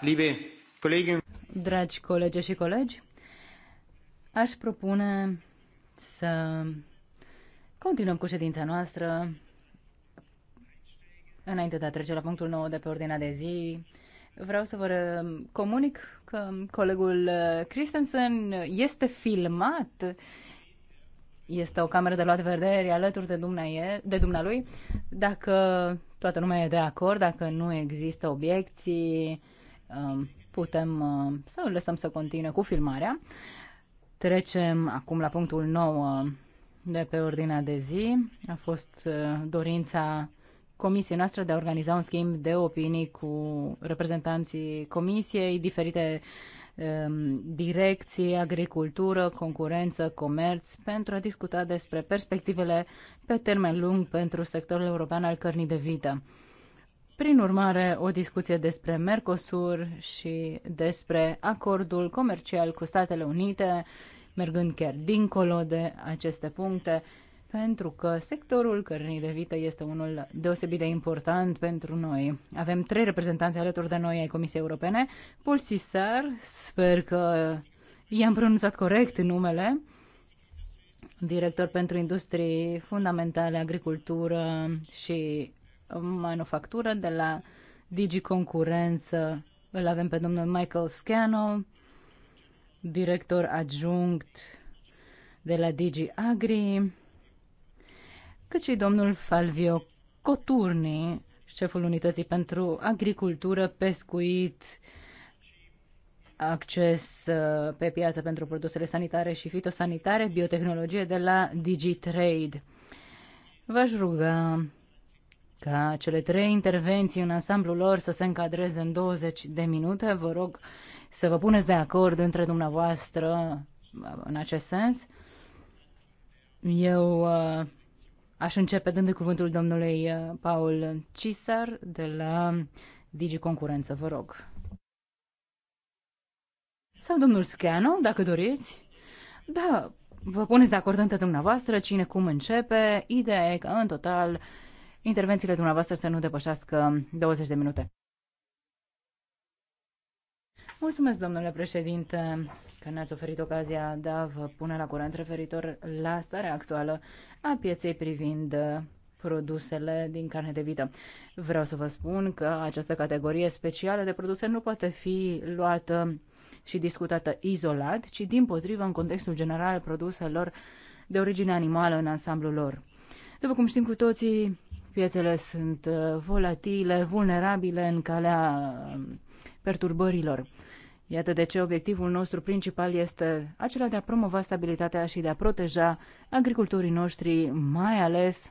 liebe Dragi colegi și colegi, aș propune să continuăm cu ședința noastră. Înainte de a trece la punctul nou de pe ordinea de zi, vreau să vă comunic că colegul Christensen este filmat este o cameră de luat vederi alături de, dumneaie, de dumnealui. Dacă toată lumea e de acord, dacă nu există obiecții, Um, putem uh, să îl lăsăm să continue cu filmarea. Trecem acum la punctul 9 de pe ordinea de zi. A fost uh, dorința comisiei noastre de a organiza un schimb de opinii cu reprezentanții comisiei, diferite um, direcții, agricultură, concurență, comerț, pentru a discuta despre perspectivele pe termen lung pentru sectorul european al cărnii de vită. Prin urmare, o discuție despre Mercosur și despre acordul comercial cu Statele Unite, mergând chiar dincolo de aceste puncte, pentru că sectorul cărnii de vită este unul deosebit de important pentru noi. Avem trei reprezentanți alături de noi ai Comisiei Europene. Paul Sisar, sper că i-am pronunțat corect numele, director pentru industrii fundamentale, agricultură și manufactură, de la Digi Concurență îl avem pe domnul Michael Scannell, director adjunct de la Digi Agri, cât și domnul Falvio Coturni, șeful unității pentru agricultură, pescuit, acces uh, pe piață pentru produsele sanitare și fitosanitare, biotehnologie de la DigiTrade. V-aș ruga ca cele trei intervenții în ansamblul lor să se încadreze în 20 de minute. Vă rog să vă puneți de acord între dumneavoastră în acest sens. Eu uh, aș începe dând cuvântul domnului uh, Paul Cisar de la Digi Concurență, vă rog. Sau domnul Scano, dacă doriți. Da, vă puneți de acord între dumneavoastră cine cum începe. Ideea e că, în total, uh, intervențiile dumneavoastră să nu depășească 20 de minute. Mulțumesc, domnule președinte, că ne-ați oferit ocazia de a vă pune la curent referitor la starea actuală a pieței privind produsele din carne de vită. Vreau să vă spun că această categorie specială de produse nu poate fi luată și discutată izolat, ci din potrivă în contextul general produselor de origine animală în ansamblul lor. După cum știm cu toții, Piețele sunt uh, volatile, vulnerabile în calea um, perturbărilor. Iată de ce obiectivul nostru principal este acela de a promova stabilitatea și de a proteja agricultorii noștri, mai ales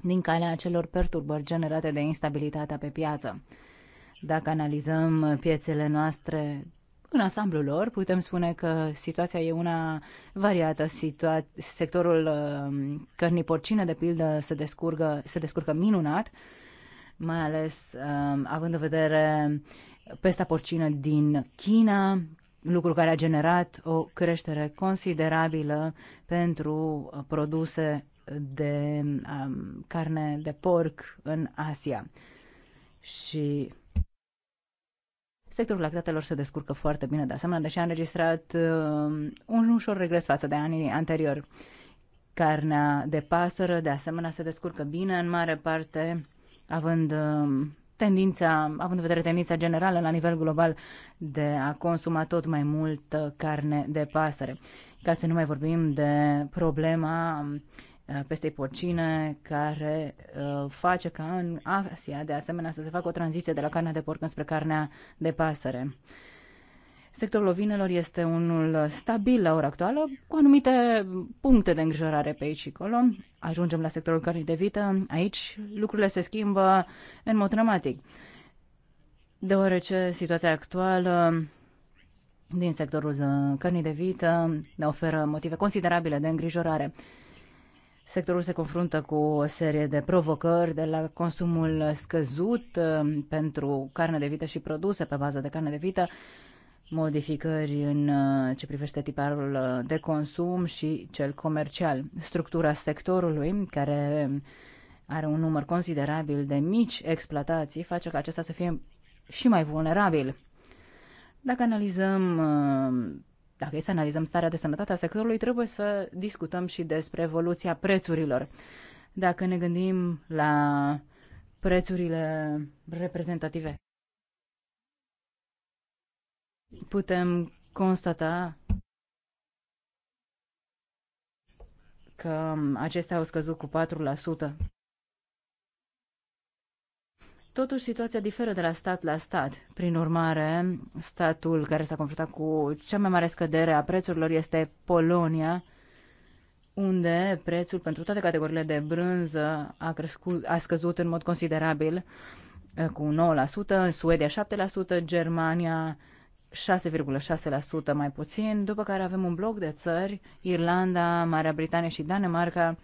din calea acelor perturbări generate de instabilitatea pe piață. Dacă analizăm piețele noastre în ansamblul lor putem spune că situația e una variată. Situa- sectorul uh, cărnii porcine, de pildă, se descurcă, se descurcă minunat, mai ales uh, având în vedere pesta porcină din China, lucru care a generat o creștere considerabilă pentru uh, produse de um, carne de porc în Asia. Și Sectorul lactatelor se descurcă foarte bine, de asemenea, deși a înregistrat um, un ușor regres față de anii anteriori. Carnea de pasăre, de asemenea, se descurcă bine, în mare parte având um, tendința, având în vedere tendința generală la nivel global de a consuma tot mai mult carne de pasăre. Ca să nu mai vorbim de problema um, peste porcine, care face ca în Asia, de asemenea, să se facă o tranziție de la carnea de porc înspre carnea de pasăre. Sectorul ovinelor este unul stabil la ora actuală, cu anumite puncte de îngrijorare pe aici și acolo. Ajungem la sectorul cărnii de vită. Aici lucrurile se schimbă în mod dramatic, deoarece situația actuală din sectorul uh, cărnii de vită ne oferă motive considerabile de îngrijorare. Sectorul se confruntă cu o serie de provocări, de la consumul scăzut uh, pentru carne de vită și produse pe bază de carne de vită, modificări în uh, ce privește tiparul uh, de consum și cel comercial. Structura sectorului, care are un număr considerabil de mici exploatații, face ca acesta să fie și mai vulnerabil. Dacă analizăm dacă e să analizăm starea de sănătate a sectorului, trebuie să discutăm și despre evoluția prețurilor. Dacă ne gândim la prețurile reprezentative, putem constata că acestea au scăzut cu 4%. Totuși, situația diferă de la stat la stat. Prin urmare, statul care s-a confruntat cu cea mai mare scădere a prețurilor este Polonia, unde prețul pentru toate categoriile de brânză a, crescut, a scăzut în mod considerabil eh, cu 9%, Suedia 7%, Germania 6,6% mai puțin, după care avem un bloc de țări, Irlanda, Marea Britanie și Danemarca,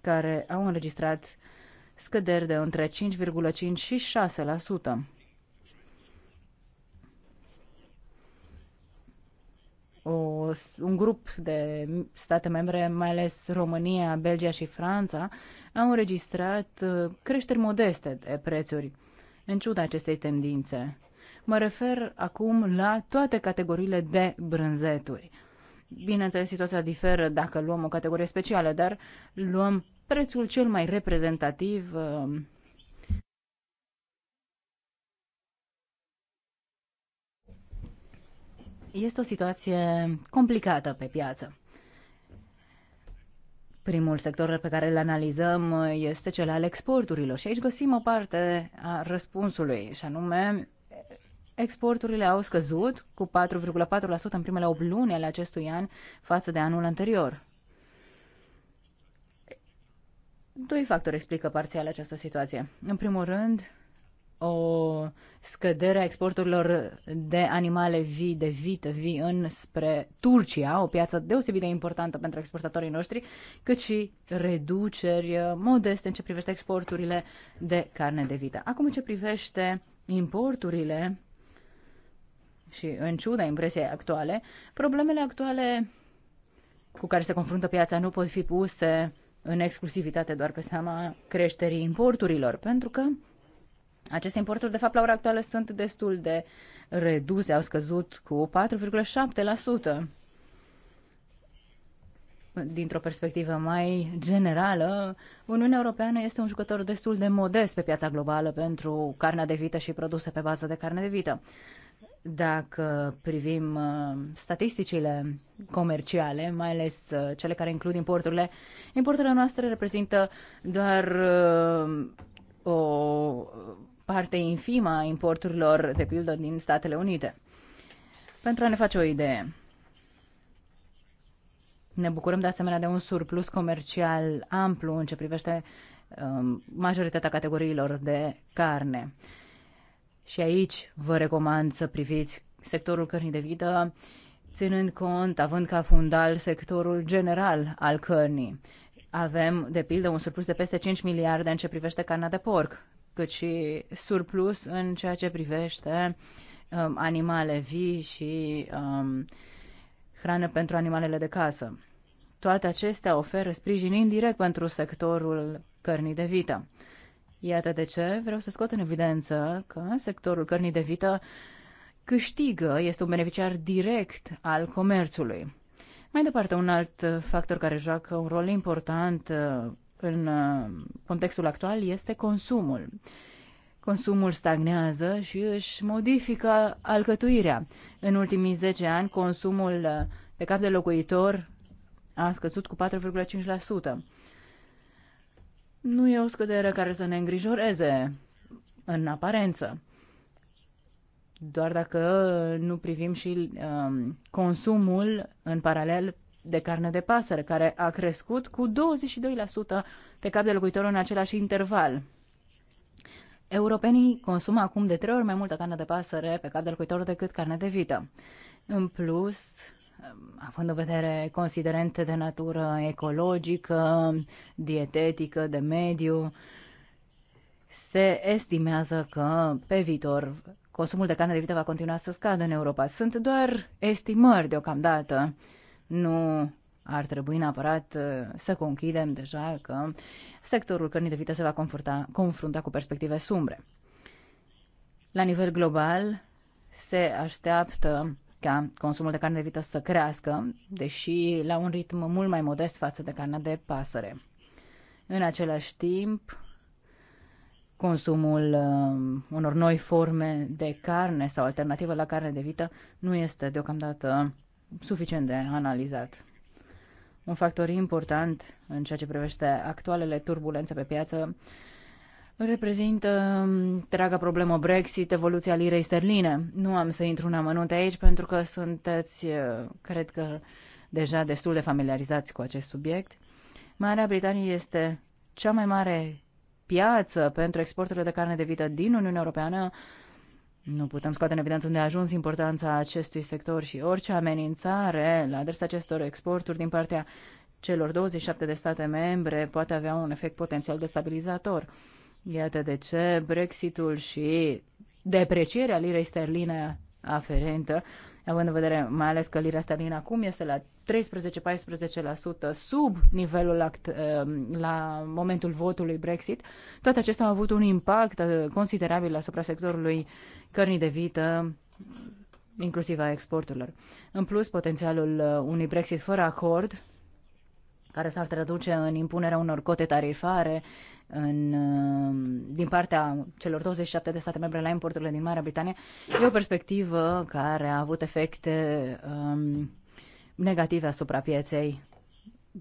care au înregistrat scăderi de între 5,5 și 6%. O, un grup de state membre, mai ales România, Belgia și Franța, au înregistrat uh, creșteri modeste de prețuri, în ciuda acestei tendințe. Mă refer acum la toate categoriile de brânzeturi. Bineînțeles, situația diferă dacă luăm o categorie specială, dar luăm prețul cel mai reprezentativ uh, este o situație complicată pe piață. Primul sector pe care îl analizăm uh, este cel al exporturilor și aici găsim o parte a răspunsului și anume exporturile au scăzut cu 4,4% în primele 8 luni ale acestui an față de anul anterior. Doi factori explică parțial această situație. În primul rând, o scădere a exporturilor de animale vii, de vită vii înspre Turcia, o piață deosebit de importantă pentru exportatorii noștri, cât și reduceri modeste în ce privește exporturile de carne de vită. Acum, în ce privește importurile și în ciuda impresiei actuale, problemele actuale cu care se confruntă piața nu pot fi puse în exclusivitate doar pe seama creșterii importurilor, pentru că aceste importuri, de fapt, la ora actuală sunt destul de reduse, au scăzut cu 4,7%. Dintr-o perspectivă mai generală, Uniunea Europeană este un jucător destul de modest pe piața globală pentru carnea de vită și produse pe bază de carne de vită. Dacă privim uh, statisticile comerciale, mai ales uh, cele care includ importurile, importurile noastre reprezintă doar uh, o parte infimă a importurilor, de pildă, din Statele Unite. Pentru a ne face o idee, ne bucurăm de asemenea de un surplus comercial amplu în ce privește uh, majoritatea categoriilor de carne. Și aici vă recomand să priviți sectorul cărnii de vită, ținând cont, având ca fundal sectorul general al cărnii. Avem, de pildă, un surplus de peste 5 miliarde în ce privește carnea de porc, cât și surplus în ceea ce privește um, animale vii și um, hrană pentru animalele de casă. Toate acestea oferă sprijin indirect pentru sectorul cărnii de vită. Iată de ce vreau să scot în evidență că sectorul cărnii de vită câștigă, este un beneficiar direct al comerțului. Mai departe, un alt factor care joacă un rol important uh, în uh, contextul actual este consumul. Consumul stagnează și își modifică alcătuirea. În ultimii 10 ani, consumul uh, pe cap de locuitor a scăzut cu 4,5%. Nu e o scădere care să ne îngrijoreze în aparență. Doar dacă nu privim și um, consumul în paralel de carne de pasăre, care a crescut cu 22% pe cap de locuitor în același interval. Europenii consumă acum de trei ori mai multă carne de pasăre pe cap de locuitor decât carne de vită. În plus, Uh, având în vedere considerente de natură ecologică, dietetică, de mediu, se estimează că pe viitor consumul de carne de vită va continua să scadă în Europa. Sunt doar estimări deocamdată. Nu ar trebui neapărat uh, să conchidem deja că sectorul cărnii de vită se va confrunta, confrunta cu perspective sumbre. La nivel global, se așteaptă ca consumul de carne de vită să crească, deși la un ritm mult mai modest față de carnea de pasăre. În același timp, consumul uh, unor noi forme de carne sau alternativă la carne de vită nu este deocamdată suficient de analizat. Un factor important în ceea ce privește actualele turbulențe pe piață reprezintă um, întreaga problemă Brexit, evoluția lirei sterline. Nu am să intru în amănunte aici pentru că sunteți, uh, cred că, deja destul de familiarizați cu acest subiect. Marea Britanie este cea mai mare piață pentru exporturile de carne de vită din Uniunea Europeană. Nu putem scoate în evidență unde a ajuns importanța acestui sector și orice amenințare la adresa acestor exporturi din partea celor 27 de state membre poate avea un efect potențial destabilizator. Iată de ce Brexitul și deprecierea lirei sterline aferentă, având în vedere mai ales că lira sterlină acum este la 13-14% sub nivelul act, ehm, la momentul votului Brexit, toate acestea au avut un impact eh, considerabil asupra sectorului cărnii de vită, inclusiv a exporturilor. În plus, potențialul eh, unui Brexit fără acord care s-ar traduce în impunerea unor cote tarifare în, uh, din partea celor 27 de state membre la importurile din Marea Britanie, e o perspectivă care a avut efecte um, negative asupra pieței,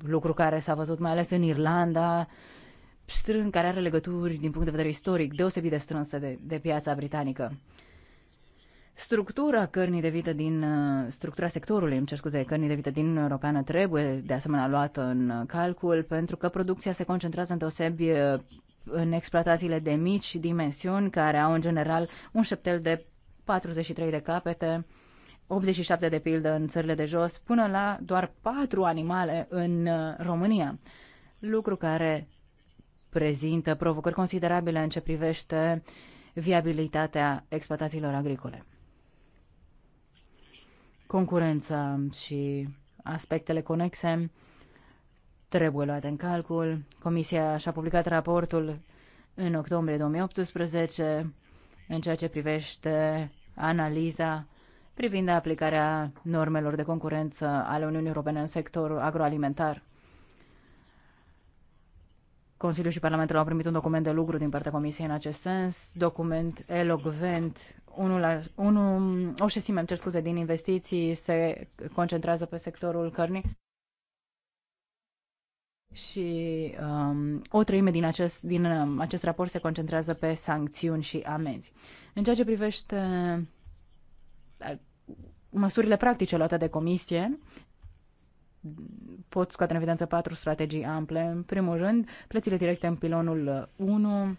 lucru care s-a văzut mai ales în Irlanda, strân, care are legături din punct de vedere istoric deosebit de strânse de, de piața britanică. Structura cărnii de vită din uh, structura sectorului, îmi cer scuze, cărnii de vită din europeană trebuie de asemenea luată în calcul pentru că producția se concentrează deosebi uh, în exploatațiile de mici dimensiuni care au în general un șeptel de 43 de capete, 87 de pildă în țările de jos, până la doar 4 animale în uh, România. Lucru care prezintă provocări considerabile în ce privește viabilitatea exploatațiilor agricole concurența și aspectele conexe trebuie luate în calcul. Comisia și-a publicat raportul în octombrie 2018 în ceea ce privește analiza privind aplicarea normelor de concurență ale Uniunii Europene în sectorul agroalimentar. Consiliul și Parlamentul au primit un document de lucru din partea Comisiei în acest sens, document elogvent, unul, unul, mm, o oh, șesime, cer scuze, din investiții se concentrează pe sectorul cărnii și um, o treime din acest, din um, acest raport se concentrează pe sancțiuni și amenzi. În ceea ce privește uh, măsurile practice luate de comisie, pot scoate în evidență patru strategii ample. În primul rând, plățile directe în pilonul 1, uh,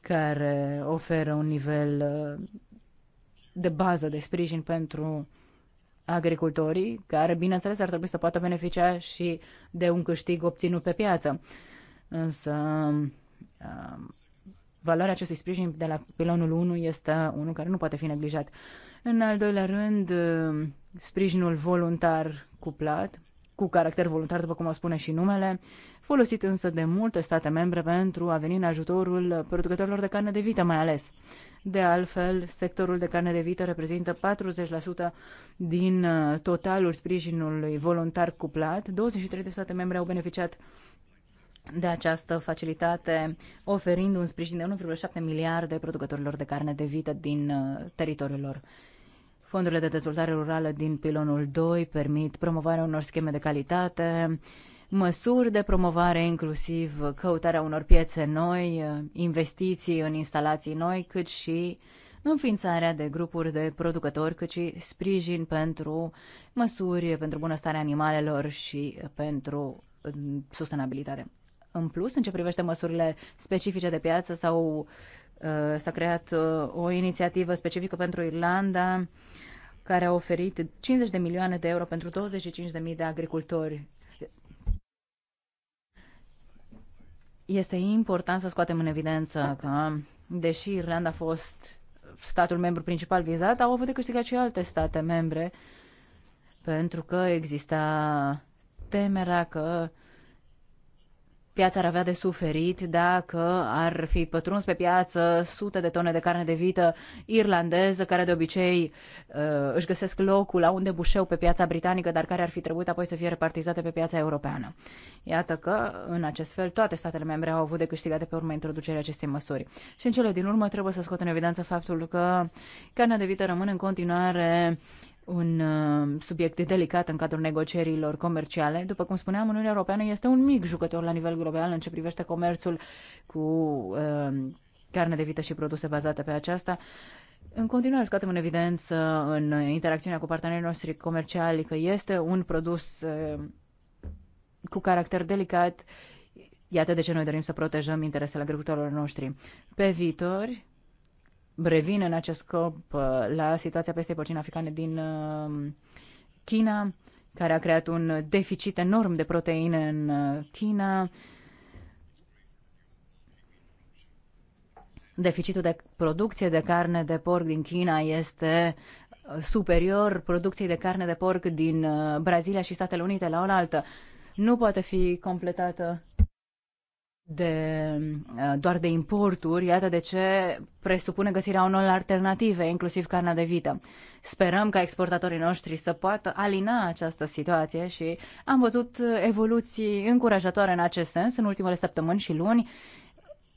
care oferă un nivel uh, de bază de sprijin pentru agricultorii, care, bineînțeles, ar trebui să poată beneficia și de un câștig obținut pe piață. Însă, um, valoarea acestui sprijin de la pilonul 1 este unul care nu poate fi neglijat. În al doilea rând, um, sprijinul voluntar cuplat, cu caracter voluntar, după cum o spune și numele, folosit însă de multe state membre pentru a veni în ajutorul producătorilor de carne de vită mai ales. De altfel, sectorul de carne de vită reprezintă 40% din uh, totalul sprijinului voluntar cuplat. 23 de state membre au beneficiat de această facilitate, oferind un sprijin de 1,7 miliarde producătorilor de carne de vită din uh, teritoriul lor. Fondurile de dezvoltare rurală din pilonul 2 permit promovarea unor scheme de calitate, măsuri de promovare, inclusiv căutarea unor piețe noi, investiții în instalații noi, cât și înființarea de grupuri de producători, cât și sprijin pentru măsuri pentru bunăstarea animalelor și pentru mm, sustenabilitate. În plus, în ce privește măsurile specifice de piață, sau uh, s-a creat uh, o inițiativă specifică pentru Irlanda care a oferit 50 de milioane de euro pentru 25.000 de agricultori Este important să scoatem în evidență că, deși Irlanda a fost statul membru principal vizat, au avut de câștigat și alte state membre, pentru că exista temerea că uh, Piața ar avea de suferit dacă ar fi pătruns pe piață sute de tone de carne de vită irlandeză, care de obicei uh, își găsesc locul la un debușeu pe piața britanică, dar care ar fi trebuit apoi să fie repartizate pe piața europeană. Iată că, în acest fel, toate statele membre au avut de câștigat de pe urma introducerii acestei măsuri. Și în cele din urmă trebuie să scot în evidență faptul că carnea de vită rămâne în continuare un uh, subiect delicat în cadrul negocierilor comerciale. După cum spuneam, Uniunea Europeană este un mic jucător la nivel global în ce privește comerțul cu uh, carne de vită și produse bazate pe aceasta. În continuare scoatem în evidență în interacțiunea cu partenerii noștri comerciali că este un produs uh, cu caracter delicat. Iată de ce noi dorim să protejăm interesele agricultorilor noștri. Pe viitor, Revin în acest scop uh, la situația peste porcine africane din uh, China, care a creat un deficit enorm de proteine în uh, China. Deficitul de producție de carne de porc din China este superior producției de carne de porc din Brazilia și Statele Unite la oaltă. Nu poate fi completată de, uh, doar de importuri, iată de ce presupune găsirea unor alternative, inclusiv carnea de vită. Sperăm ca exportatorii noștri să poată alina această situație și am văzut evoluții încurajatoare în acest sens în ultimele săptămâni și luni,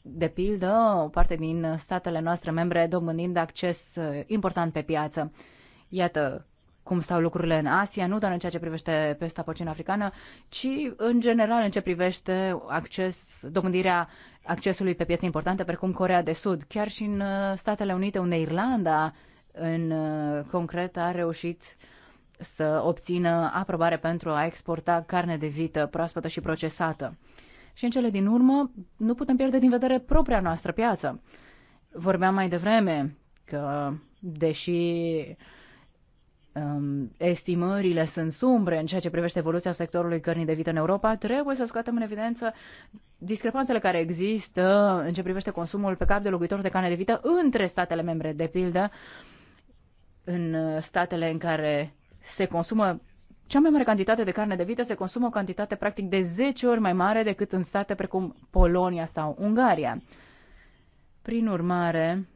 de pildă, o parte din statele noastre membre dobândind acces uh, important pe piață. Iată, cum stau lucrurile în Asia, nu doar în ceea ce privește pesta porcină africană, ci în general în ce privește acces, dobândirea accesului pe piețe importante, precum Corea de Sud, chiar și în uh, Statele Unite, unde Irlanda în uh, concret a reușit să obțină aprobare pentru a exporta carne de vită proaspătă și procesată. Și în cele din urmă, nu putem pierde din vedere propria noastră piață. Vorbeam mai devreme că, deși um, estimările sunt sumbre în ceea ce privește evoluția sectorului cărnii de vită în Europa, trebuie să scoatem în evidență discrepanțele care există în ce privește consumul pe cap de locuitor de carne de vită între statele membre, de pildă, în statele în care se consumă cea mai mare cantitate de carne de vită se consumă o cantitate practic de 10 ori mai mare decât în state precum Polonia sau Ungaria. Prin urmare,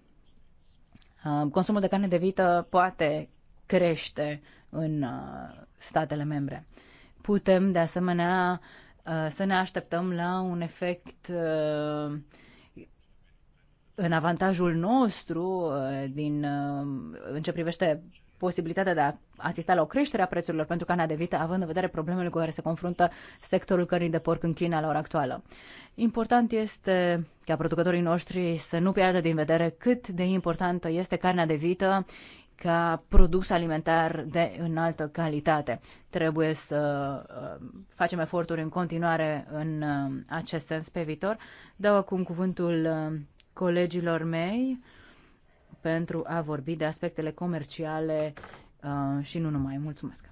um, consumul de carne de vită poate crește în uh, statele membre. Putem, de asemenea, uh, să ne așteptăm la un efect uh, în avantajul nostru din, în ce privește posibilitatea de a asista la o creștere a prețurilor pentru carnea de vită, având în vedere problemele cu care se confruntă sectorul cărnii de porc în China la ora actuală. Important este ca producătorii noștri să nu piardă din vedere cât de importantă este carnea de vită, ca produs alimentar de înaltă calitate. Trebuie să uh, facem eforturi în continuare în uh, acest sens pe viitor. Dau acum cuvântul uh, colegilor mei pentru a vorbi de aspectele comerciale și nu numai. Mulțumesc!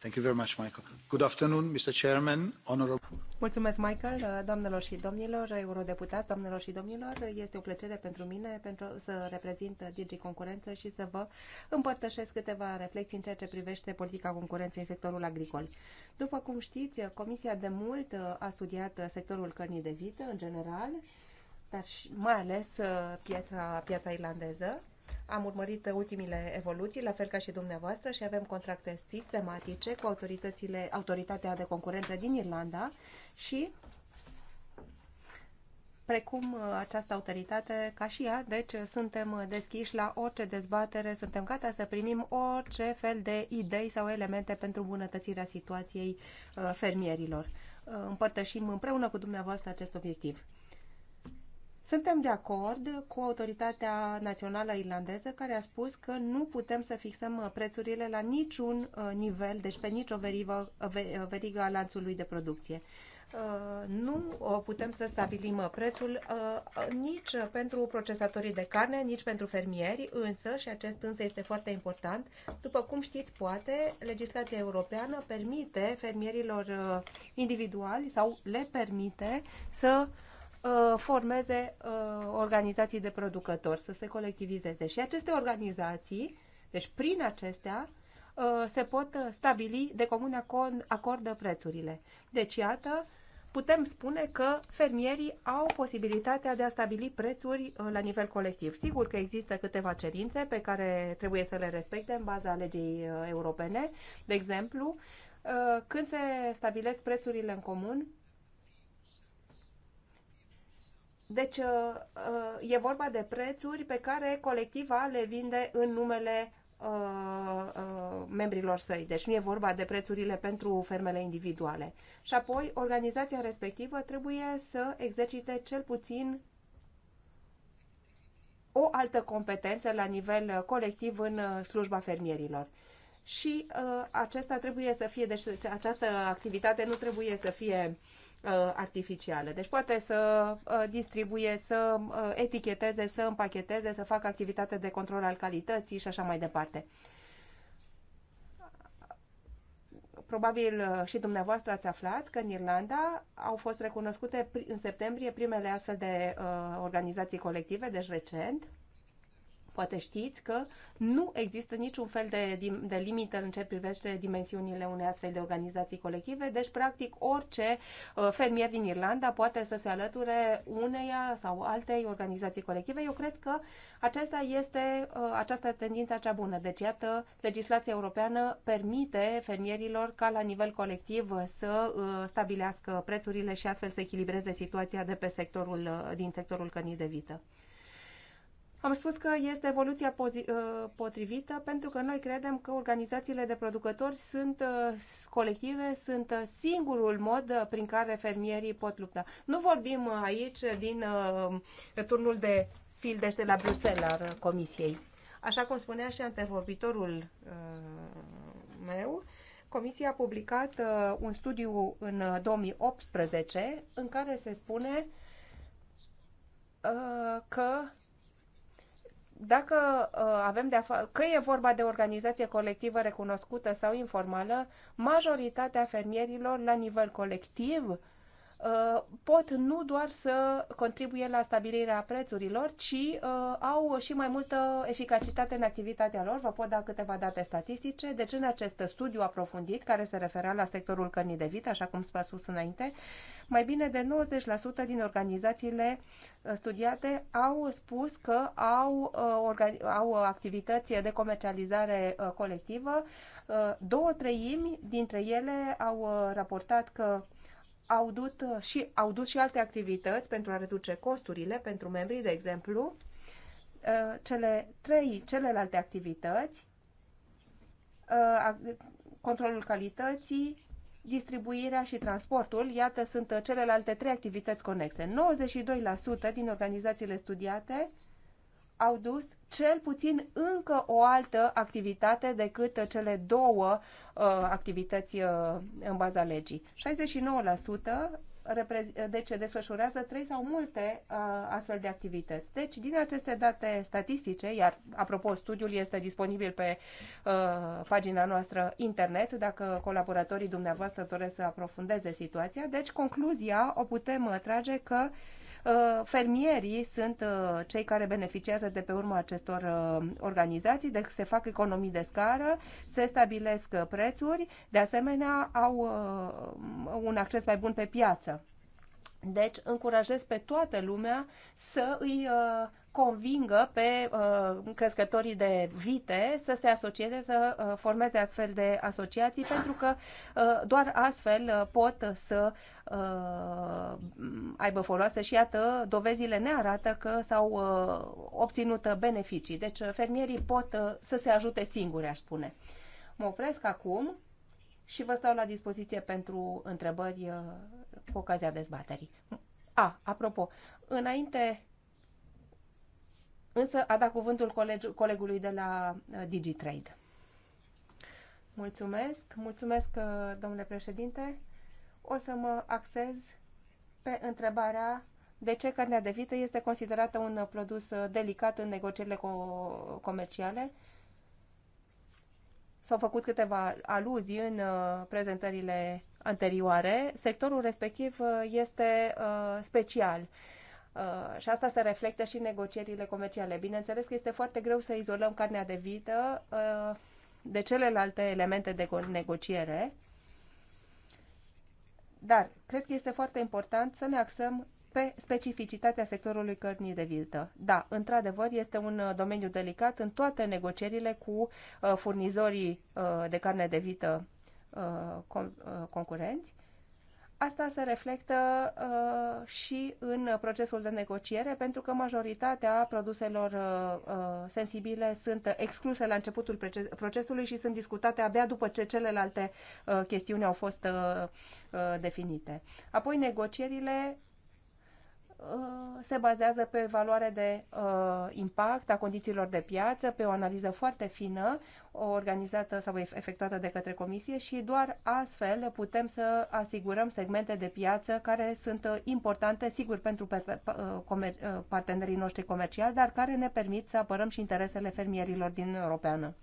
Thank you very much, Michael. Good afternoon, Mr. Chairman, honorable... Mulțumesc, Michael, doamnelor și domnilor, eurodeputați, doamnelor și domnilor. Este o plăcere pentru mine pentru să reprezint DG Concurență și să vă împărtășesc câteva reflexii în ceea ce privește politica concurenței în sectorul agricol. După cum știți, Comisia de mult a studiat sectorul cărnii de vită în general, dar și mai ales piața, piața irlandeză am urmărit ultimile evoluții, la fel ca și dumneavoastră, și avem contracte sistematice cu autoritățile, autoritatea de concurență din Irlanda și precum uh, această autoritate, ca și ea, deci uh, suntem uh, deschiși la orice dezbatere, suntem gata să primim orice fel de idei sau elemente pentru îmbunătățirea situației fermierilor. Împărtășim împreună cu dumneavoastră acest obiectiv. Suntem de acord cu autoritatea națională irlandeză care a spus că nu putem să fixăm uh, prețurile la niciun uh, nivel, deci pe nicio verigă, uh, verigă a lanțului de producție nu putem să stabilim prețul nici pentru procesatorii de carne, nici pentru fermieri, însă, și acest însă este foarte important, după cum știți, poate, legislația europeană permite fermierilor individuali sau le permite să Uh, formeze uh, organizații de producători, să se colectivizeze. Și aceste organizații, deci prin acestea, uh, se pot stabili de comun acord, prețurile. Deci, iată, putem spune că fermierii au posibilitatea de a stabili prețuri la nivel colectiv. Sigur că există câteva cerințe pe care trebuie să le respecte în baza legii europene. De exemplu, când se stabilesc prețurile în comun, Deci uh, uh, e vorba de prețuri pe care colectiva le vinde în numele uh, membrilor săi. Deci nu e vorba de prețurile pentru fermele individuale. Și apoi, organizația respectivă trebuie să exercite cel puțin o altă competență la nivel colectiv în slujba fermierilor. Și uh, acesta trebuie să fie, deci această activitate nu trebuie să fie uh, Uh, artificială. Deci poate să uh, distribuie, să uh, eticheteze, să împacheteze, să facă activitate de control al calității și așa mai departe. Probabil și dumneavoastră ați aflat că în Irlanda au fost recunoscute în septembrie primele astfel de organizații colective, deci recent, Poate știți că nu există niciun fel de, de limită în ce privește dimensiunile unei astfel de organizații colective, deci practic orice uh, fermier din Irlanda poate să se alăture uneia sau altei organizații colective. Eu cred că aceasta este uh, această tendință cea bună. Deci, iată, legislația europeană permite fermierilor ca la nivel colectiv să uh, stabilească prețurile și astfel să echilibreze situația de pe sectorul, din sectorul cărnii de vită. Am spus că este evoluția uh, potrivită pentru că noi credem că organizațiile de producători sunt uh, colective, sunt uh, singurul mod prin care fermierii pot lupta. Nu vorbim aici din turnul de fildeș de la Bruxelles al Comisiei. Așa cum spunea și antevorbitorul meu, Comisia a publicat un studiu în 2018 în care se spune că dacă uh, avem de că e vorba de organizație colectivă recunoscută sau informală, majoritatea fermierilor la nivel colectiv Uh, pot nu doar să contribuie la stabilirea prețurilor, ci uh, au și mai multă eficacitate în activitatea lor. Vă pot da câteva date statistice. Deci în acest studiu aprofundit, care se referea la sectorul cărnii de vit, așa cum s-a spus înainte, mai bine de 90% din organizațiile uh, studiate au spus că au, au activități de comercializare colectivă. Două treimi dintre ele au raportat că au dus, uh, și, au dus și alte activități pentru a reduce costurile pentru membrii, de exemplu, uh, cele trei celelalte activități, uh, controlul calității, distribuirea și transportul, iată, sunt celelalte trei activități conexe. 92% din organizațiile studiate au dus cel puțin încă o altă activitate decât cele două uh, activități uh, în baza legii. 69% deci desfășurează trei sau multe uh, astfel de activități. Deci, din aceste date statistice, iar, apropo, studiul este disponibil pe uh, pagina noastră internet, dacă colaboratorii dumneavoastră doresc să aprofundeze situația, deci concluzia o putem uh, trage că uh, Uh, fermierii sunt uh, cei care beneficiază de pe urma acestor uh, organizații, deci se fac economii de scară, se stabilesc prețuri, de asemenea au un acces mai bun pe piață. Deci încurajez pe toată lumea să îi convingă pe uh, crescătorii de vite să se asocieze, să uh, formeze astfel de asociații, pentru că uh, doar astfel uh, pot să uh, aibă foloasă și iată, dovezile ne arată că s-au uh, obținut beneficii. Deci uh, fermierii pot uh, să se ajute singuri, aș spune. Mă opresc acum și vă stau la dispoziție pentru întrebări uh, cu ocazia dezbaterii. A, apropo, înainte însă a dat cuvântul coleg colegului de la uh, DigiTrade. Mulțumesc, mulțumesc, uh, domnule președinte. O să mă axez pe întrebarea de ce carnea de vită este considerată un produs uh, delicat în negocierile co- comerciale. S-au făcut câteva aluzii în prezentările anterioare. Sectorul respectiv este special Uh, și asta se reflectă și în negocierile comerciale. Bineînțeles că este foarte greu să izolăm carnea de vită uh, de celelalte elemente de negociere, dar cred că este foarte important să ne axăm pe specificitatea sectorului cărnii de vită. Da, într-adevăr, este un uh, domeniu delicat în toate negocierile cu uh, furnizorii uh, de carne de vită uh, con- uh, concurenți. Uh, Asta se reflectă uh, și în procesul de negociere, pentru că majoritatea produselor uh, uh sensibile sunt excluse la începutul procesului și sunt discutate abia după ce celelalte uh, chestiuni au fost uh, uh, definite. Apoi, negocierile Uh, se bazează pe evaluare de uh, impact a condițiilor de piață, pe o analiză foarte fină, organizată sau efectuată de către comisie și doar astfel putem să asigurăm segmente de piață care sunt uh, importante, sigur, pentru partenerii noștri comerciali, dar care ne permit să apărăm și interesele fermierilor din Europeană.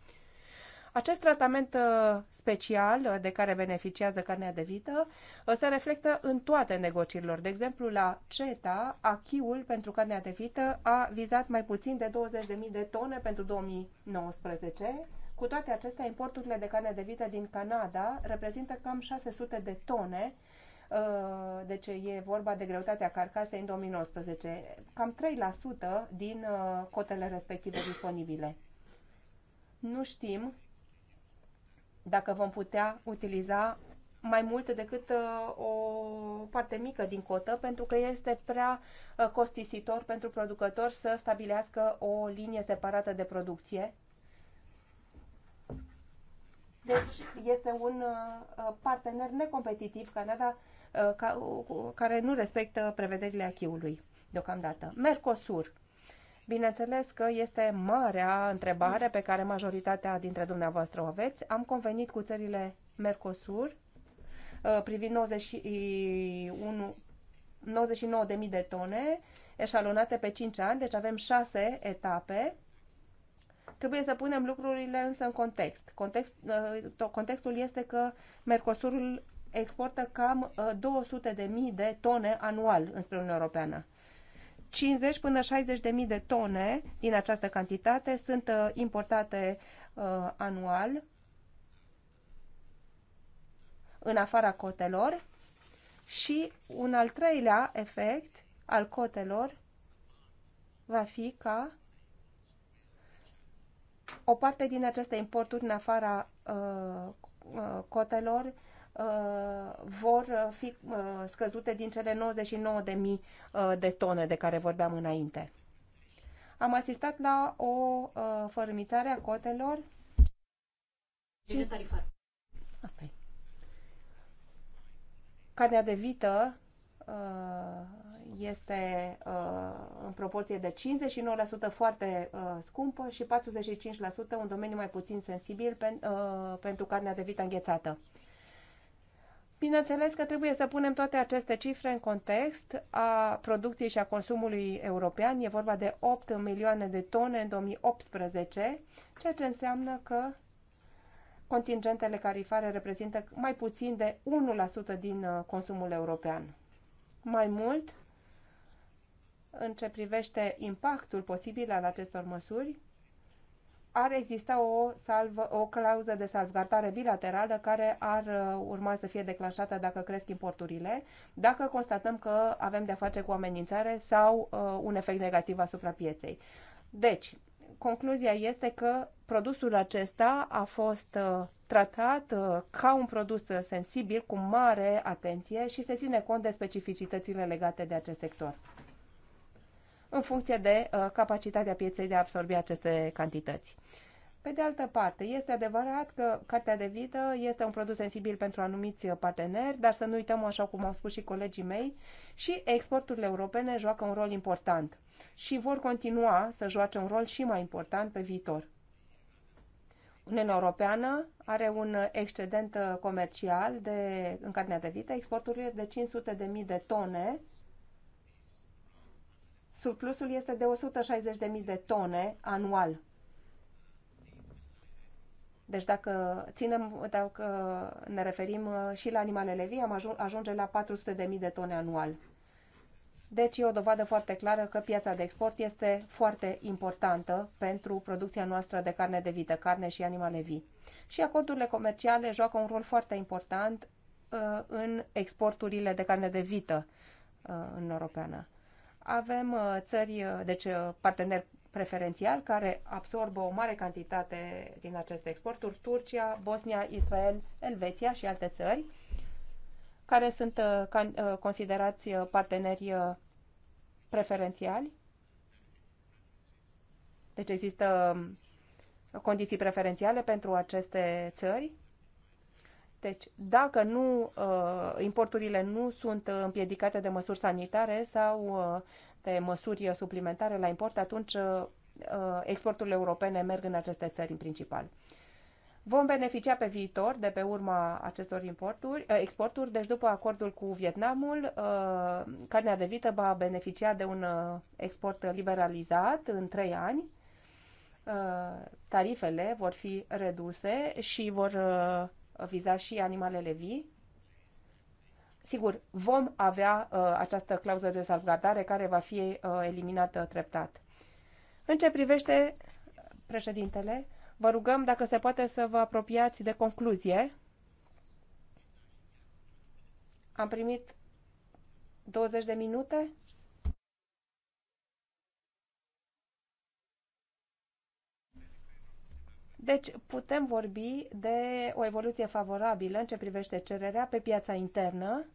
Acest tratament uh, special uh, de care beneficiază carnea de vită uh, se reflectă în toate negocierilor. De exemplu, la CETA, achiul pentru carnea de vită a vizat mai puțin de 20.000 de tone pentru 2019. Cu toate acestea, importurile de carne de vită din Canada reprezintă cam 600 de tone, deci e vorba de greutatea carcasei în 2019, cam 3% din cotele respective disponibile. Nu știm dacă vom putea utiliza mai mult decât uh, o parte mică din cotă, pentru că este prea uh, costisitor pentru producător să stabilească o linie separată de producție. Deci este un uh, partener necompetitiv, Canada, care nu respectă prevederile achiului deocamdată. Mercosur Bineînțeles că este marea întrebare pe care majoritatea dintre dumneavoastră o aveți. Am convenit cu țările Mercosur uh, privind 91, 99.000 de tone eșalonate pe 5 ani, deci avem 6 etape. Trebuie să punem lucrurile însă în context. context uh, contextul este că Mercosurul exportă cam 200.000 uh, de tone anual înspre Uniunea Europeană. 50 până 60 de mii de tone din această cantitate sunt uh, importate uh, anual în afara cotelor și un al treilea efect al cotelor va fi ca o parte din aceste importuri în afara uh, uh cotelor Uh, vor uh, fi uh, scăzute din cele 99.000 de tone de care vorbeam înainte. Am asistat la o fărâmițare a cotelor. Și tarifar. Asta e. Carnea de vită este în proporție de 59% foarte scumpă și 45% un domeniu mai puțin sensibil pentru carnea de vită înghețată. Bineînțeles că trebuie să punem toate aceste cifre în context a producției și a consumului european. E vorba de 8 milioane de tone în 2018, ceea ce înseamnă că contingentele carifare reprezintă mai puțin de 1% din uh, consumul european. Mai mult, în ce privește impactul posibil al acestor măsuri, ar exista o, salvă, o clauză de salvgardare bilaterală care ar uh, urma să fie declanșată dacă cresc importurile, dacă constatăm că avem de-a face cu amenințare sau uh, un efect negativ asupra pieței. Deci, concluzia este că produsul acesta a fost uh, tratat uh, ca un produs sensibil, cu mare atenție și se ține cont de specificitățile legate de acest sector în funcție de uh, capacitatea pieței de a absorbi aceste cantități. Pe de altă parte, este adevărat că cartea de vită este un produs sensibil pentru anumiți parteneri, dar să nu uităm, așa cum au spus și colegii mei, și exporturile europene joacă un rol important și vor continua să joace un rol și mai important pe viitor. Uniunea Europeană are un excedent uh, comercial de, în cartea de vită, exporturile de 500.000 de tone, Surplusul este de 160.000 de tone anual. Deci dacă, ținem, dacă ne referim uh, și la animalele vii, am ajunge la 400.000 de tone anual. Deci e o dovadă foarte clară că piața de export este foarte importantă pentru producția noastră de carne de vită, carne și animale vii. Și acordurile comerciale joacă un rol foarte important uh, în exporturile de carne de vită uh, în Europeană. Avem uh, țări, uh, deci uh, parteneri preferențial care absorbă o mare cantitate din aceste exporturi, Turcia, Bosnia, Israel, Elveția și alte țări, care sunt considerați parteneri preferențiali. Deci există um, condiții preferențiale pentru aceste țări deci, dacă nu, uh, importurile nu sunt împiedicate de măsuri sanitare sau uh, de măsuri suplimentare la import, atunci uh, exporturile europene merg în aceste țări în principal. Vom beneficia pe viitor de pe urma acestor importuri, exporturi, deci după acordul cu Vietnamul, carnea de vită va beneficia de un export liberalizat în 3 ani. Tarifele vor fi reduse și vor viza și animalele vii. Sigur, vom avea uh, această clauză de salvgardare care va fi uh, eliminată treptat. În ce privește președintele, vă rugăm dacă se poate să vă apropiați de concluzie. Am primit 20 de minute. Deci putem vorbi de o evoluție favorabilă în ce privește cererea pe piața internă.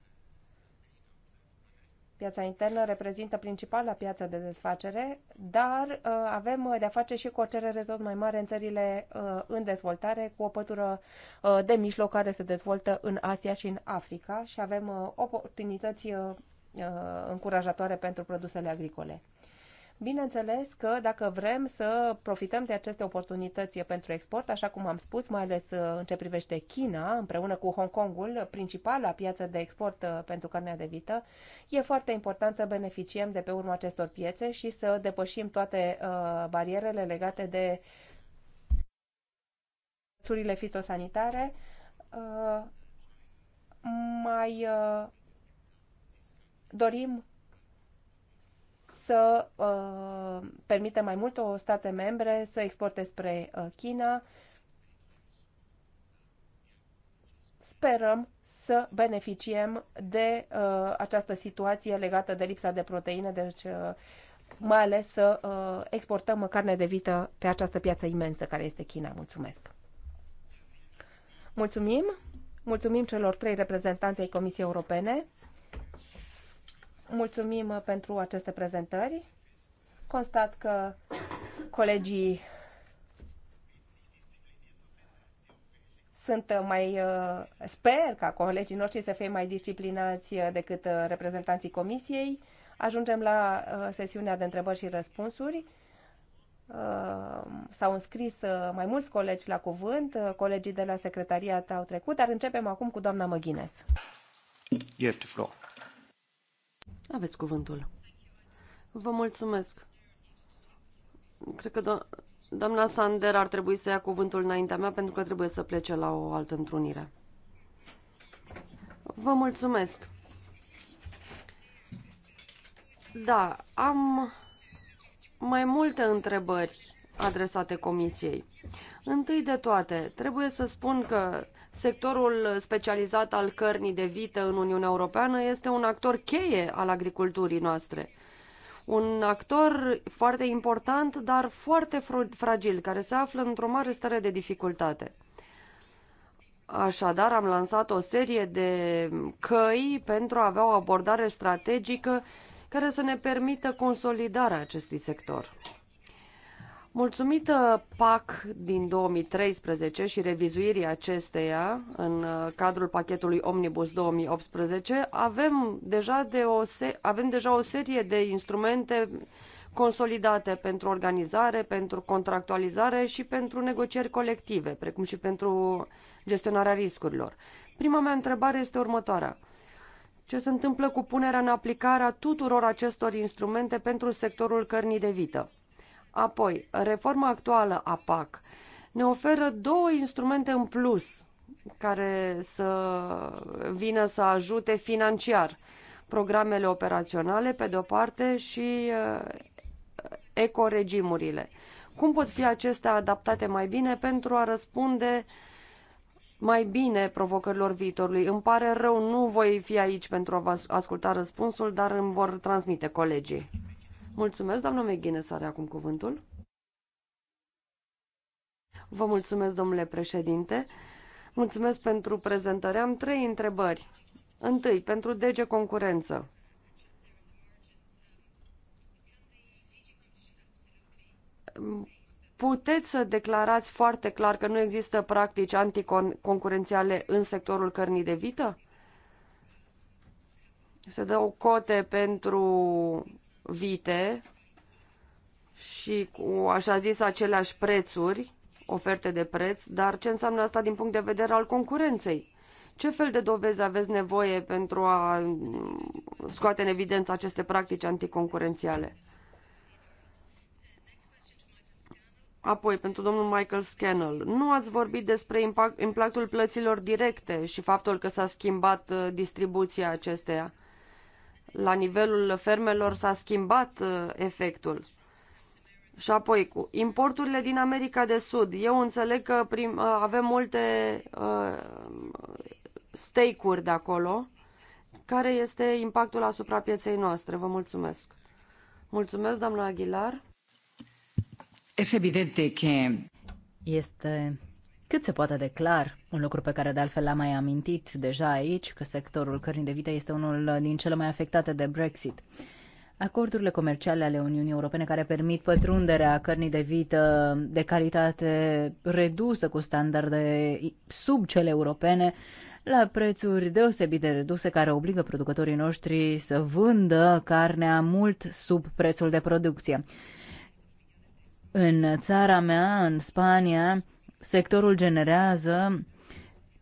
Piața internă reprezintă principala piață de desfacere, dar uh, avem de-a face și cu o cerere tot mai mare în țările uh, în dezvoltare, cu o pătură uh, de mijloc care se dezvoltă în Asia și în Africa și avem uh, oportunități uh, uh încurajatoare pentru produsele agricole. Bineînțeles că dacă vrem să profităm de aceste oportunități pentru export, așa cum am spus, mai ales uh, în ce privește China, împreună cu Hong Kongul, principala piață de export uh, pentru carnea de vită, e foarte important să beneficiem de pe urma acestor piețe și să depășim toate uh, barierele legate de măsurile fitosanitare, uh, mai uh, dorim să uh, permită mai multor state membre să exporte spre uh, China. Sperăm să beneficiem de uh, această situație legată de lipsa de proteine, deci uh, mai ales să uh, exportăm carne de vită pe această piață imensă care este China. Mulțumesc! Mulțumim! Mulțumim celor trei reprezentanți ai Comisiei Europene. Mulțumim uh, pentru aceste prezentări. Constat că colegii sunt uh, mai, uh, sper ca colegii noștri să fie mai disciplinați decât reprezentanții comisiei. Ajungem la sesiunea de întrebări și răspunsuri. S-au înscris mai mulți colegi la cuvânt, colegii de la secretariat au trecut, dar începem acum cu doamna Măghines. You have the floor. Aveți cuvântul. Vă mulțumesc. Cred că do doamna Sander ar trebui să ia cuvântul înaintea mea pentru că trebuie să plece la o altă întrunire. Vă mulțumesc. Da, am mai multe întrebări adresate comisiei. Întâi de toate, trebuie să spun că Sectorul specializat al cărnii de vită în Uniunea Europeană este un actor cheie al agriculturii noastre. Un actor foarte important, dar foarte fragil, care se află într-o mare stare de dificultate. Așadar, am lansat o serie de căi pentru a avea o abordare strategică care să ne permită consolidarea acestui sector. Mulțumită PAC din 2013 și revizuirii acesteia în uh, cadrul pachetului Omnibus 2018, avem deja, de o se- avem deja o serie de instrumente consolidate pentru organizare, pentru contractualizare și pentru negocieri colective, precum și pentru gestionarea riscurilor. Prima mea întrebare este următoarea. Ce se întâmplă cu punerea în aplicare a tuturor acestor instrumente pentru sectorul cărnii de vită? Apoi, reforma actuală a PAC ne oferă două instrumente în plus care să vină să ajute financiar programele operaționale, pe de-o parte, și uh, ecoregimurile. Cum pot fi acestea adaptate mai bine pentru a răspunde mai bine provocărilor viitorului? Îmi pare rău, nu voi fi aici pentru a vă asculta răspunsul, dar îmi vor transmite colegii. Mulțumesc, doamna McGuinness are acum cuvântul. Vă mulțumesc, domnule președinte. Mulțumesc pentru prezentare. Am trei întrebări. Întâi, pentru DG Concurență. Puteți să declarați foarte clar că nu există practici anticoncurențiale în sectorul cărnii de vită? Se dau cote pentru vite și cu așa zis aceleași prețuri, oferte de preț, dar ce înseamnă asta din punct de vedere al concurenței? Ce fel de dovezi aveți nevoie pentru a mm, scoate în evidență aceste practici anticoncurențiale? Apoi, pentru domnul Michael Scannell, nu ați vorbit despre impact, impactul plăților directe și faptul că s-a schimbat uh, distribuția acesteia la nivelul fermelor s-a schimbat uh, efectul. Și apoi cu importurile din America de Sud. Eu înțeleg că prim, uh, avem multe uh, stake-uri de acolo. Care este impactul asupra pieței noastre? Vă mulțumesc. Mulțumesc, doamna Aguilar. Es evident că. Este cât se poate declar, un lucru pe care de altfel l-am mai amintit deja aici, că sectorul cărnii de vită este unul din cele mai afectate de Brexit. Acordurile comerciale ale Uniunii Europene care permit pătrunderea cărnii de vită de calitate redusă cu standarde sub cele europene la prețuri deosebit de reduse care obligă producătorii noștri să vândă carnea mult sub prețul de producție. În țara mea, în Spania, sectorul generează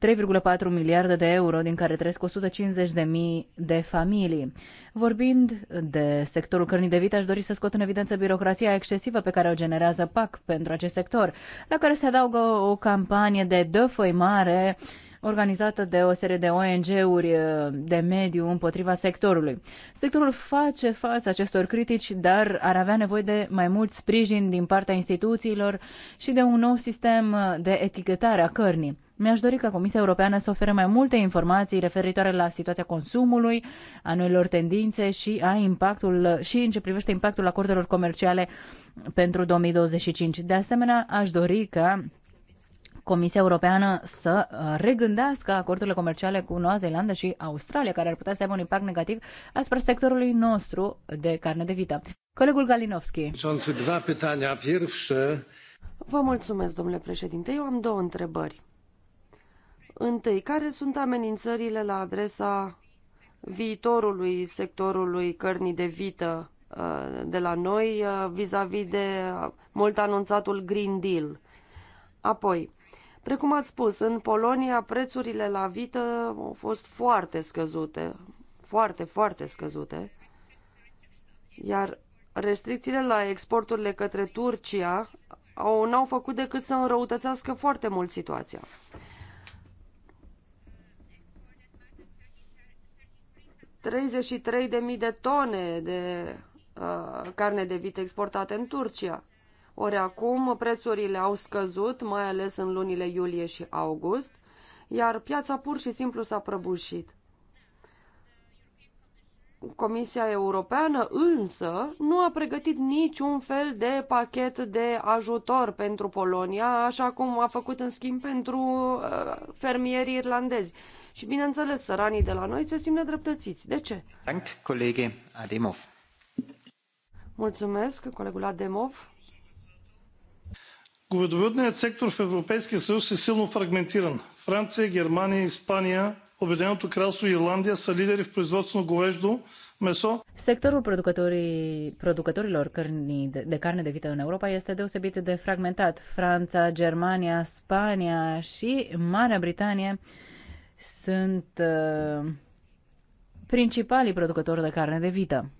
3,4 miliarde de euro, din care trăiesc 150 de mii de familii. Vorbind de sectorul cărnii de vită, aș dori să scot în evidență birocrația excesivă pe care o generează PAC pentru acest sector, la care se adaugă o campanie de defăimare organizată de o serie de ONG-uri uh, de mediu împotriva sectorului. Sectorul face față acestor critici, dar ar avea nevoie de mai mult sprijin din partea instituțiilor și de un nou sistem uh, de etichetare a cărnii. Mi-aș dori ca Comisia Europeană să ofere mai multe informații referitoare la situația consumului, a noilor tendințe și a impactul uh, și în ce privește impactul acordelor comerciale pentru 2025. De asemenea, aș dori ca Comisia Europeană să uh, regândească acordurile comerciale cu Noua Zeelandă și Australia, care ar putea să aibă un impact negativ asupra sectorului nostru de carne de vită. Colegul Galinovski. Vă mulțumesc, domnule președinte. Eu am două întrebări. Întâi, care sunt amenințările la adresa viitorului sectorului cărnii de vită uh, de la noi uh, vis-a-vis -vis de mult anunțatul Green Deal? Apoi, Precum ați spus, în Polonia prețurile la vită au fost foarte scăzute, foarte, foarte scăzute, iar restricțiile la exporturile către Turcia n-au făcut decât să înrăutățească foarte mult situația. ...33.000 de tone de uh, carne de vită exportate în Turcia. Ori acum prețurile au scăzut, mai ales în lunile iulie și august, iar piața pur și simplu s-a prăbușit. Comisia Europeană însă nu a pregătit niciun fel de pachet de ajutor pentru Polonia, așa cum a făcut în schimb pentru uh, fermierii irlandezi. Și bineînțeles, săranii de la noi se simt nedreptățiți. De ce? Dank, colegi, Ademov. Mulțumesc, colegul Ademov. Говедовъдният сектор в Европейския съюз е силно фрагментиран. Франция, Германия, Испания, Обединеното кралство и Ирландия са лидери в производство на говеждо месо. Sectorul producătorii, producătorilor cărnii de, de carne de vită în Europa este deosebit de fragmentat. Franța, Germania, Spania și Marea Britanie sunt uh, principalii producători de carne de vită.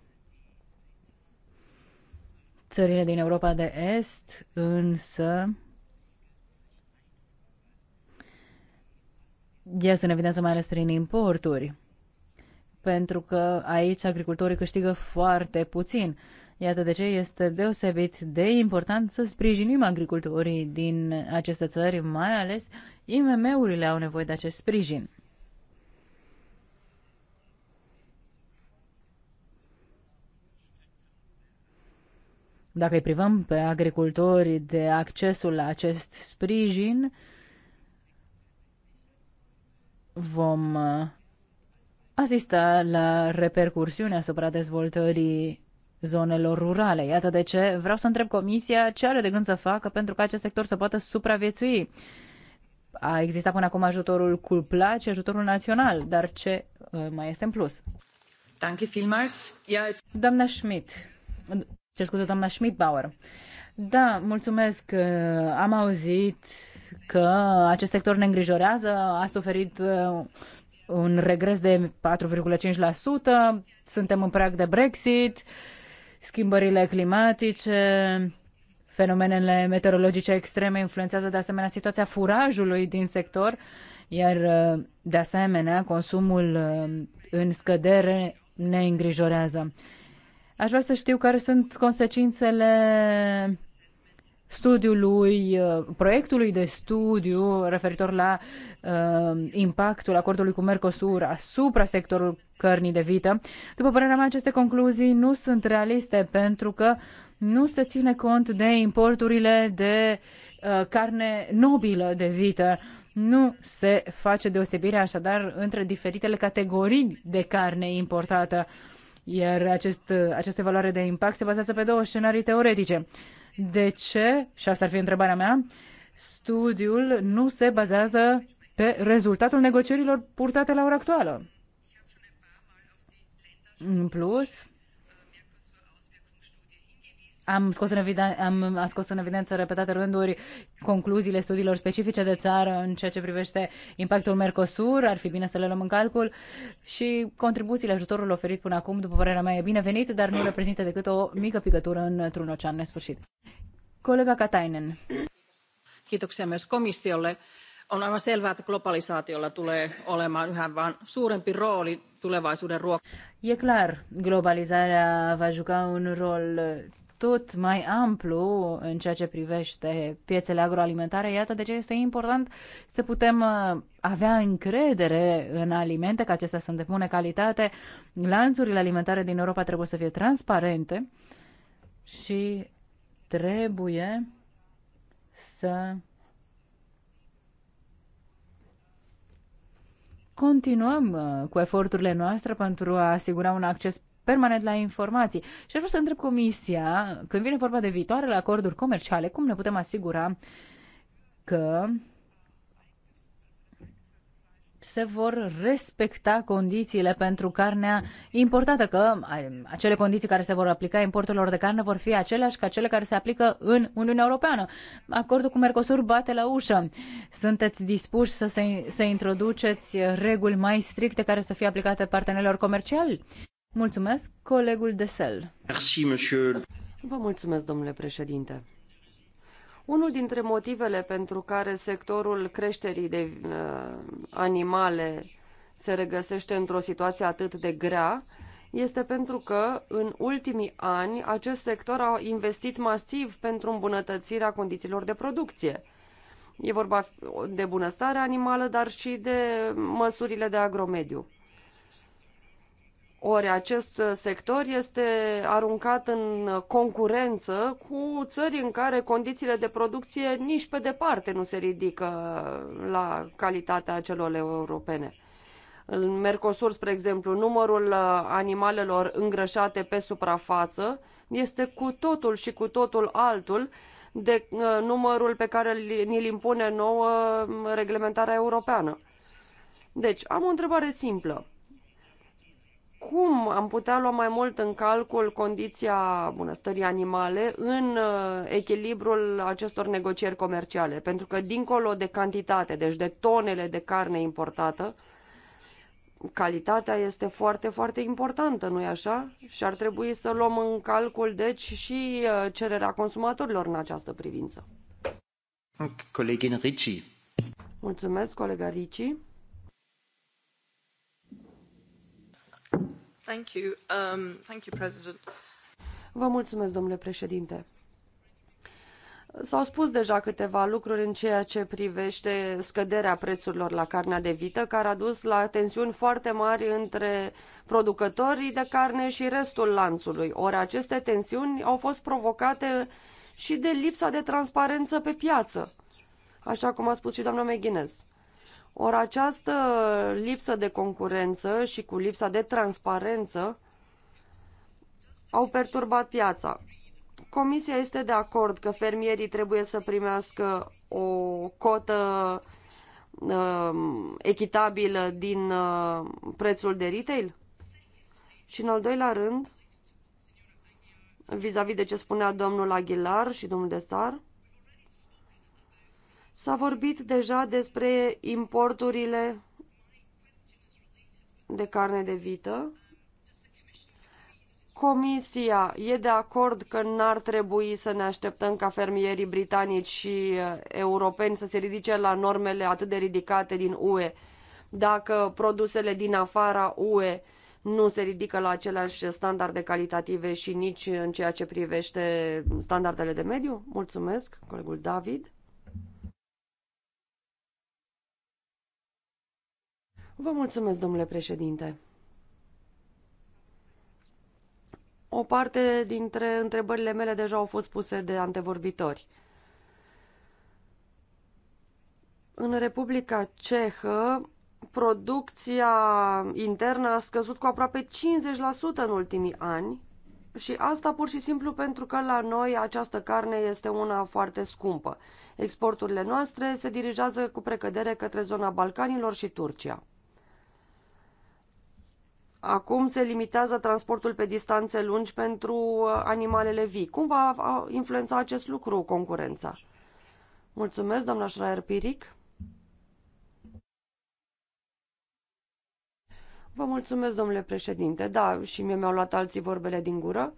Țările din Europa de Est, însă, ies în evidență mai ales prin importuri, pentru că aici agricultorii câștigă foarte puțin. Iată de ce este deosebit de important să sprijinim agricultorii din aceste țări, mai ales IMM-urile au nevoie de acest sprijin. Dacă îi privăm pe agricultori de accesul la acest sprijin, vom uh, asista la repercursiuni asupra dezvoltării zonelor rurale. Iată de ce vreau să întreb Comisia ce are de gând să facă pentru ca acest sector să poată supraviețui. A existat până acum ajutorul cu și ajutorul național, dar ce uh, mai este în plus? Doamna Schmidt, ce scuze, doamna Schmidt-Bauer. Da, mulțumesc. Uh, am auzit că acest sector ne îngrijorează, a suferit uh, un regres de 4,5%, suntem în prag de Brexit, schimbările climatice, fenomenele meteorologice extreme influențează de asemenea situația furajului din sector, iar uh, de asemenea consumul în scădere ne îngrijorează. Aș vrea să știu care sunt consecințele studiului, proiectului de studiu referitor la uh, impactul acordului cu Mercosur asupra sectorului cărnii de vită. După părerea mea, aceste concluzii nu sunt realiste pentru că nu se ține cont de importurile de uh, carne nobilă de vită. Nu se face deosebire așadar între diferitele categorii de carne importată. Uh, iar acest, aceste valoare de impact se bazează pe două scenarii teoretice. De ce, și asta ar fi întrebarea mea, studiul nu se bazează pe rezultatul negocierilor purtate la ora actuală? În plus, am scos, în evidență, am, am scos în evidență repetate rânduri concluziile studiilor specifice de țară în ceea ce privește impactul Mercosur, ar fi bine să le luăm în calcul și contribuțiile, ajutorul oferit până acum, după părerea mea, e binevenit, dar nu reprezintă decât o mică picătură într-un ocean nesfârșit. Colega Katainen. Kiitoksia myös komissiolle. On aivan selvää, että globalisaatiolla tulee olemaan yhä vain suurempi rooli tulevaisuuden ruokaa. E clar, globalizarea va juca un rol tot mai amplu în ceea ce privește piețele agroalimentare. Iată de ce este important să putem uh, avea încredere în alimente, că acestea sunt de bună calitate. Lanțurile alimentare din Europa trebuie să fie transparente și trebuie să continuăm uh, cu eforturile noastre pentru a asigura un acces permanent la informații. Și aș vrea să întreb Comisia, când vine vorba de viitoarele acorduri comerciale, cum ne putem asigura că se vor respecta condițiile pentru carnea importată, că acele condiții care se vor aplica importurilor de carne vor fi aceleași ca cele care se aplică în Uniunea Europeană. Acordul cu Mercosur bate la ușă. Sunteți dispuși să, se, să introduceți reguli mai stricte care să fie aplicate partenerilor comerciali? Mulțumesc, colegul Desel. Merci, monsieur. Vă mulțumesc, domnule președinte. Unul dintre motivele pentru care sectorul creșterii de uh, animale se regăsește într-o situație atât de grea este pentru că în ultimii ani acest sector a investit masiv pentru îmbunătățirea condițiilor de producție. E vorba de bunăstare animală, dar și de măsurile de agromediu. Ori acest sector este aruncat în concurență cu țări în care condițiile de producție nici pe departe nu se ridică la calitatea celor europene. În Mercosur, spre exemplu, numărul animalelor îngrășate pe suprafață este cu totul și cu totul altul de uh, numărul pe care ni-l impune nouă reglementarea europeană. Deci, am o întrebare simplă cum am putea lua mai mult în calcul condiția bunăstării animale în uh, echilibrul acestor negocieri comerciale? Pentru că, dincolo de cantitate, deci de tonele de carne importată, calitatea este foarte, foarte importantă, nu-i așa? Și ar trebui să luăm în calcul, deci, și uh, cererea consumatorilor în această privință. Colegin Ricci. Mulțumesc, colega Ricci. Thank you. Um, thank you, President. Vă mulțumesc, domnule președinte. S-au spus deja câteva lucruri în ceea ce privește scăderea prețurilor la carnea de vită, care a dus la tensiuni foarte mari între producătorii de carne și restul lanțului. Ori aceste tensiuni au fost provocate și de lipsa de transparență pe piață, așa cum a spus și doamna McGuinness. Ori această lipsă de concurență și cu lipsa de transparență au perturbat piața. Comisia este de acord că fermierii trebuie să primească o cotă uh, echitabilă din uh, prețul de retail? Și în al doilea rând, vis-a-vis -vis de ce spunea domnul Aguilar și domnul Desar, S-a vorbit deja despre importurile de carne de vită. Comisia e de acord că n-ar trebui să ne așteptăm ca fermierii britanici și uh, europeni să se ridice la normele atât de ridicate din UE dacă produsele din afara UE nu se ridică la aceleași standarde calitative și nici în ceea ce privește standardele de mediu? Mulțumesc, colegul David. Vă mulțumesc, domnule președinte. O parte dintre întrebările mele deja au fost puse de antevorbitori. În Republica Cehă, producția internă a scăzut cu aproape 50% în ultimii ani și asta pur și simplu pentru că la noi această carne este una foarte scumpă. Exporturile noastre se dirigează cu precădere către zona Balcanilor și Turcia. Acum se limitează transportul pe distanțe lungi pentru uh, animalele vii. Cum va uh, influența acest lucru concurența? Mulțumesc, doamna Schreier-Piric. Vă mulțumesc, domnule președinte. Da, și mie mi-au luat alții vorbele din gură.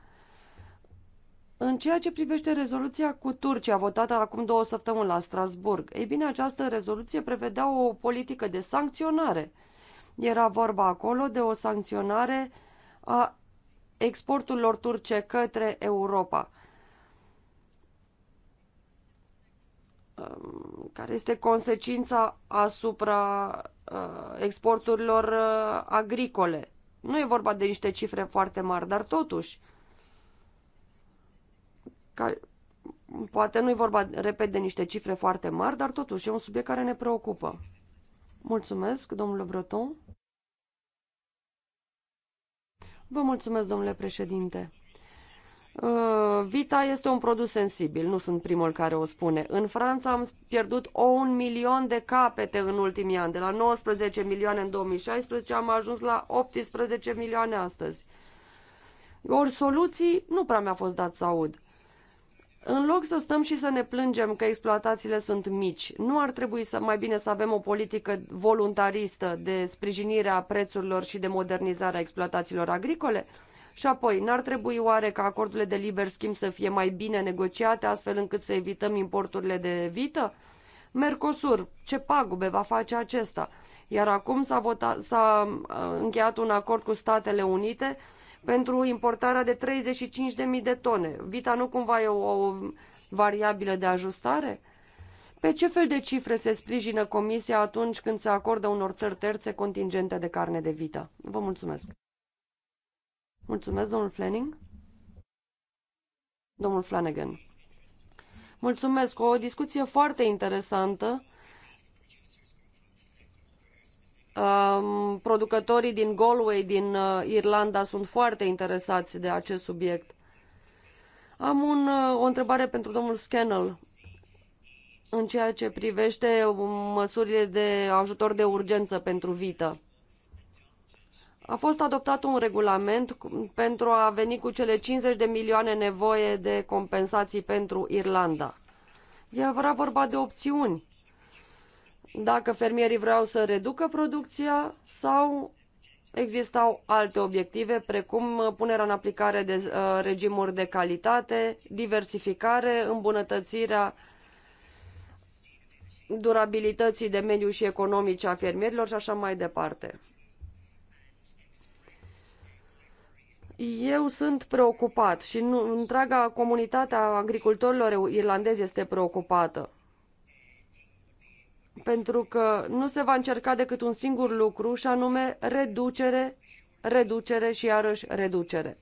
În ceea ce privește rezoluția cu Turcia, votată acum două săptămâni la Strasburg, ei bine, această rezoluție prevedea o politică de sancționare – era vorba acolo de o sancționare a exporturilor turce către Europa, um, care este consecința asupra uh, exporturilor uh, agricole. Nu e vorba de niște cifre foarte mari, dar totuși, ca, poate nu e vorba, repet, de niște cifre foarte mari, dar totuși e un subiect care ne preocupă. Mulțumesc, domnule Breton. Vă mulțumesc, domnule președinte. Uh, Vita este un produs sensibil, nu sunt primul care o spune. În Franța am pierdut o un milion de capete în ultimii ani. De la 19 milioane în 2016 am ajuns la 18 milioane astăzi. Ori soluții nu prea mi-a fost dat să aud. În loc să stăm și să ne plângem că exploatațiile sunt mici, nu ar trebui să mai bine să avem o politică voluntaristă de sprijinire a prețurilor și de modernizare a exploatațiilor agricole? Și apoi, n-ar trebui oare ca acordurile de liber schimb să fie mai bine negociate, astfel încât să evităm importurile de vită? Mercosur, ce pagube va face acesta? Iar acum s-a, uh, încheiat un acord cu Statele Unite pentru importarea de 35.000 de tone. Vita nu cumva e o, o variabilă de ajustare? Pe ce fel de cifre se sprijină Comisia atunci când se acordă unor țări terțe contingente de carne de vită? Vă mulțumesc. Mulțumesc, domnul Fleming. Domnul Flanagan. Mulțumesc, o discuție foarte interesantă Um, producătorii din Galway, din uh, Irlanda, sunt foarte interesați de acest subiect. Am un, uh, o întrebare pentru domnul Scannell în ceea ce privește um, măsurile de ajutor de urgență pentru vită. A fost adoptat un regulament pentru a veni cu cele 50 de milioane nevoie de compensații pentru Irlanda. E vorba de opțiuni dacă fermierii vreau să reducă producția sau existau alte obiective, precum uh, punerea în aplicare de uh, regimuri de calitate, diversificare, îmbunătățirea durabilității de mediu și economice a fermierilor și așa mai departe. Eu sunt preocupat și întreaga comunitate a agricultorilor irlandezi este preocupată pentru că nu se va încerca decât un singur lucru și anume reducere, reducere și iarăși reducere.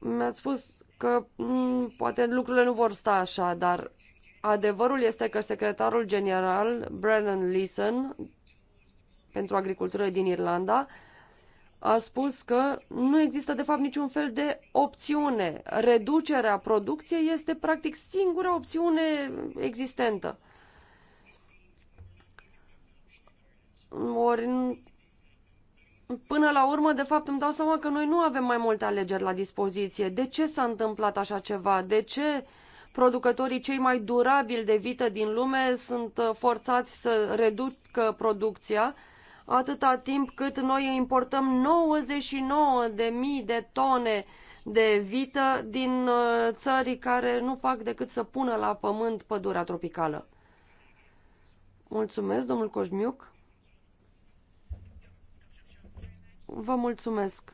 Mi-ați spus că mm, poate lucrurile nu vor sta așa, dar adevărul este că secretarul general Brennan Leeson pentru agricultură din Irlanda a spus că nu există de fapt niciun fel de opțiune. Reducerea producției este practic singura opțiune existentă. Ori, până la urmă, de fapt, îmi dau seama că noi nu avem mai multe alegeri la dispoziție. De ce s-a întâmplat așa ceva? De ce producătorii cei mai durabili de vită din lume sunt uh, forțați să reducă producția atâta timp cât noi importăm 99.000 de tone de vită din uh, țări care nu fac decât să pună la pământ pădurea tropicală. Mulțumesc, domnul Coșmiuc. Vă mulțumesc.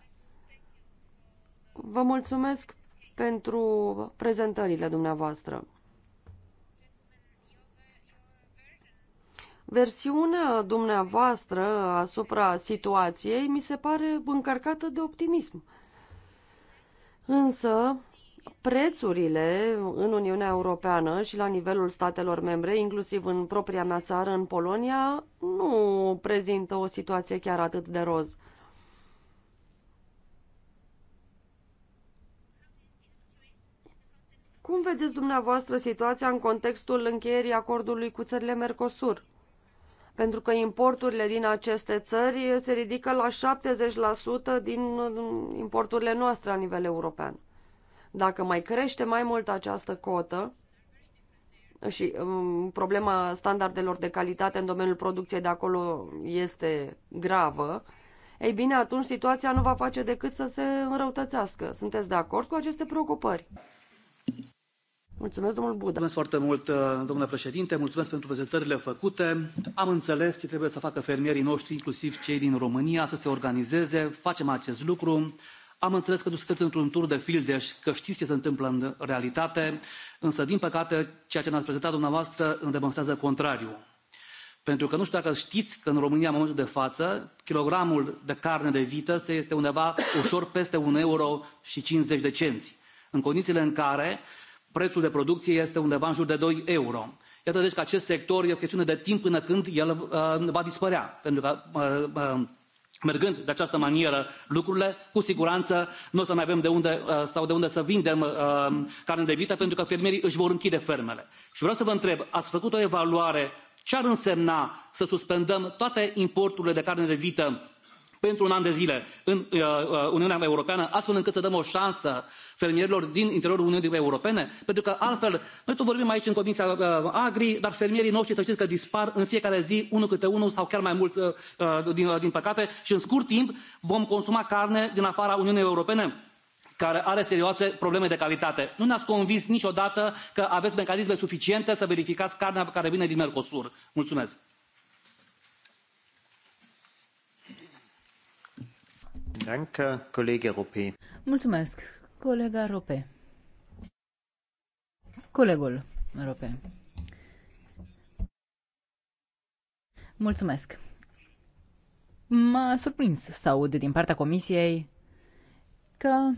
Vă mulțumesc pentru prezentările dumneavoastră. Versiunea dumneavoastră asupra situației mi se pare încărcată de optimism. Însă, prețurile în Uniunea Europeană și la nivelul statelor membre, inclusiv în propria mea țară, în Polonia, nu prezintă o situație chiar atât de roz. Cum vedeți dumneavoastră situația în contextul încheierii acordului cu țările Mercosur? Pentru că importurile din aceste țări se ridică la 70% din importurile noastre la nivel european. Dacă mai crește mai mult această cotă, și um, problema standardelor de calitate în domeniul producției de acolo este gravă, ei bine, atunci situația nu va face decât să se înrăutățească. Sunteți de acord cu aceste preocupări? Mulțumesc, domnul Buda. Mulțumesc foarte mult, uh, domnule președinte. Mulțumesc pentru prezentările făcute. Am înțeles ce trebuie să facă fermierii noștri, inclusiv cei din România, să se organizeze. Facem acest lucru. Am înțeles că nu sunteți într-un tur de fildeș, că știți ce se întâmplă în realitate, însă, din păcate, ceea ce ne-ați prezentat dumneavoastră îmi demonstrează contrariul. Pentru că nu știu dacă știți că în România, în momentul de față, kilogramul de carne de vită se este undeva ușor peste 1 euro și 50 de cenți. În condițiile în care prețul de producție este undeva în jur de doi euro. Iată deci că acest sector e o chestiune de timp până când el uh, va dispărea, pentru că uh, uh, mergând de această manieră lucrurile cu siguranță nu o să mai avem de unde uh, sau de unde să vindem uh, carne de vită pentru că fermierii își vor închide fermele. Și vreau să vă întreb, ați făcut o evaluare ce ar însemna să suspendăm toate importurile de carne de vită pentru un an de zile în uh, uh, uniunea europeană astfel încât să dăm o șansă fermierilor din interiorul uniunii europene pentru că altfel noi tot vorbim aici în comisia uh, agri dar fermierii noștri să știți că dispar în fiecare zi unul câte unul sau chiar mai mulți din păcate și în scurt timp vom consuma carne din afara uniunii europene care are serioase probleme de calitate. Nu ne-ați convins niciodată că aveți mecanisme suficiente să verificați carnea care vine din mercosur. Mulțumesc! Danke, Mulțumesc, colega Rope. Colegul Rope. Mulțumesc. M-a surprins să aud din partea comisiei că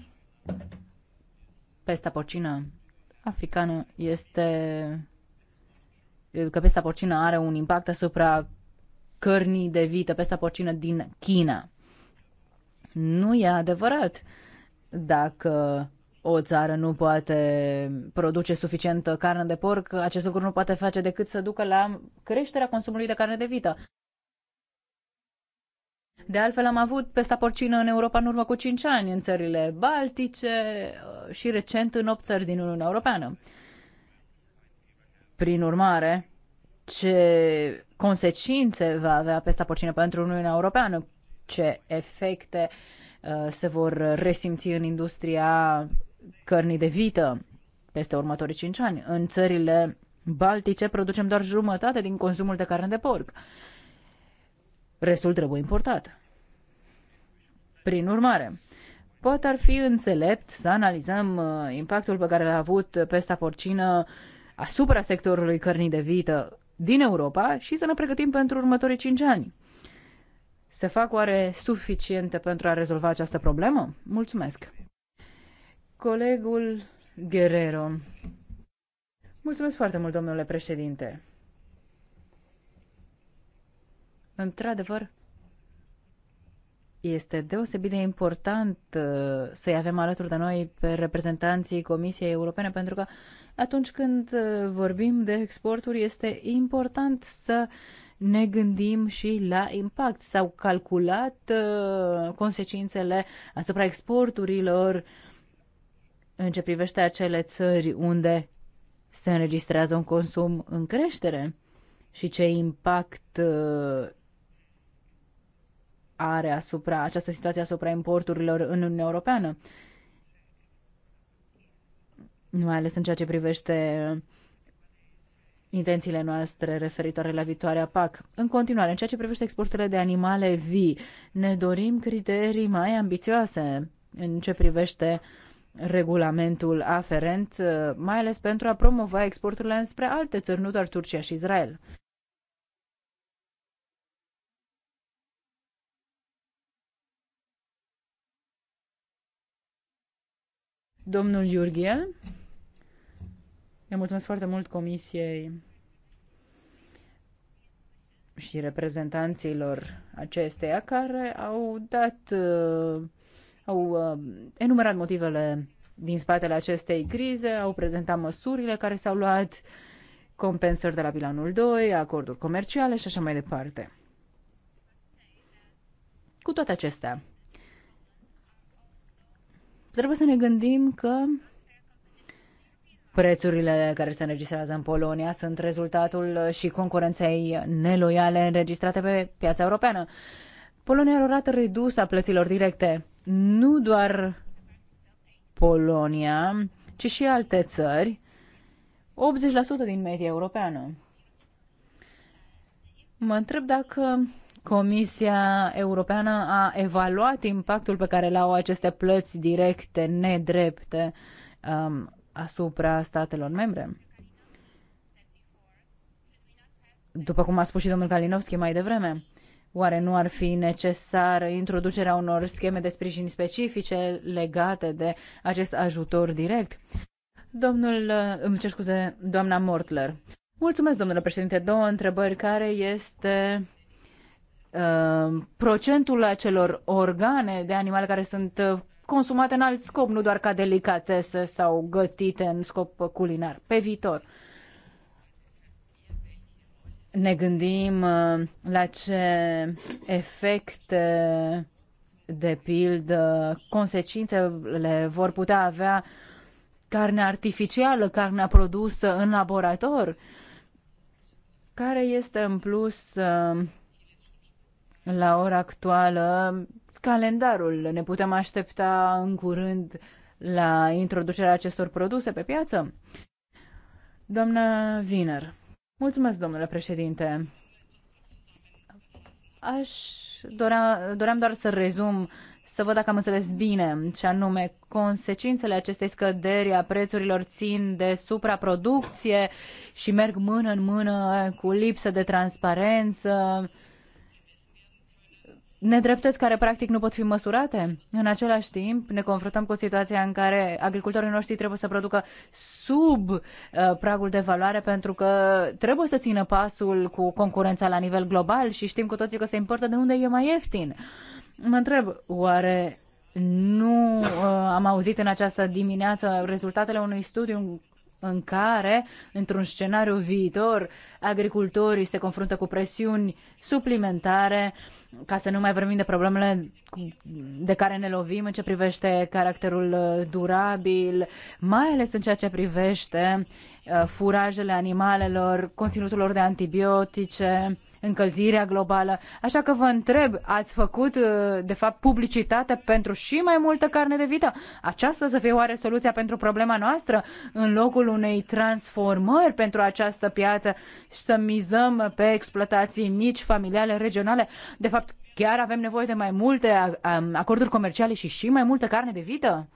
pesta porcină africană este că pesta porcină are un impact asupra cărnii de vită, pesta porcină din China. Nu e adevărat. Dacă o țară nu poate produce suficientă carne de porc, acest lucru nu poate face decât să ducă la creșterea consumului de carne de vită. De altfel, am avut pesta porcină în Europa în urmă cu 5 ani, în țările baltice uh, și recent în 8 țări din Uniunea Europeană. Prin urmare, ce consecințe va avea pesta porcină pentru Uniunea Europeană? ce efecte uh, se vor resimți în industria cărnii de vită peste următorii 5 ani. În țările baltice producem doar jumătate din consumul de carne de porc. Restul trebuie importat. Prin urmare, poate ar fi înțelept să analizăm uh, impactul pe care l-a avut pesta porcină asupra sectorului cărnii de vită din Europa și să ne pregătim pentru următorii 5 ani. Se fac oare suficiente pentru a rezolva această problemă? Mulțumesc! Colegul Guerrero. Mulțumesc foarte mult, domnule președinte. Într-adevăr, este deosebit de important uh, să-i avem alături de noi pe reprezentanții Comisiei Europene, pentru că atunci când uh, vorbim de exporturi, este important să uh, ne gândim și la impact. S-au calculat uh, consecințele asupra exporturilor în ce privește acele țări unde se înregistrează un consum în creștere și ce impact uh, are asupra această situație asupra importurilor în Uniunea Europeană mai ales în ceea ce privește intențiile noastre referitoare la viitoarea PAC. În continuare, în ceea ce privește exporturile de animale vii, ne dorim criterii mai ambițioase în ce privește regulamentul aferent, mai ales pentru a promova exporturile înspre alte țări, nu doar Turcia și Israel. Domnul Iurghiel. Le mulțumesc foarte mult Comisiei și reprezentanților acesteia care au dat, uh, au uh, enumerat motivele din spatele acestei crize, au prezentat măsurile care s-au luat, compensări de la bilanul 2, acorduri comerciale și așa mai departe. Cu toate acestea, trebuie să ne gândim că Prețurile care se înregistrează în Polonia sunt rezultatul și concurenței neloiale înregistrate pe piața europeană. Polonia are o rată redusă a plăților directe. Nu doar Polonia, ci și alte țări, 80% din media europeană. Mă întreb dacă Comisia Europeană a evaluat impactul pe care l-au aceste plăți directe, nedrepte, um, asupra statelor membre. După cum a spus și domnul Kalinovski mai devreme, oare nu ar fi necesară introducerea unor scheme de sprijin specifice legate de acest ajutor direct? Domnul, îmi cer scuze, doamna Mortler. Mulțumesc, domnule președinte. Două întrebări. Care este uh, procentul acelor organe de animale care sunt uh, consumate în alt scop, nu doar ca delicatese sau gătite în scop culinar, pe viitor. Ne gândim uh, la ce efecte, de pildă, consecințe le vor putea avea carne artificială, carnea produsă în laborator, care este în plus uh, la ora actuală calendarul? Ne putem aștepta în curând la introducerea acestor produse pe piață? Doamna Viner. Mulțumesc, domnule președinte. Aș dorea, doream doar să rezum, să văd dacă am înțeles bine, și anume consecințele acestei scăderi a prețurilor țin de supraproducție și merg mână în mână cu lipsă de transparență, nedreptăți care practic nu pot fi măsurate. În același timp, ne confruntăm cu situația în care agricultorii noștri trebuie să producă sub uh, pragul de valoare pentru că trebuie să țină pasul cu concurența la nivel global și știm cu toții că se importă de unde e mai ieftin. Mă întreb, oare nu uh, am auzit în această dimineață rezultatele unui studiu în care, într-un scenariu viitor, agricultorii se confruntă cu presiuni suplimentare, ca să nu mai vorbim de problemele de care ne lovim în ce privește caracterul uh, durabil, mai ales în ceea ce privește uh, furajele animalelor, conținutul lor de antibiotice, încălzirea globală. Așa că vă întreb, ați făcut uh, de fapt publicitate pentru și mai multă carne de vită? Aceasta să fie oare soluția pentru problema noastră în locul unei transformări pentru această piață și să mizăm pe exploatații mici, familiale, regionale? De fapt, Chiar avem nevoie de mai multe acorduri comerciale și și mai multă carne de vită?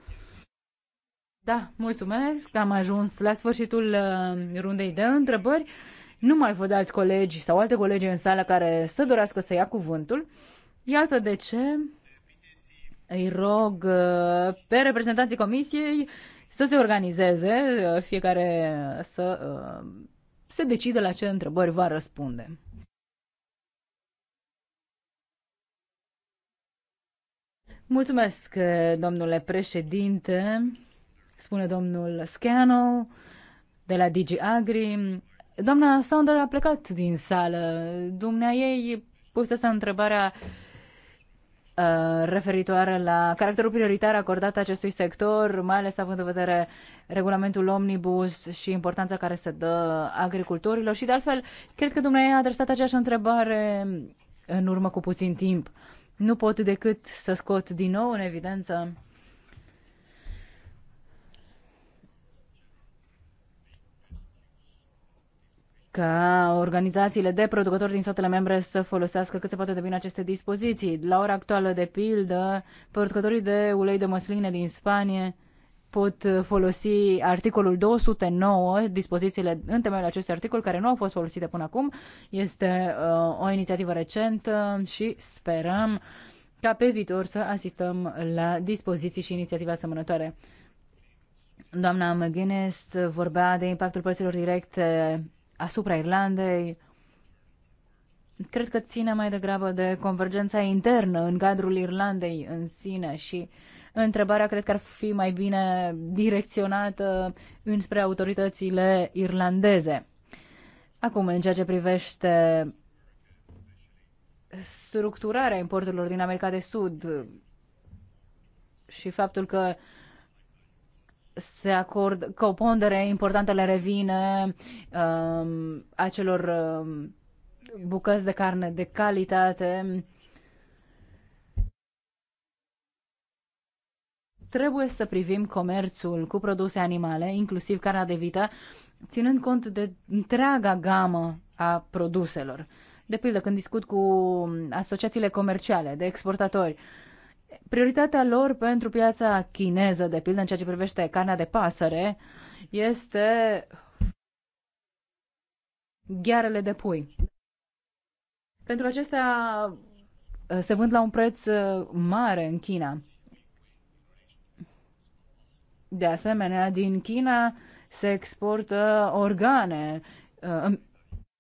Da, mulțumesc. Am ajuns la sfârșitul uh, rundei de întrebări. Nu mai văd alți colegi sau alte colegi în sală care să dorească să ia cuvântul. Iată de ce îi rog uh, pe reprezentanții comisiei să se organizeze, uh, fiecare să se decide la ce întrebări va răspunde. Mulțumesc, eh, domnule președinte, spune domnul Scano de la Digi Agri. Doamna Sonder a plecat din sală. Dumnea ei pusese întrebarea eh, referitoare la caracterul prioritar acordat acestui sector, mai ales având în vedere regulamentul omnibus și importanța care se dă agricultorilor. Și de altfel, cred că dumneavoastră a adresat aceeași întrebare în urmă cu puțin timp. Nu pot decât să scot din nou în evidență ca organizațiile de producători din statele membre să folosească cât se poate de bine aceste dispoziții. La ora actuală, de pildă, producătorii de ulei de măsline din Spanie pot folosi articolul 209, dispozițiile în temeiul acestui articol care nu au fost folosite până acum. Este uh, o inițiativă recentă și sperăm ca pe viitor să asistăm la dispoziții și inițiative asemănătoare. Doamna McGuinness vorbea de impactul părților directe asupra Irlandei. Cred că ține mai degrabă de convergența internă în cadrul Irlandei în sine și uh, Întrebarea cred că ar fi mai bine direcționată înspre autoritățile irlandeze. Acum, în ceea ce privește structurarea importurilor din America de Sud și faptul că se acord, că o pondere importantă le revine um, acelor um, bucăți de carne de calitate trebuie să privim comerțul cu produse animale, inclusiv carnea de vită, ținând cont de întreaga gamă a produselor. De pildă, când discut cu asociațiile comerciale de exportatori, prioritatea lor pentru piața chineză, de pildă, în ceea ce privește carnea de pasăre, este ghearele de pui. Pentru că acestea se vând la un preț uh, mare în China. De asemenea, din China se exportă organe. Uh,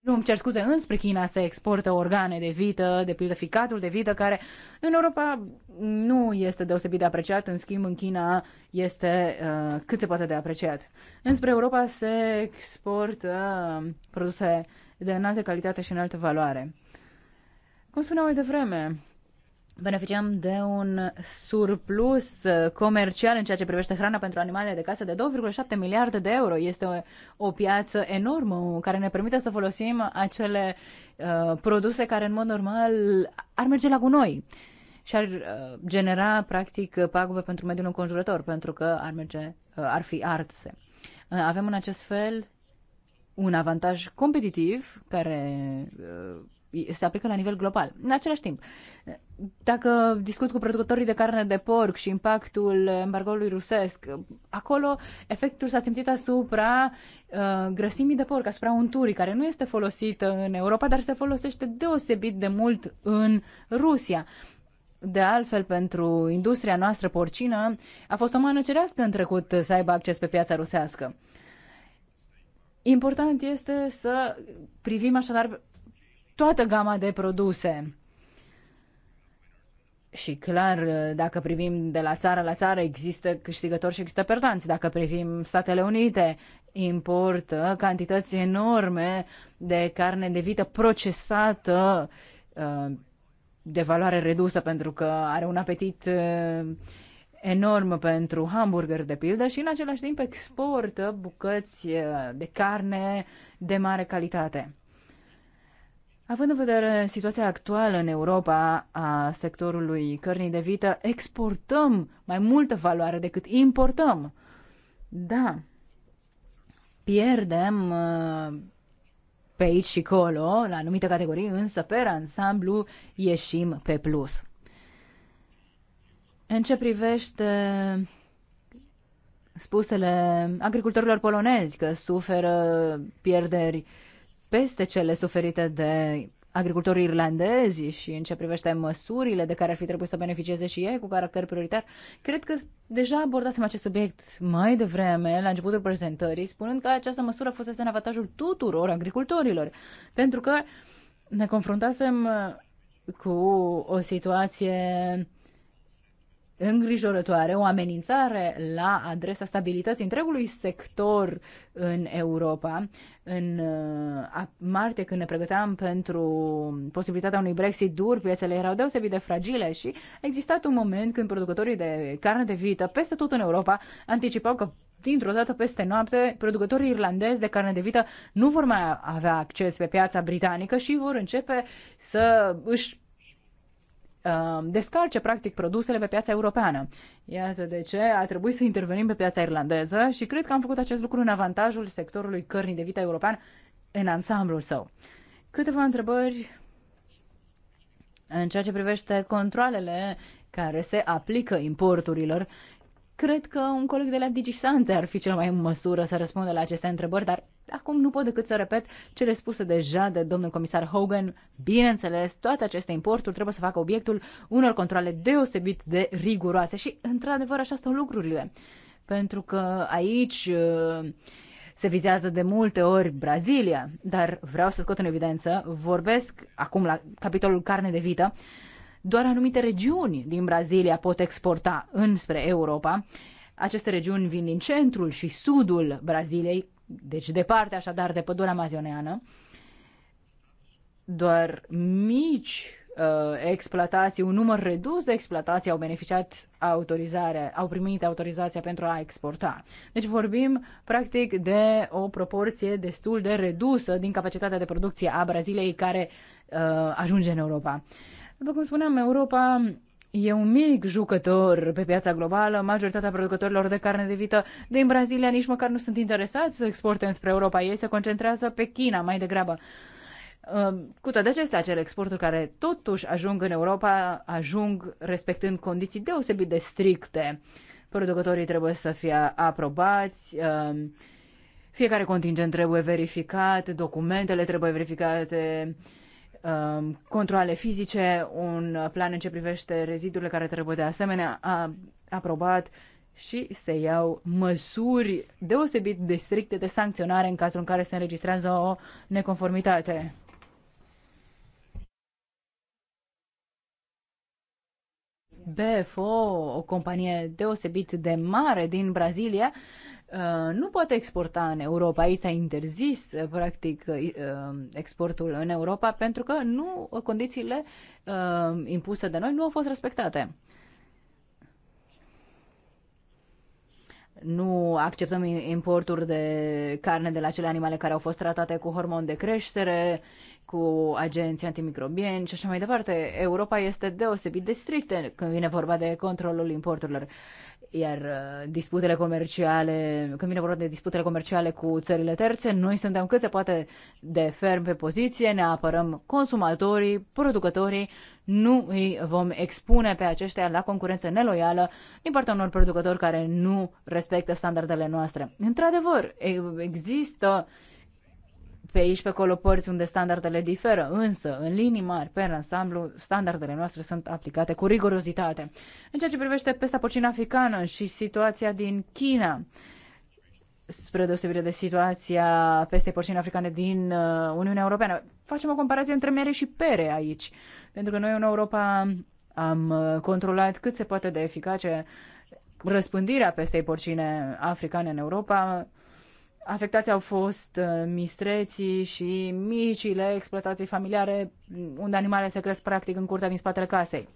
nu, îmi cer scuze, înspre China se exportă organe de vită, de pildă ficatul de vită, care în Europa nu este deosebit de apreciat, în schimb în China este uh, cât se poate de apreciat. Înspre Europa se exportă um, produse de înaltă calitate și înaltă valoare. Cum spuneam mai devreme, beneficiam de un surplus uh, comercial în ceea ce privește hrana pentru animalele de casă de 2,7 miliarde de euro. Este o, o piață enormă care ne permite să folosim acele uh, produse care în mod normal ar merge la gunoi și ar uh, genera practic pagube pentru mediul înconjurător pentru că ar merge uh, ar fi arse. Uh, avem în acest fel un avantaj competitiv care uh, se aplică la nivel global. În același timp, dacă discut cu producătorii de carne de porc și impactul embargoului rusesc, acolo efectul s-a simțit asupra uh, grăsimii de porc, asupra unturii, care nu este folosită în Europa, dar se folosește deosebit de mult în Rusia. De altfel, pentru industria noastră porcină, a fost o mană cerească în trecut să aibă acces pe piața rusească. Important este să privim așadar toată gama de produse. Și clar, dacă privim de la țară la țară, există câștigători și există perdanți. Dacă privim Statele Unite, importă cantități enorme de carne de vită procesată uh, de valoare redusă pentru că are un apetit uh, enorm pentru hamburger de pildă și în același timp exportă bucăți uh, de carne de mare calitate. Având în vedere situația actuală în Europa a sectorului cărnii de vită, exportăm mai multă valoare decât importăm. Da, pierdem uh, pe aici și colo, la anumite categorii, însă pe ansamblu ieșim pe plus. În ce privește spusele agricultorilor polonezi că suferă pierderi uh, peste cele suferite de agricultorii irlandezi și în ce privește măsurile de care ar fi trebuit să beneficieze și ei cu caracter prioritar, cred că deja abordasem acest subiect mai devreme, la începutul prezentării, spunând că această măsură fusese în avantajul tuturor agricultorilor, pentru că ne confruntasem cu o situație îngrijorătoare, o amenințare la adresa stabilității întregului sector în Europa. În uh, martie, când ne pregăteam pentru posibilitatea unui Brexit dur, piețele erau deosebit de fragile și a existat un moment când producătorii de carne de vită peste tot în Europa anticipau că dintr-o dată peste noapte, producătorii irlandezi de carne de vită nu vor mai avea acces pe piața britanică și vor începe să își Um, descarce practic produsele pe piața europeană. Iată de ce a trebuit să intervenim pe piața irlandeză și cred că am făcut acest lucru în avantajul sectorului cărnii de vită european în ansamblul său. Câteva întrebări în ceea ce privește controlele care se aplică importurilor Cred că un coleg de la DigiSante ar fi cel mai în măsură să răspundă la aceste întrebări, dar acum nu pot decât să repet cele spuse deja de domnul comisar Hogan. Bineînțeles, toate aceste importuri trebuie să facă obiectul unor controle deosebit de riguroase și, într-adevăr, așa stau lucrurile. Pentru că aici uh, se vizează de multe ori Brazilia, dar vreau să scot în evidență, vorbesc acum la capitolul carne de vită, doar anumite regiuni din Brazilia pot exporta înspre Europa. Aceste regiuni vin din centrul și sudul Braziliei, deci departe așadar de pădurea amazoneană. Doar mici uh, exploatații, un număr redus de exploatații au beneficiat autorizarea, au primit autorizația pentru a exporta. Deci vorbim practic de o proporție destul de redusă din capacitatea de producție a Braziliei care uh, ajunge în Europa. Uh, după cum spuneam, Europa e un mic jucător pe piața globală. Majoritatea producătorilor de carne de vită din Brazilia nici măcar nu sunt interesați să exporte înspre Europa. Ei se concentrează pe China mai degrabă. Ehm, cu toate acestea, acele exporturi care totuși ajung în Europa, ajung respectând condiții deosebit de stricte. Producătorii trebuie să fie aprobați, ehm, fiecare contingent trebuie verificat, documentele trebuie verificate, um, controle fizice, un plan în ce privește rezidurile care trebuie de asemenea a, aprobat și se iau măsuri deosebit de stricte de sancționare în cazul în care se înregistrează o neconformitate. BFO, o companie deosebit de mare din Brazilia, Uh, nu poate exporta în Europa. Ei s-a interzis, uh, practic, uh, exportul în Europa pentru că nu condițiile impuse de noi nu au fost respectate. nu acceptăm importuri de carne de la cele animale care au fost tratate cu hormon de creștere, cu agenții antimicrobieni și așa mai departe. Europa este deosebit de strictă când vine vorba de controlul importurilor. Iar uh, disputele comerciale, când vine vorba de disputele comerciale cu țările terțe, noi suntem cât se poate de ferm pe poziție, ne apărăm consumatorii, producătorii, nu îi vom expune pe aceștia la concurență neloială din partea unor producători care nu respectă standardele noastre. Într-adevăr, există uh, pe aici, pe acolo, părți unde standardele diferă, însă, în linii mari, pe ansamblu, standardele noastre sunt aplicate cu rigorozitate. În ceea ce privește pesta porcină africană și situația din China, spre deosebire de situația peste porcine africane din uh, Uniunea Europeană. Facem o comparație între mere și pere aici, pentru că noi în Europa am uh, controlat cât se poate de eficace răspândirea pestei porcine africane în Europa, Afectați au fost uh, mistreții și micile exploatații familiare mm, unde animalele se cresc practic în curtea din spatele casei.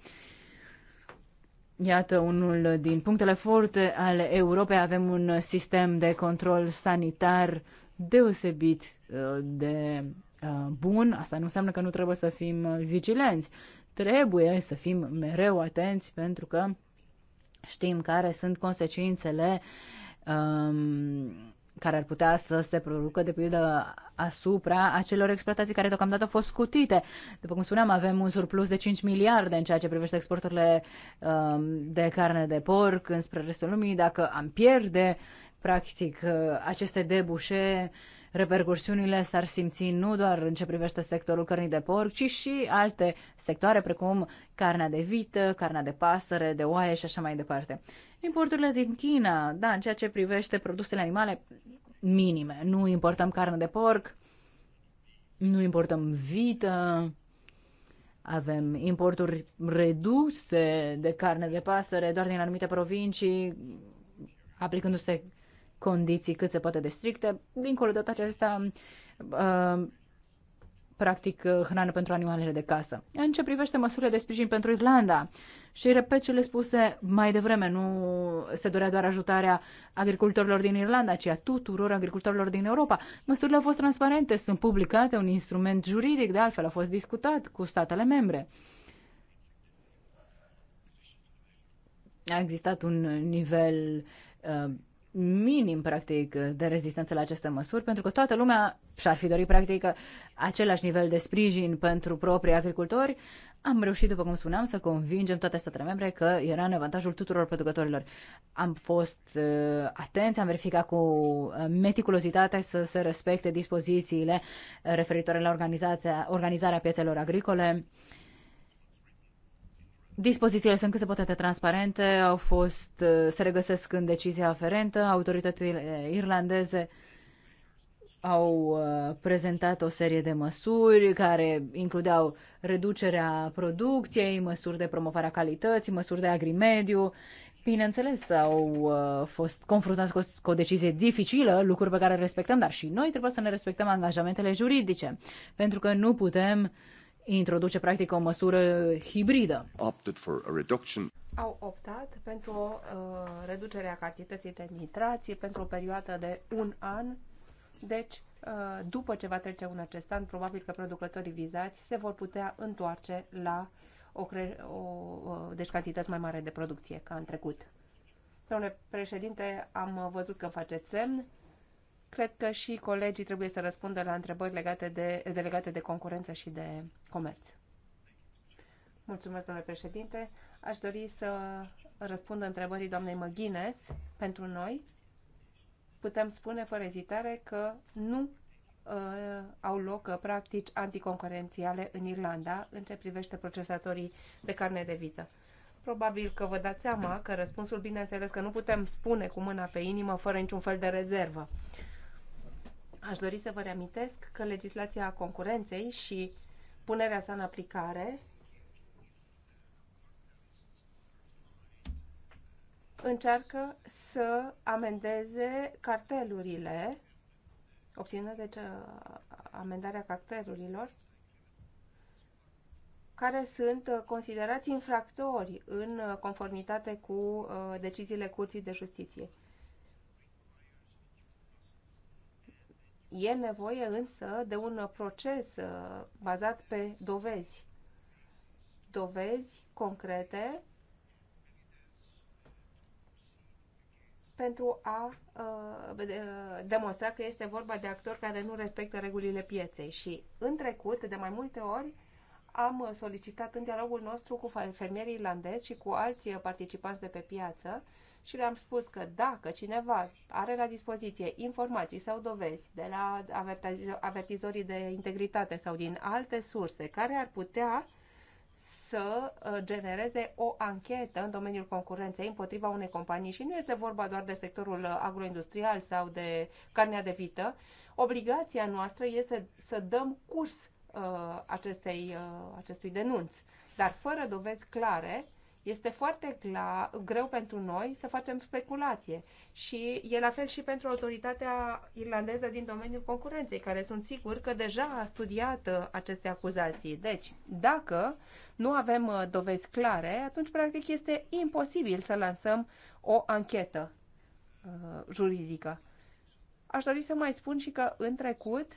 Iată unul din punctele forte ale Europei. Avem un sistem de control sanitar deosebit uh, de uh, bun. Asta nu înseamnă că nu trebuie să fim vigilenți. Trebuie să fim mereu atenți pentru că știm care sunt consecințele um, care ar putea să se producă de pildă asupra acelor exploatații care deocamdată au fost scutite. După cum spuneam, avem un surplus de 5 miliarde în ceea ce privește exporturile um, de carne de porc înspre restul lumii. Dacă am pierde, practic, uh, aceste debușe, uh, repercursiunile s-ar simți nu doar în ce privește sectorul cărnii de porc, ci și alte sectoare precum carnea de vită, carnea de pasăre, de oaie și așa mai departe. Importurile din China, da, în ceea ce privește produsele animale minime, nu importăm carne de porc, nu importăm vită, avem importuri reduse de carne de pasăre doar din anumite provincii, aplicându-se condiții cât se poate de stricte. Dincolo de toate acestea, uh, practic uh, hrană pentru animalele de casă. În ce privește măsurile de sprijin pentru Irlanda, și repet le spuse mai devreme, nu se dorea doar ajutarea agricultorilor din Irlanda, ci a tuturor agricultorilor din Europa. Măsurile au fost transparente, sunt publicate, un instrument juridic, de altfel a fost discutat cu statele membre. A existat un nivel uh, minim, practic, de rezistență la aceste măsuri, pentru că toată lumea și-ar fi dorit, practic, același nivel de sprijin pentru proprii agricultori. Am reușit, după cum spuneam, să convingem toate statele membre că era în avantajul tuturor producătorilor. Am fost uh, atenți, am verificat cu uh, meticulozitate să se respecte dispozițiile referitoare la organizarea piețelor agricole. Uh, Dispozițiile sunt cât se poate de transparente, au fost, uh, se regăsesc în decizia aferentă, autoritățile irlandeze au uh, prezentat o serie de măsuri care includeau reducerea producției, măsuri de promovare a calității, măsuri de agrimediu. Bineînțeles, au uh, fost confruntați cu o, cu o decizie dificilă, lucruri pe care le respectăm, dar și noi trebuie să ne respectăm angajamentele juridice, pentru că nu putem uh, introduce practic o măsură hibridă. Au optat pentru o uh, reducere a cantității de nitrații pentru o perioadă de un an. Deci, uh, după ce va trece un acest an, probabil că producătorii vizați se vor putea întoarce la o, cre- o uh, deci cantități mai mare de producție ca în trecut. Domnule președinte, am văzut că faceți semn. Cred că și colegii trebuie să răspundă la întrebări legate de, de, legate de concurență și de comerț. Mulțumesc, domnule președinte. Aș dori să răspund întrebării doamnei Măghines pentru noi. Putem spune fără ezitare că nu uh, au loc uh, practici anticoncurențiale în Irlanda în ce privește procesatorii de carne de vită. Probabil că vă dați seama că răspunsul, bineînțeles, că nu putem spune cu mâna pe inimă fără niciun fel de rezervă. Uh, Aș dori să vă reamintesc că legislația concurenței și punerea sa în aplicare încearcă să amendeze cartelurile, de deci, ce amendarea cartelurilor, care sunt considerați infractori în conformitate cu uh, deciziile Curții de Justiție. E nevoie însă de un proces uh, bazat pe dovezi. Dovezi concrete pentru a uh, uh, demonstra că este vorba de actori care nu respectă regulile pieței. Și în trecut, de mai multe ori, am solicitat în dialogul nostru cu fermierii irlandezi și cu alții participanți de pe piață și le-am spus că dacă cineva are la dispoziție informații sau dovezi de la avertizorii de integritate sau din alte surse care ar putea să uh, genereze o anchetă în domeniul concurenței împotriva unei companii și nu este vorba doar de sectorul uh, agroindustrial sau de carnea de vită. Obligația noastră este să dăm curs uh, acestei, uh, acestui denunț, dar fără dovezi clare este foarte clar, greu pentru noi să facem speculație și e la fel și pentru autoritatea irlandeză din domeniul concurenței, care sunt sigur că deja a studiat uh, aceste acuzații. Deci, dacă nu avem uh, dovezi clare, atunci practic este imposibil să lansăm o anchetă uh, juridică. Aș dori să mai spun și că în trecut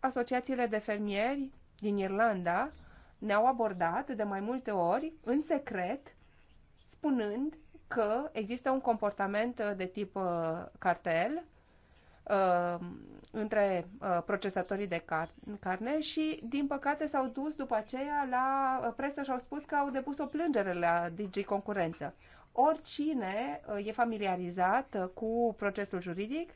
asociațiile de fermieri din Irlanda ne-au abordat de mai multe ori în secret, spunând că există un comportament uh, de tip uh, cartel uh, între procesatorii de carne și, din păcate, s-au dus după aceea la presă și au spus că au depus o plângere la Digi Concurență oricine e familiarizat cu procesul juridic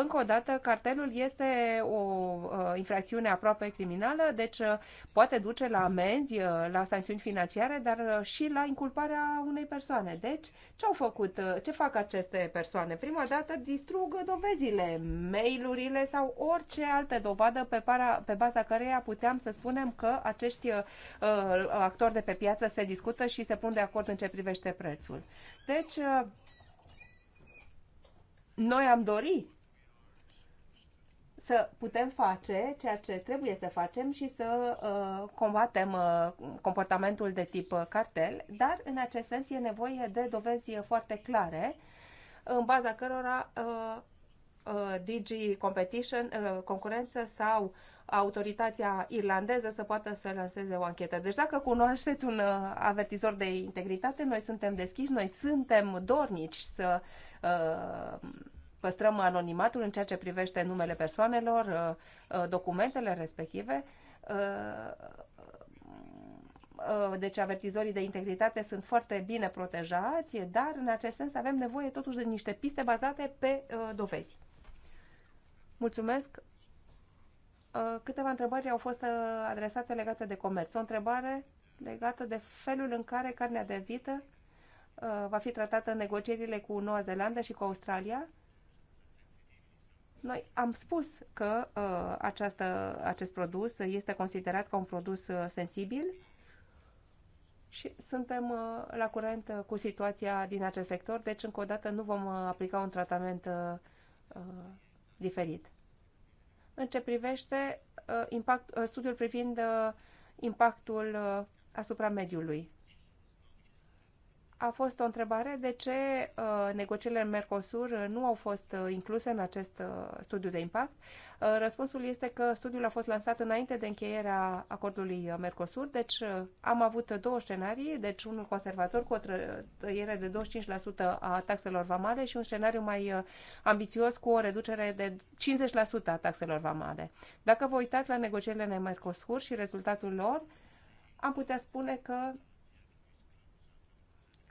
încă o dată, cartelul este o uh, infracțiune aproape criminală, deci uh, poate duce la amenzi, uh, la sancțiuni financiare, dar și la inculparea unei persoane. Deci, ce au făcut, ce fac aceste persoane? Prima dată distrug dovezile, mail-urile sau orice altă dovadă pe, para, pe baza căreia puteam să spunem că acești uh, actori de pe piață se discută și se pun de acord în ce privește prețul. Deci, uh, noi am dorit să putem face ceea ce trebuie să facem și să uh, combatem uh, comportamentul de tip uh, cartel, dar în acest sens e nevoie de dovezi foarte clare, în baza cărora uh, uh, DG Competition, uh, concurență sau autoritatea irlandeză să poată să lanseze o anchetă. Deci dacă cunoașteți un uh, avertizor de integritate, noi suntem deschiși, noi suntem dornici să uh, păstrăm anonimatul în ceea ce privește numele persoanelor, uh, uh, documentele respective. Uh, deci avertizorii de integritate sunt foarte bine protejați, dar în acest sens avem nevoie totuși de niște piste bazate pe dovezi. Mulțumesc! Câteva întrebări au fost adresate legate de comerț. O întrebare legată de felul în care carnea de vită va fi tratată în negocierile cu Noua Zeelandă și cu Australia noi am spus că uh, această, acest produs este considerat ca un produs uh, sensibil și suntem uh, la curent uh, cu situația din acest sector, deci încă o dată nu vom uh, aplica un tratament uh, diferit. În ce privește uh, impact, uh, studiul privind uh, impactul uh, asupra mediului a fost o întrebare de ce uh, negocierile în Mercosur uh, nu au fost uh, incluse în acest studiu de impact. Răspunsul este că studiul a fost lansat înainte de încheierea acordului Mercosur, deci am avut două scenarii, deci unul conservator cu o tăiere de 25% a taxelor vamale și un scenariu mai ambițios cu o reducere de 50% a taxelor vamale. Dacă vă uitați la negocierile în Mercosur și rezultatul lor, am putea spune că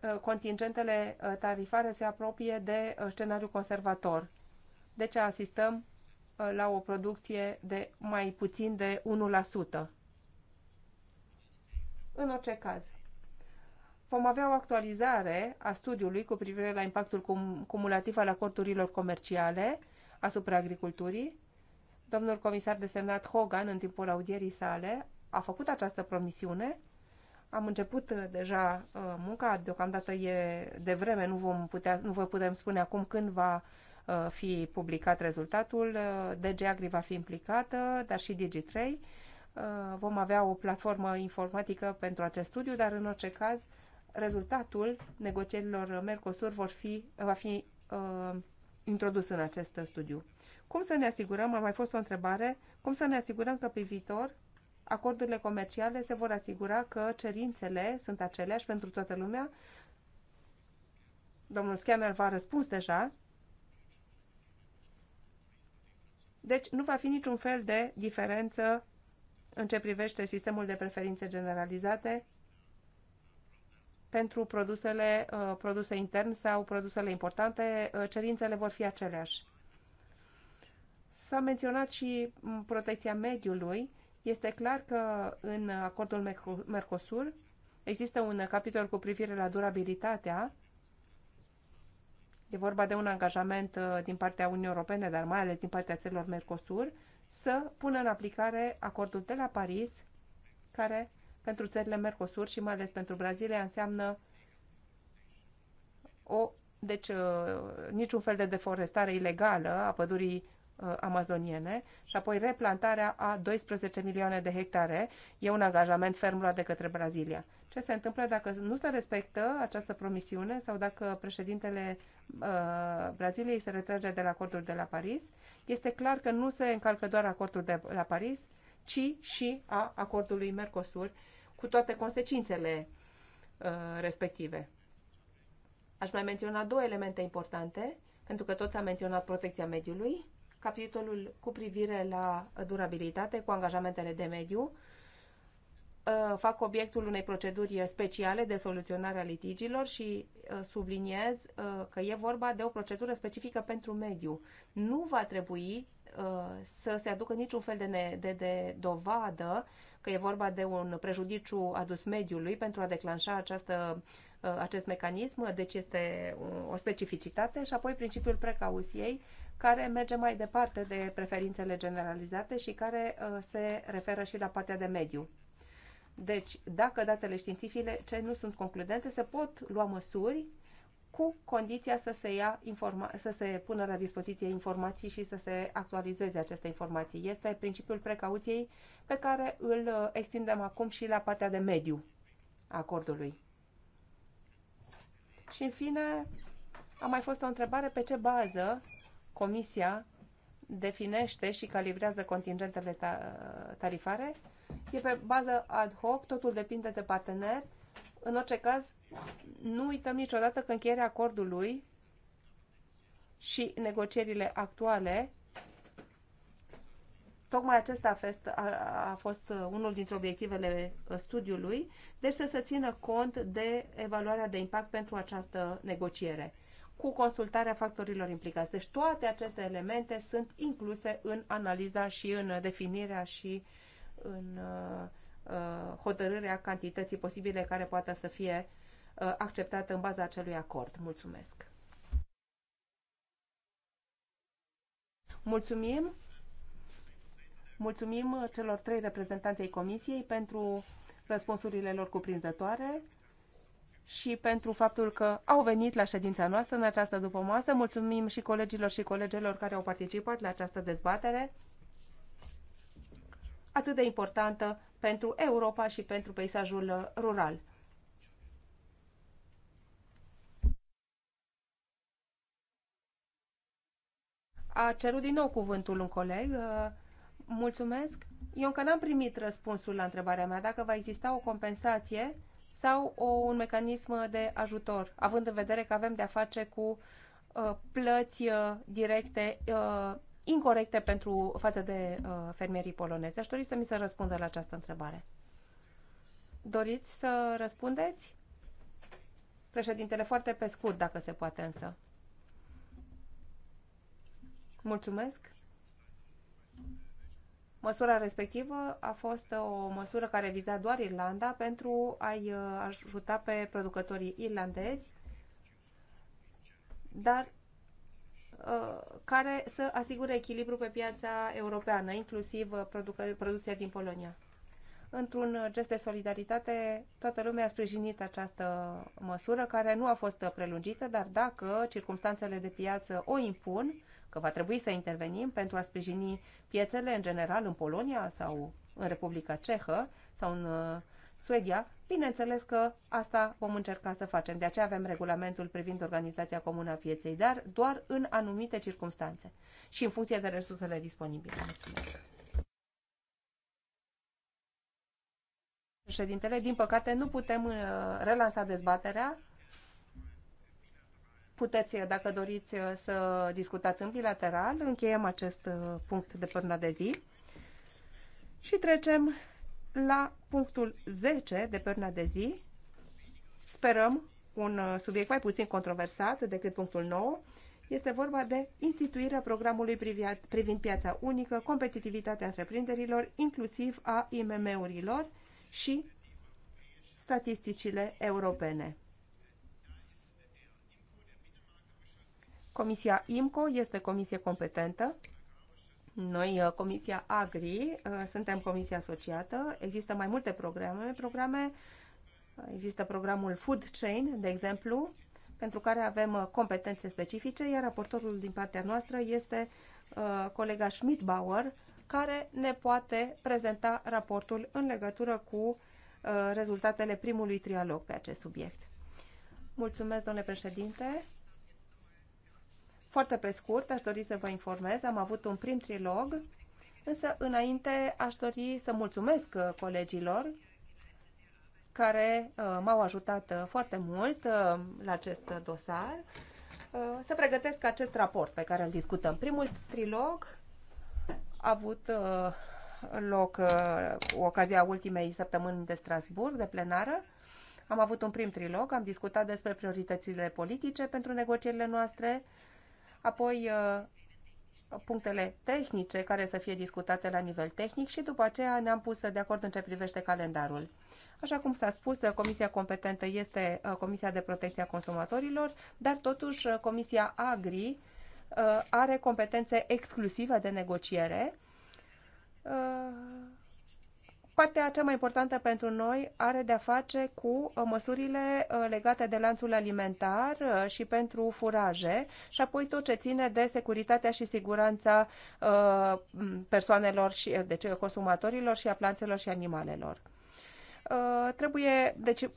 Uh, contingentele uh, tarifare se apropie de uh, scenariul conservator. Deci asistăm la o producție de mai puțin de 1%. În orice caz, vom avea o actualizare a studiului cu privire la impactul cum, cumulativ al acordurilor comerciale asupra agriculturii. Domnul comisar desemnat Hogan, în timpul audierii sale, a făcut această promisiune am început uh, deja uh, munca, deocamdată e de vreme, nu, vom putea, nu vă putem spune acum când va uh, fi publicat rezultatul. DG Agri va fi implicată, dar și Digi3. Vom avea o platformă informatică pentru acest studiu, dar în orice caz rezultatul negocierilor Mercosur vor fi, va fi uh, introdus în acest studiu. Cum să ne asigurăm, a mai fost o întrebare, cum să ne asigurăm că pe viitor acordurile comerciale se vor asigura că cerințele sunt aceleași pentru toată lumea. Domnul Scanner v-a răspuns deja. Deci nu va fi niciun fel de diferență în ce privește sistemul de preferințe generalizate pentru produsele uh, produse intern sau produsele importante, uh, cerințele vor fi aceleași. S-a menționat și mm, protecția mediului este clar că în acordul Mercosur există un capitol cu privire la durabilitatea. E vorba de un angajament uh, din partea Uniunii Europene, dar mai ales din partea țărilor Mercosur, să pună în aplicare acordul de la Paris, care pentru țările Mercosur și mai ales pentru Brazilia înseamnă o, deci, uh, niciun fel de deforestare ilegală a pădurii Uh, amazoniene și apoi replantarea a 12 milioane de hectare. E un angajament ferm luat de către Brazilia. Ce se întâmplă dacă nu se respectă această promisiune sau dacă președintele uh, Braziliei se retrage de la acordul de la Paris? Este clar că nu se încalcă doar acordul de la Paris, ci și a acordului Mercosur cu toate consecințele uh, respective. Aș mai menționa două elemente importante, pentru că toți am menționat protecția mediului capitolul cu privire la durabilitate cu angajamentele de mediu uh, fac obiectul unei proceduri speciale de soluționare a litigilor și uh, subliniez uh, că e vorba de o procedură specifică pentru mediu. Nu va trebui să se aducă niciun fel de, ne, de, de dovadă că e vorba de un prejudiciu adus mediului pentru a declanșa această, acest mecanism, deci este o specificitate și apoi principiul precauției care merge mai departe de preferințele generalizate și care uh, se referă și la partea de mediu. Deci, dacă datele științifice ce nu sunt concludente, se pot lua măsuri cu condiția să se, ia informa- să se pună la dispoziție informații și să se actualizeze aceste informații. Este principiul precauției pe care îl uh, extindem acum și la partea de mediu a acordului. Și în fine, a mai fost o întrebare pe ce bază Comisia definește și calibrează contingentele ta tarifare. E pe bază ad hoc, totul depinde de partener. În orice caz, nu uităm niciodată că încheierea acordului și negocierile actuale tocmai acesta a fost, a, a fost unul dintre obiectivele studiului, deci să se țină cont de evaluarea de impact pentru această negociere cu consultarea factorilor implicați. Deci toate aceste elemente sunt incluse în analiza și în definirea și în uh, hotărârea cantității posibile care poate să fie uh, acceptată în baza acelui acord. Mulțumesc! Mulțumim! Mulțumim celor trei reprezentanței Comisiei pentru răspunsurile lor cuprinzătoare și pentru faptul că au venit la ședința noastră în această dupămasă. Mulțumim și colegilor și colegelor care au participat la această dezbatere atât de importantă pentru Europa și pentru peisajul rural. A cerut din nou cuvântul un coleg. Uh, mulțumesc. Eu încă n-am primit răspunsul la întrebarea mea dacă va exista o compensație sau o, un mecanism de ajutor, având în vedere că avem de-a face cu uh, plăți uh, directe uh, incorrecte pentru față de uh, fermierii polonezi. Aș dori să mi se răspundă la această întrebare. Doriți să răspundeți? Președintele, foarte pe scurt, dacă se poate însă. Mulțumesc. Măsura respectivă a fost o măsură care viza doar Irlanda pentru a-i uh, ajuta pe producătorii irlandezi, dar uh, care să asigure echilibru pe piața europeană, inclusiv uh, producția din Polonia. Într-un gest de solidaritate, toată lumea a sprijinit această măsură, care nu a fost prelungită, dar dacă circumstanțele de piață o impun, că va trebui să intervenim pentru a sprijini piețele în general în Polonia sau în Republica Cehă sau în uh, Suedia, bineînțeles că asta vom încerca să facem. De aceea avem regulamentul privind organizația comună a pieței, dar doar în anumite circunstanțe și în funcție de resursele disponibile. Mulțumesc! Președintele, din păcate nu putem uh, relansa dezbaterea puteți, dacă doriți, să discutați în bilateral. Încheiem acest uh, punct de până de zi și trecem la punctul 10 de până de zi. Sperăm un uh, subiect mai puțin controversat decât punctul 9. Este vorba de instituirea programului privind piața unică, competitivitatea întreprinderilor, inclusiv a IMM-urilor și statisticile europene. Comisia IMCO este comisie competentă. Noi, uh, Comisia Agri, uh, suntem comisie asociată. Există mai multe programe, programe Există programul Food Chain, de exemplu, pentru care avem uh, competențe specifice, iar raportorul din partea noastră este colega Schmidt-Bauer, care ne poate prezenta raportul în legătură cu rezultatele primului trialog pe acest subiect. Mulțumesc, domnule președinte. Foarte pe scurt, aș dori să vă informez, am avut un prim trilog, însă înainte aș dori să mulțumesc uh, colegilor care uh, m-au ajutat uh, foarte mult la acest dosar să pregătesc acest raport pe care îl discutăm. Primul trilog a avut loc cu ocazia ultimei săptămâni de Strasburg, de plenară. Am avut un prim trilog, am discutat despre prioritățile politice pentru negocierile noastre, apoi uh, punctele tehnice care să fie discutate la nivel tehnic și după aceea ne-am pus de acord în ce privește calendarul. Așa cum s-a spus, uh, comisia competentă este uh, Comisia de Protecție a Consumatorilor, dar totuși Comisia Agri are competențe exclusive de negociere Partea cea mai importantă pentru noi are de-a face cu uh, măsurile uh, legate de lanțul alimentar uh, și pentru furaje și apoi tot ce ține de securitatea și siguranța persoanelor și deci consumatorilor și a plantelor și animalelor trebuie deci,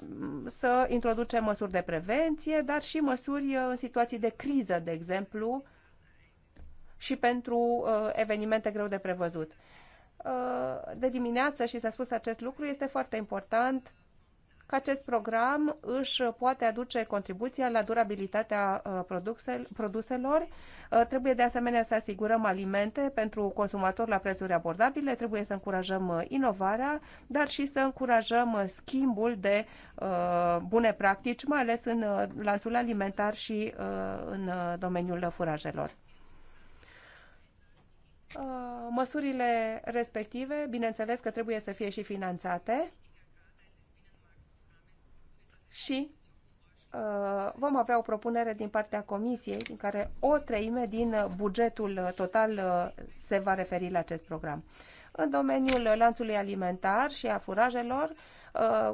să introducem măsuri de prevenție, dar și măsuri în situații de criză, de exemplu, și pentru evenimente greu de prevăzut. Uh, de dimineață și s-a spus acest lucru, este foarte important că acest program își poate aduce contribuția la durabilitatea uh, produselor. Uh, trebuie de asemenea să asigurăm alimente pentru consumatori la prețuri abordabile, trebuie să încurajăm inovarea, dar și să încurajăm schimbul de bune practici, mai ales în lanțul alimentar și în domeniul furajelor. Uh, măsurile respective, bineînțeles că trebuie să fie și finanțate și uh, vom avea o propunere din partea Comisiei, din care o treime din bugetul total uh, se va referi la acest program. În domeniul lanțului alimentar și a furajelor,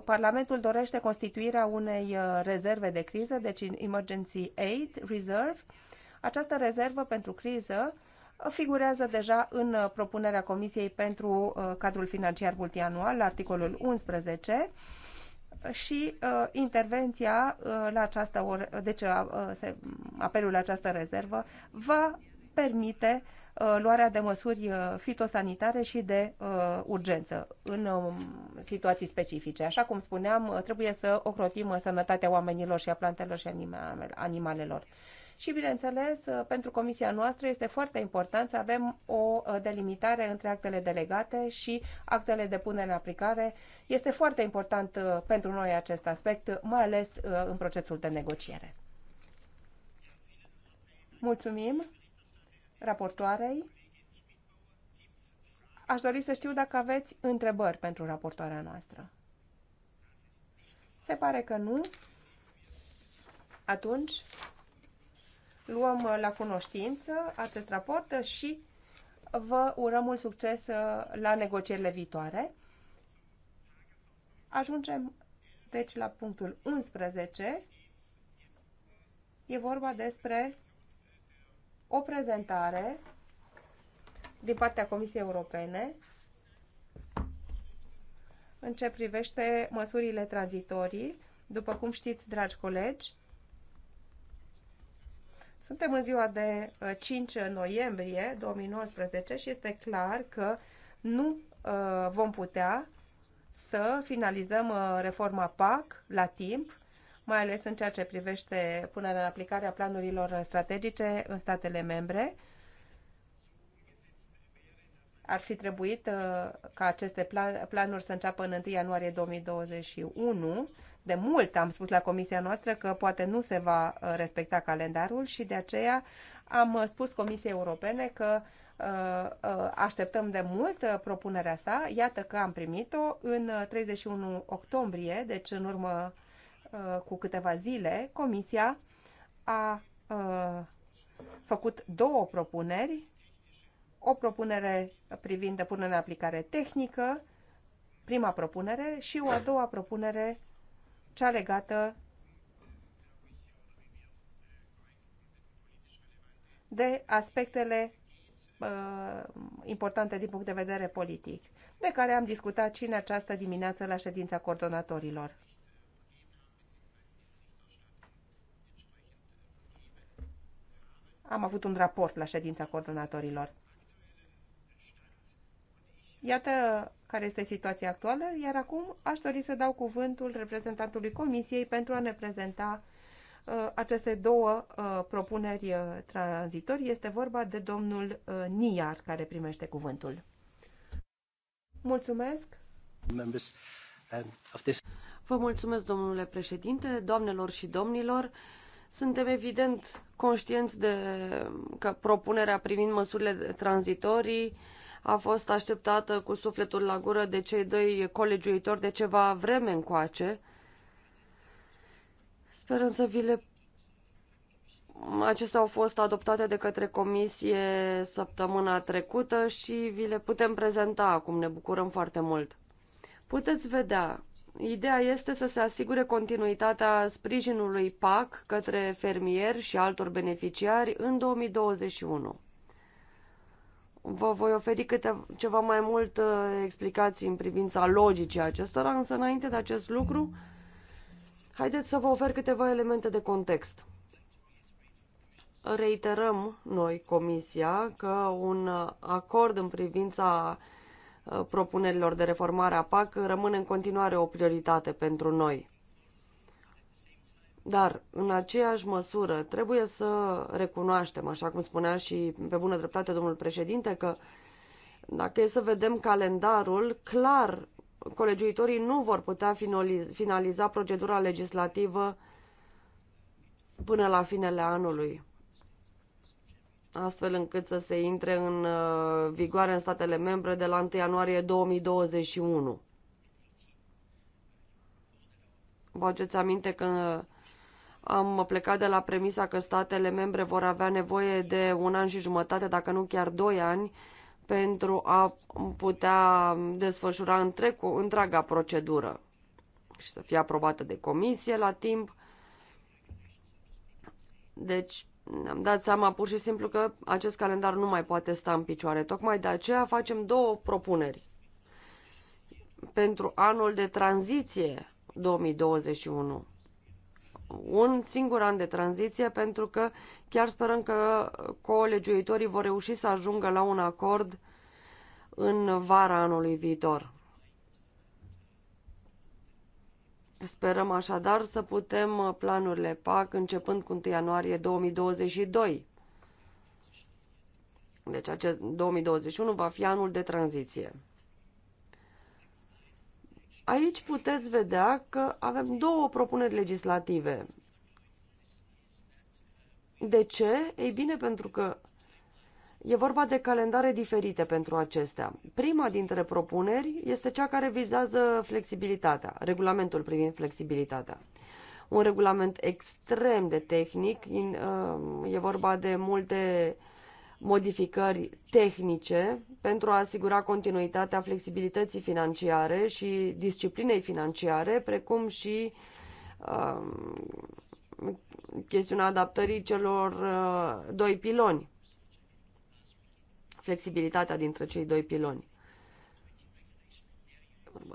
Parlamentul dorește constituirea unei rezerve de criză, deci Emergency Aid Reserve. Această rezervă pentru criză figurează deja în uh, propunerea Comisiei pentru uh, cadrul financiar multianual, articolul 11, și uh, intervenția uh, la această oră, deci uh, se, apelul la această rezervă va permite uh, luarea de măsuri uh, fitosanitare și de uh, urgență în uh, situații specifice. Așa cum spuneam, uh, trebuie să ocrotim uh, sănătatea oamenilor și a plantelor și anima, animalelor. Și, bineînțeles, uh, pentru comisia noastră este foarte important să avem o uh, delimitare între actele delegate și actele de punere în aplicare. Este foarte important uh, pentru noi acest aspect, mai ales în procesul de negociere. Mulțumim raportoarei. Aș dori să știu dacă aveți întrebări pentru raportoarea noastră. Se pare că nu. Atunci luăm uh, la cunoștință acest raport și vă urăm mult succes uh, la negocierile viitoare. Ajungem deci la punctul 11. E vorba despre o prezentare din partea Comisiei Europene în ce privește măsurile tranzitorii. După cum știți, dragi colegi, suntem în ziua de 5 uh, noiembrie 2019 și este clar că nu uh, vom putea să finalizăm uh, reforma PAC la timp, mai ales în ceea ce privește punerea în aplicare a planurilor strategice în statele membre. Ar fi trebuit ca aceste planuri să înceapă în 1 ianuarie 2021, de mult am spus la comisia noastră că poate nu se va uh, respecta calendarul și de aceea am uh, spus Comisiei Europene că uh, așteptăm de mult propunerea sa. Iată că am primit-o în 31 octombrie, deci în urmă cu câteva zile, Comisia a făcut două propuneri. O propunere privind depunerea în aplicare tehnică, prima propunere, și o a doua propunere cea legată de aspectele uh, importante din punct de vedere politic, de care am discutat și în această dimineață la ședința coordonatorilor. Am avut un raport la ședința coordonatorilor. Iată care este situația actuală, iar acum aș dori să dau cuvântul reprezentantului Comisiei pentru a ne prezenta uh, aceste două uh, propuneri uh, tranzitorii. Este vorba de domnul uh, Niar, care primește cuvântul. Mulțumesc! Members, um, of this... Vă mulțumesc, domnule președinte, doamnelor și domnilor. Suntem evident conștienți de că propunerea privind măsurile tranzitorii uh, a fost așteptată cu sufletul la gură de cei doi colegiuitori de ceva vreme încoace. Sperăm să vi le... Acestea au fost adoptate de către comisie săptămâna trecută și vi le putem prezenta acum, ne bucurăm foarte mult. Puteți vedea Ideea este să se asigure continuitatea sprijinului PAC către fermieri și altor beneficiari în 2021. Vă voi oferi câte, ceva mai mult uh, explicații în privința logicii acestora, însă înainte de acest lucru, haideți să vă ofer câteva elemente de context. Reiterăm noi, Comisia, că un acord în privința uh, propunerilor de reformare a PAC rămâne în continuare o prioritate pentru noi. Dar, în aceeași măsură, trebuie să recunoaștem, așa cum spunea și pe bună dreptate domnul președinte, că dacă e să vedem calendarul, clar, colegiuitorii nu vor putea finaliza procedura legislativă până la finele anului, astfel încât să se intre în uh, vigoare în statele membre de la 1 ianuarie 2021. Vă aduceți aminte că am plecat de la premisa că statele membre vor avea nevoie de un an și jumătate, dacă nu chiar doi ani, pentru a putea desfășura întreg, întreaga procedură și să fie aprobată de comisie la timp. Deci ne-am dat seama pur și simplu că acest calendar nu mai poate sta în picioare. Tocmai de aceea facem două propuneri. Pentru anul de tranziție 2021 un singur an de tranziție pentru că chiar sperăm că colegiuitorii vor reuși să ajungă la un acord în vara anului viitor. Sperăm așadar să putem uh, planurile PAC începând cu 1 ianuarie 2022. Deci acest 2021 va fi anul de tranziție. Aici puteți vedea că avem două propuneri legislative. De ce? Ei bine, pentru că e vorba de calendare diferite pentru acestea. Prima dintre propuneri este cea care vizează flexibilitatea, regulamentul privind flexibilitatea. Un regulament extrem de tehnic, uh, e vorba de multe modificări tehnice pentru a asigura continuitatea flexibilității financiare și disciplinei financiare, precum și um, chestiunea adaptării celor uh, doi piloni, flexibilitatea dintre cei doi piloni.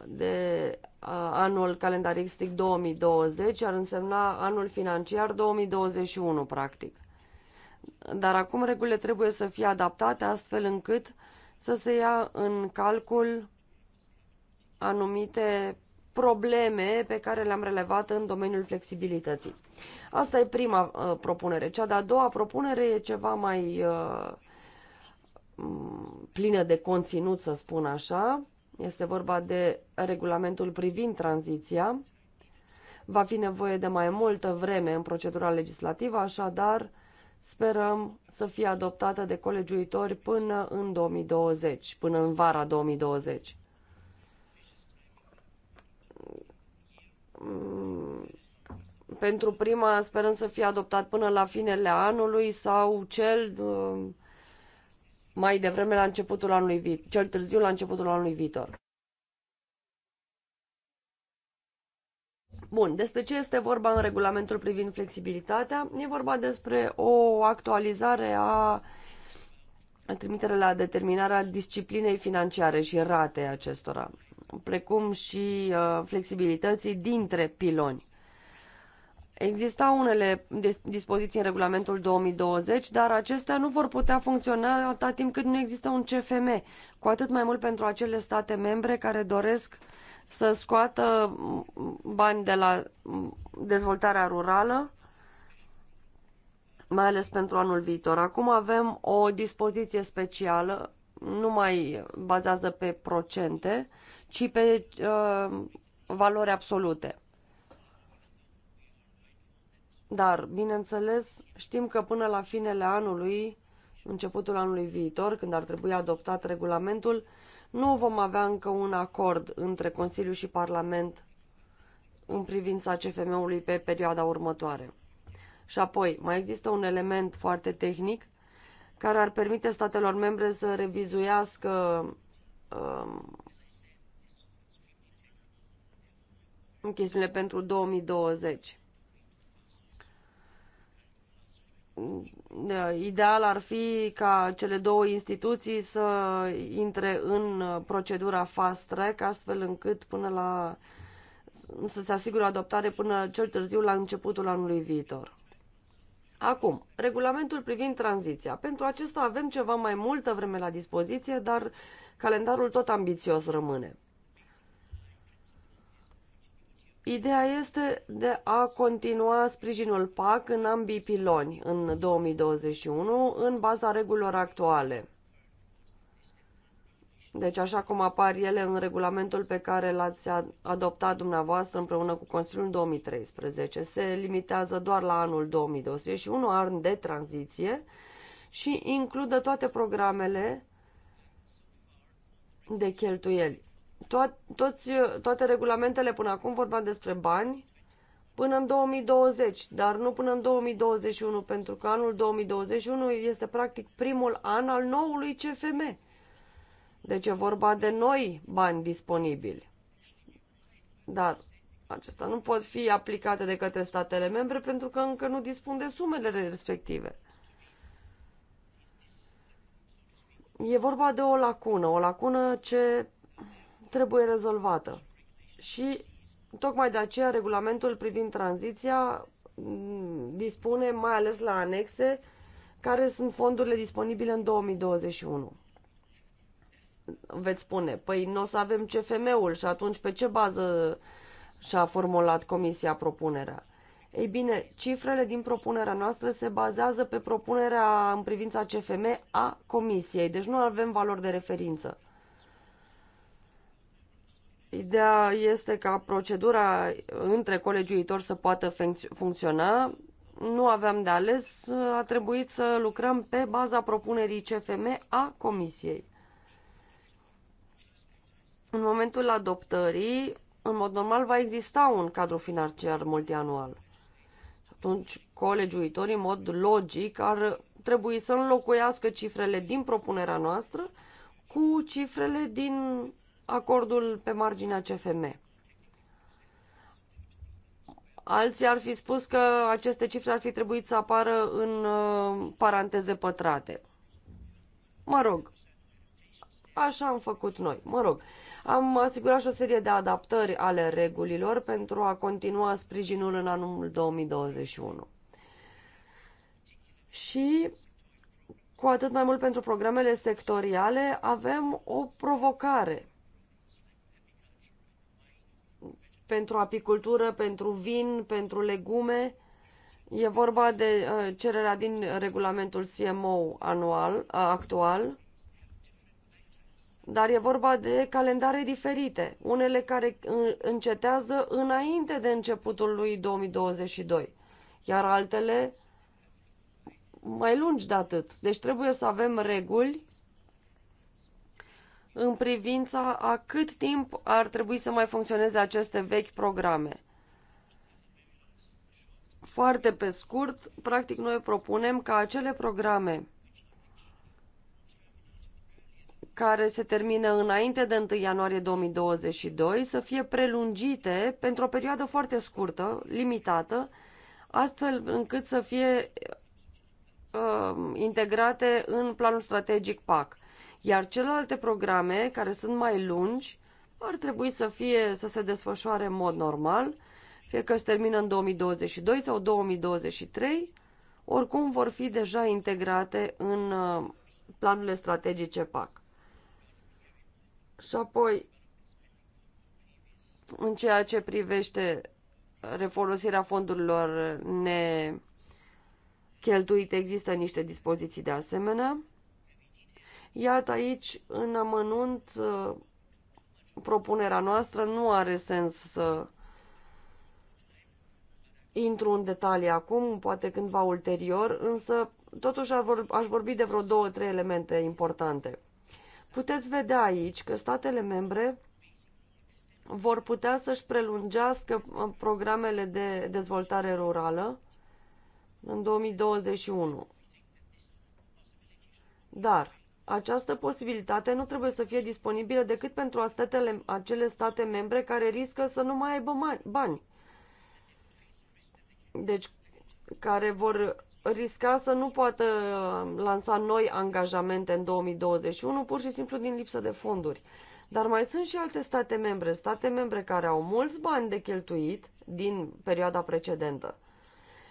De uh, anul calendaristic 2020 ar însemna anul financiar 2021, practic. Dar acum regulile trebuie să fie adaptate astfel încât să se ia în calcul anumite probleme pe care le-am relevat în domeniul flexibilității. Asta e prima uh, propunere. Cea de-a doua propunere e ceva mai uh, plină de conținut, să spun așa. Este vorba de regulamentul privind tranziția. Va fi nevoie de mai multă vreme în procedura legislativă, așadar uh, sperăm să fie adoptată de colegiuitori până în 2020, până în vara 2020. Mm, pentru prima sperăm să fie adoptat până la finele anului sau cel mm, mai devreme la începutul anului viitor, cel târziu la începutul anului viitor. Bun, despre ce este vorba în regulamentul privind flexibilitatea? E vorba despre o actualizare a trimiterea la determinarea disciplinei financiare și ratei acestora, precum și uh, flexibilității dintre piloni. Existau unele dispoziții în regulamentul 2020, dar acestea nu vor putea funcționa atât timp cât nu există un CFM, cu atât mai mult pentru acele state membre care doresc să scoată bani de la dezvoltarea rurală, mai ales pentru anul viitor. Acum avem o dispoziție specială, nu mai bazează pe procente, ci pe uh, valori absolute. Dar, bineînțeles, știm că până la finele anului, începutul anului viitor, când ar trebui adoptat regulamentul, uh, nu vom avea încă un acord între Consiliu și Parlament în privința CFM-ului pe perioada următoare. Și apoi, mai există un element foarte tehnic care ar permite statelor membre să revizuiască um, chestiunile pentru 2020. ideal ar fi ca cele două instituții să intre în procedura fast track, astfel încât până la să se asigure adoptare până cel târziu la începutul anului viitor. Acum, regulamentul privind tranziția. Pentru acesta avem ceva mai multă vreme la dispoziție, dar calendarul tot ambițios rămâne. Ideea este de a continua sprijinul PAC în ambii piloni în 2021 în baza regulilor actuale. Deci așa cum apar ele în regulamentul pe care l-ați adoptat dumneavoastră împreună cu Consiliul 2013. Se limitează doar la anul 2021, an de tranziție și includă toate programele de cheltuieli to- toți, toate regulamentele până acum vorbeau despre bani până în 2020, dar nu până în 2021, pentru că anul 2021 este practic primul an al noului CFM. Deci e vorba de noi bani disponibili. Dar acestea nu pot fi aplicate de către statele membre pentru că încă nu dispun de sumele respective. E vorba de o lacună, o lacună ce trebuie rezolvată. Și tocmai de aceea regulamentul privind tranziția mm, dispune, mai ales la anexe, care sunt fondurile disponibile în 2021. Veți spune, păi nu o să avem CFM-ul și atunci pe ce bază și-a formulat Comisia propunerea? Ei bine, cifrele din propunerea noastră se bazează pe propunerea în privința CFM a Comisiei, deci nu avem valori de referință. Ideea este ca procedura între colegiuitori să poată funcționa. Nu aveam de ales, a trebuit să lucrăm pe baza propunerii CFM a Comisiei. În momentul adoptării, în mod normal, va exista un cadru financiar multianual. atunci, colegiuitorii, în mod logic, ar trebui să înlocuiască cifrele din propunerea noastră cu cifrele din acordul pe marginea CFM. Alții ar fi spus că aceste cifre ar fi trebuit să apară în uh, paranteze pătrate. Mă rog, așa am făcut noi. Mă rog, am asigurat și o serie de adaptări ale regulilor pentru a continua sprijinul în anul 2021. Și cu atât mai mult pentru programele sectoriale avem o provocare pentru apicultură, pentru vin, pentru legume. E vorba de uh, cererea din regulamentul CMO anual, uh, actual, dar e vorba de calendare diferite, unele care uh, încetează înainte de începutul lui 2022, iar altele mai lungi de atât. Deci trebuie să avem reguli în privința a cât timp ar trebui să mai funcționeze aceste vechi programe. Foarte pe scurt, practic noi propunem ca acele programe care se termină înainte de 1 ianuarie 2022 să fie prelungite pentru o perioadă foarte scurtă, limitată, astfel încât să fie uh, integrate în planul strategic PAC iar celelalte programe, care sunt mai lungi, ar trebui să, fie, să se desfășoare în mod normal, fie că se termină în 2022 sau 2023, oricum vor fi deja integrate în uh, planurile strategice PAC. Și apoi, în ceea ce privește refolosirea fondurilor necheltuite, există niște dispoziții de asemenea. Iată aici, în amănunt, uh, propunerea noastră nu are sens să intru în detalii acum, poate cândva ulterior, însă totuși aș vorbi de vreo două, trei elemente importante. Puteți vedea aici că statele membre vor putea să-și prelungească uh, programele de dezvoltare rurală în 2021. Dar această posibilitate nu trebuie să fie disponibilă decât pentru acele state membre care riscă să nu mai aibă bani. Deci, care vor risca să nu poată uh, lansa noi angajamente în 2021, pur și simplu din lipsă de fonduri. Dar mai sunt și alte state membre, state membre care au mulți bani de cheltuit din perioada precedentă.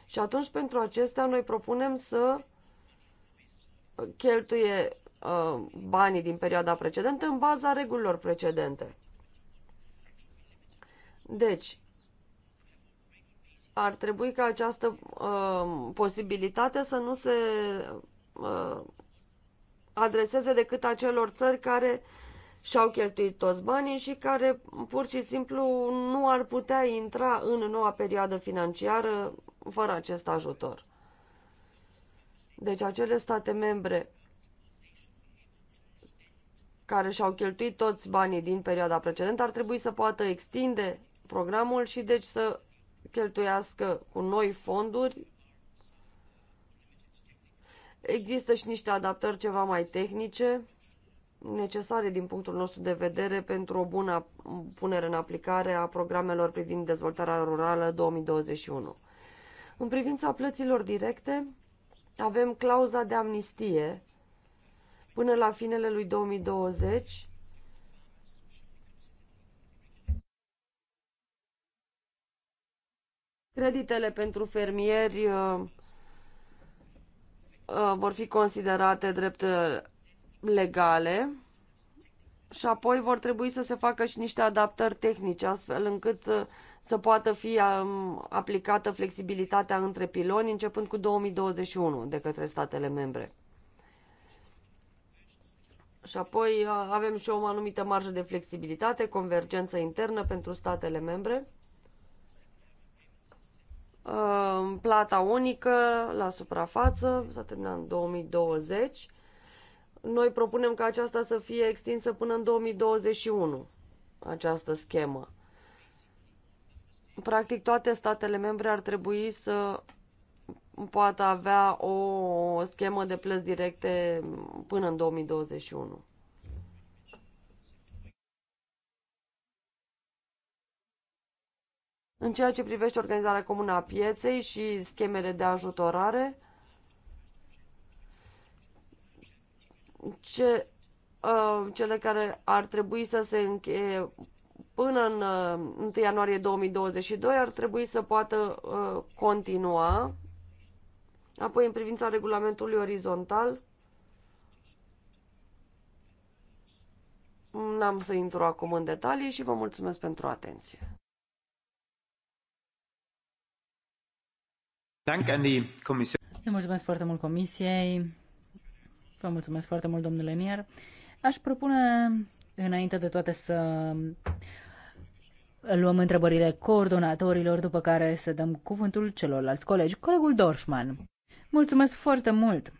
Și atunci, pentru acestea, noi propunem să cheltuie Uh, banii din perioada precedentă în baza regulilor precedente. Deci, ar trebui ca această uh, posibilitate să nu se uh, adreseze decât acelor țări care și-au cheltuit toți banii și care pur și simplu nu ar putea intra în noua perioadă financiară fără acest ajutor. Deci acele state membre care și-au cheltuit toți banii din perioada precedentă ar trebui să poată extinde programul și deci să cheltuiască cu noi fonduri. Există și niște adaptări ceva mai tehnice necesare din punctul nostru de vedere pentru o bună punere în aplicare a programelor privind dezvoltarea rurală 2021. În privința plăților directe, avem clauza de amnistie Până la finele lui 2020, creditele pentru fermieri uh, uh, vor fi considerate drept uh, legale și apoi vor trebui să se facă și niște adaptări tehnice, astfel încât să poată fi um, aplicată flexibilitatea între piloni, începând cu 2021 de către statele membre. Și apoi avem și o anumită marjă de flexibilitate, convergență internă pentru statele membre, plata unică la suprafață, s-a terminat în 2020. Noi propunem ca aceasta să fie extinsă până în 2021, această schemă. Practic toate statele membre ar trebui să poată avea o schemă de plăți directe până în 2021. În ceea ce privește organizarea comună a pieței și schemele de ajutorare, ce, uh, cele care ar trebui să se încheie până în uh, 1 ianuarie 2022 ar trebui să poată uh, continua Apoi, în privința regulamentului orizontal, n-am să intru acum în detalii și vă mulțumesc pentru atenție. Vă mulțumesc foarte mult Comisiei. Vă mulțumesc foarte mult, domnule Nier. Aș propune, înainte de toate, să luăm întrebările coordonatorilor, după care să dăm cuvântul celorlalți colegi. Colegul Dorfman. Mulțumesc foarte mult!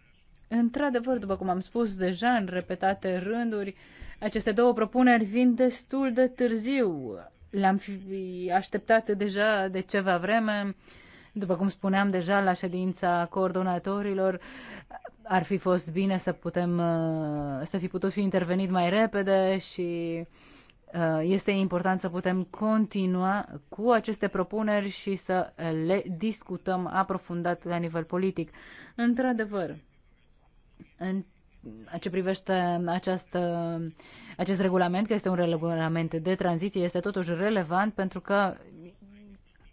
Într-adevăr, după cum am spus deja în repetate rânduri, aceste două propuneri vin destul de târziu. Le-am fi așteptat deja de ceva vreme. După cum spuneam deja la ședința coordonatorilor, ar fi fost bine să putem uh, să fi putut fi intervenit mai repede și uh, Uh, este important să putem continua cu aceste propuneri și să le discutăm aprofundat la nivel politic. Într-adevăr, în ce privește această, acest regulament, că este un regulament de tranziție, este totuși relevant pentru că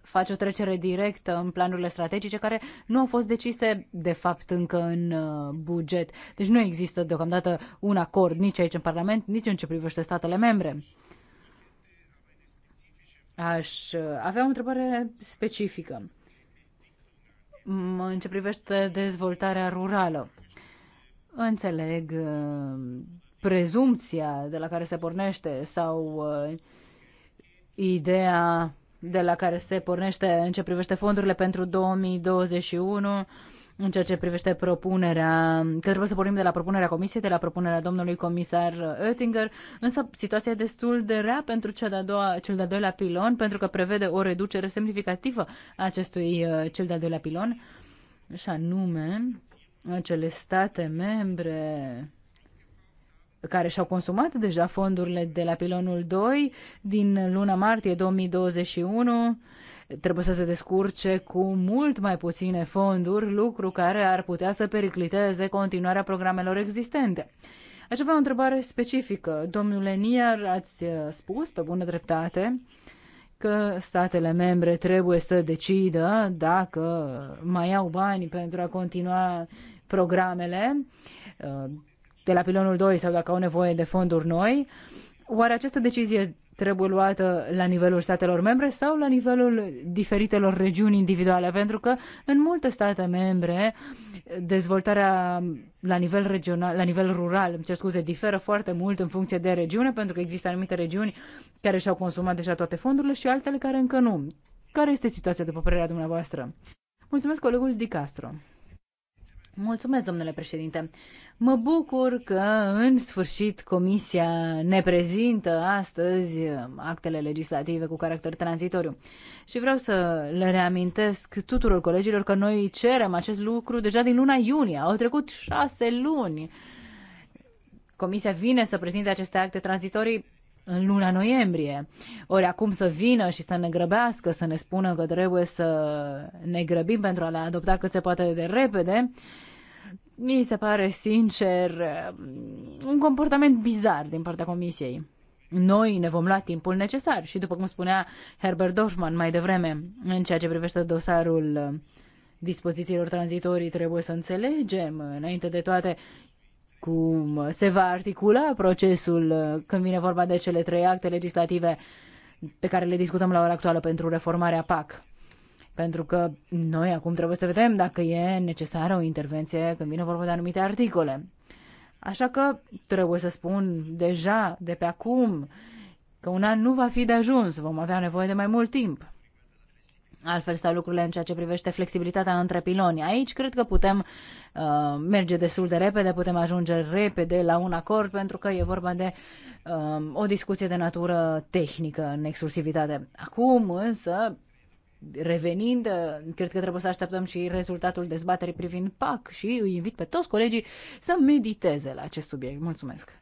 face o trecere directă în planurile strategice care nu au fost decise, de fapt, încă în uh, buget. Deci nu există deocamdată un acord nici aici în Parlament, nici în ce privește statele membre. Aș uh, avea o întrebare specifică în ce privește dezvoltarea rurală. Înțeleg uh, prezumția de la care se pornește sau uh, ideea de la care se pornește în ce privește fondurile pentru 2021 în ceea ce privește propunerea, că trebuie să pornim de la propunerea comisiei, de la propunerea domnului comisar Oettinger, însă situația e destul de rea pentru cea de-a doua, cel de-al doilea pilon, pentru că prevede o reducere semnificativă a acestui uh, cel de-al doilea pilon, și anume acele state membre care și-au consumat deja fondurile de la pilonul 2 din luna martie 2021 trebuie să se descurce cu mult mai puține fonduri, lucru care ar putea să pericliteze continuarea programelor existente. Aș avea o întrebare specifică. Domnule Niar, ați uh, spus, pe bună dreptate, că statele membre trebuie să decidă dacă mai au bani pentru a continua programele uh, de la pilonul 2 sau dacă au nevoie de fonduri noi. Uh, Oare această decizie trebuie luată la nivelul statelor membre sau la nivelul diferitelor regiuni individuale? Pentru că în multe state membre dezvoltarea la nivel regional, la nivel rural, îmi cer scuze, diferă foarte mult în funcție de regiune, pentru că există anumite regiuni care și-au consumat deja toate fondurile și altele care încă nu. Care este situația după părerea dumneavoastră? Mulțumesc colegul Di Castro. Mulțumesc, domnule președinte. Mă bucur că, în sfârșit, Comisia ne prezintă astăzi actele legislative cu caracter tranzitoriu. Și vreau să le reamintesc tuturor colegilor că noi cerem acest lucru deja din luna iunie. Au trecut șase luni. Comisia vine să prezinte aceste acte tranzitorii în luna noiembrie. Ori acum să vină și să ne grăbească, să ne spună că trebuie să ne grăbim pentru a le adopta cât se poate de repede, uh, mi se pare sincer um, un comportament bizar din partea comisiei. Noi ne vom lua timpul necesar și după cum spunea Herbert Dorfman mai devreme în ceea ce privește dosarul um, dispozițiilor tranzitorii trebuie să înțelegem uh, înainte de toate cum se va articula procesul uh, când vine vorba de cele trei acte legislative pe care le discutăm la ora actuală pentru reformarea PAC. Pentru că noi acum trebuie să vedem dacă e necesară o intervenție când vine vorba de anumite articole. Așa că trebuie să spun deja, de pe acum, că un an nu va fi de ajuns, vom avea nevoie de mai mult timp. Altfel stau lucrurile în ceea ce privește flexibilitatea între piloni. Aici cred că putem uh, merge destul de repede, putem ajunge repede la un acord, pentru că e vorba de uh, o discuție de natură tehnică în exclusivitate. Acum însă revenind, uh, cred că trebuie să așteptăm și rezultatul dezbaterii privind PAC și îi invit pe toți colegii să mediteze la acest subiect. Mulțumesc!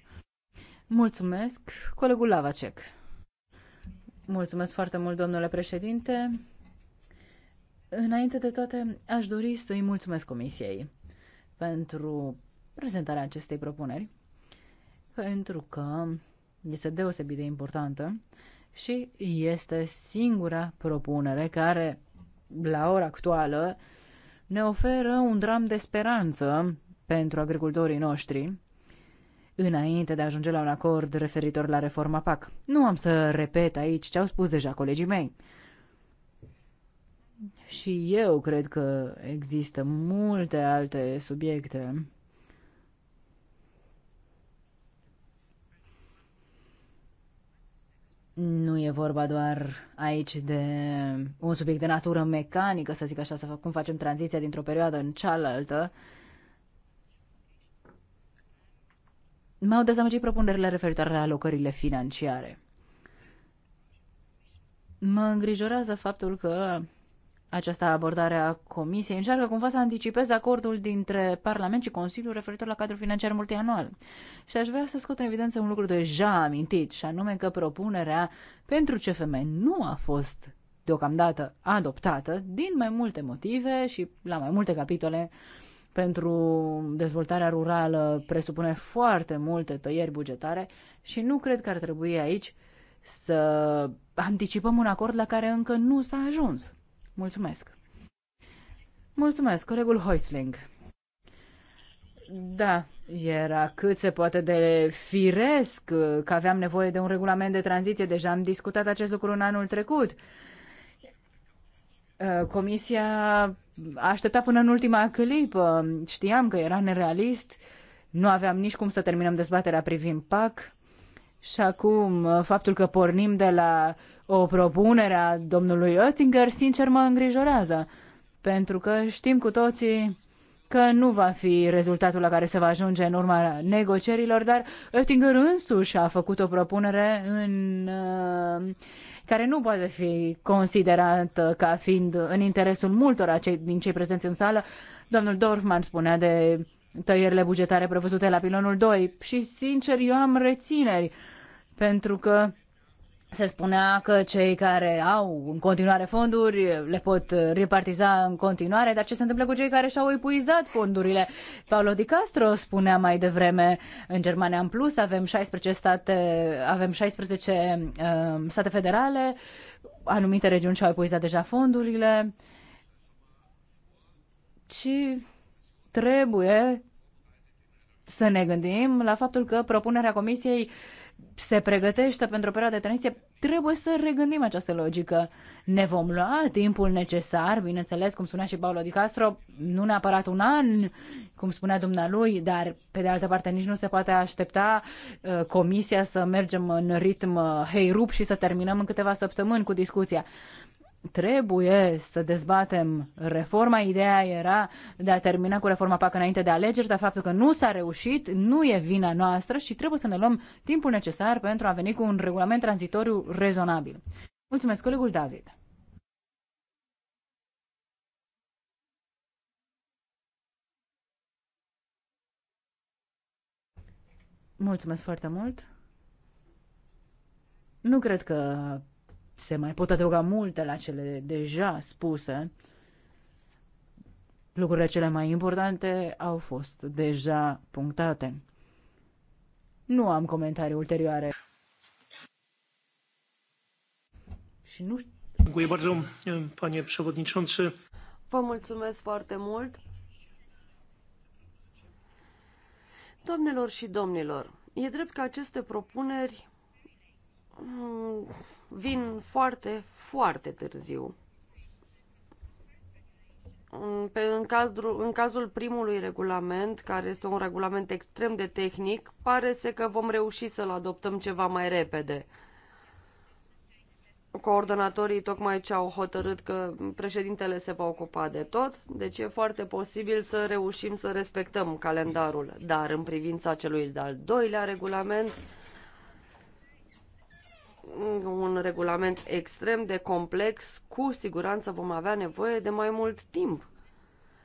Mulțumesc, colegul Lavacek. Mulțumesc foarte mult, domnule președinte. Înainte de toate, aș dori să-i mulțumesc Comisiei pentru prezentarea acestei propuneri, pentru că este deosebit de importantă și este singura propunere care, la ora actuală, ne oferă un dram de speranță pentru agricultorii noștri, înainte de a ajunge la un acord referitor la reforma PAC. Nu am să repet aici ce au spus deja colegii mei. Și eu cred că există multe alte subiecte Nu e vorba doar aici de un subiect de natură mecanică, să zic așa, să fac cum facem tranziția dintr-o perioadă în cealaltă. M-au dezamăgit propunerile referitoare la alocările financiare. Mă îngrijorează faptul că această abordare a Comisiei încearcă cumva să anticipeze acordul dintre Parlament și Consiliu referitor la cadrul financiar multianual. Și aș vrea să scot în evidență un lucru deja amintit, și anume că propunerea pentru CFM nu a fost deocamdată adoptată din mai multe motive și la mai multe capitole pentru dezvoltarea rurală presupune foarte multe tăieri bugetare și nu cred că ar trebui aici să anticipăm un acord la care încă nu s-a ajuns. Mulțumesc. Mulțumesc, colegul Hoisling. Da, era cât se poate de firesc că aveam nevoie de un regulament de tranziție. Deja am discutat acest lucru în anul trecut. Uh, comisia aștepta până în ultima clipă. Știam că era nerealist. Nu aveam nici cum să terminăm dezbaterea privind PAC. Și acum, uh, faptul că pornim de la o propunere a domnului Oettinger, sincer mă îngrijorează, pentru că știm cu toții că nu va fi rezultatul la care se va ajunge în urma negocierilor, dar Oettinger însuși a făcut o propunere în, uh, care nu poate fi considerată ca fiind în interesul multora cei, din cei prezenți în sală. Domnul Dorfman spunea de tăierile bugetare prevăzute la pilonul 2 și, sincer, eu am rețineri pentru că se spunea că cei care au în continuare fonduri le pot repartiza în continuare, dar ce se întâmplă cu cei care și-au epuizat fondurile? Paolo Di Castro spunea mai devreme în Germania în plus, avem 16 state, avem 16 uh, um, state federale, anumite regiuni și-au epuizat deja fondurile. Și trebuie să ne gândim la faptul că propunerea comisiei uh, se pregătește pentru o perioadă de tranziție, trebuie să regândim această logică. Ne vom lua timpul necesar, bineînțeles, cum spunea și Paolo Di Castro, nu neapărat un an, cum spunea dumnealui, dar pe de altă parte nici nu se poate aștepta uh, comisia să mergem în ritm uh, hei rup și să terminăm în câteva săptămâni cu discuția. Uh, trebuie să dezbatem reforma. Ideea era de a termina cu reforma PAC înainte de alegeri, dar faptul că nu s-a reușit nu e vina noastră și trebuie să ne luăm timpul necesar pentru a veni cu un regulament tranzitoriu rezonabil. Mulțumesc, colegul David. Mulțumesc foarte mult. Nu cred că se mai pot adăuga multe la cele deja spuse. Lucrurile cele mai importante au fost deja punctate. Nu am comentarii ulterioare. Și nu știu... bardzo, panie przewodniczący. Vă mulțumesc foarte mult. Domnilor și domnilor, e drept că aceste propuneri Mm, vin foarte, foarte târziu. Mm, pe, în, cazul, în cazul primului regulament, care este un regulament extrem de tehnic, pare să că vom reuși să-l adoptăm ceva mai repede. Coordonatorii tocmai ce au hotărât că președintele se va ocupa de tot, deci e foarte posibil să reușim să respectăm calendarul. Dar în privința celui de-al doilea regulament, un regulament extrem de complex, cu siguranță vom avea nevoie de mai mult timp.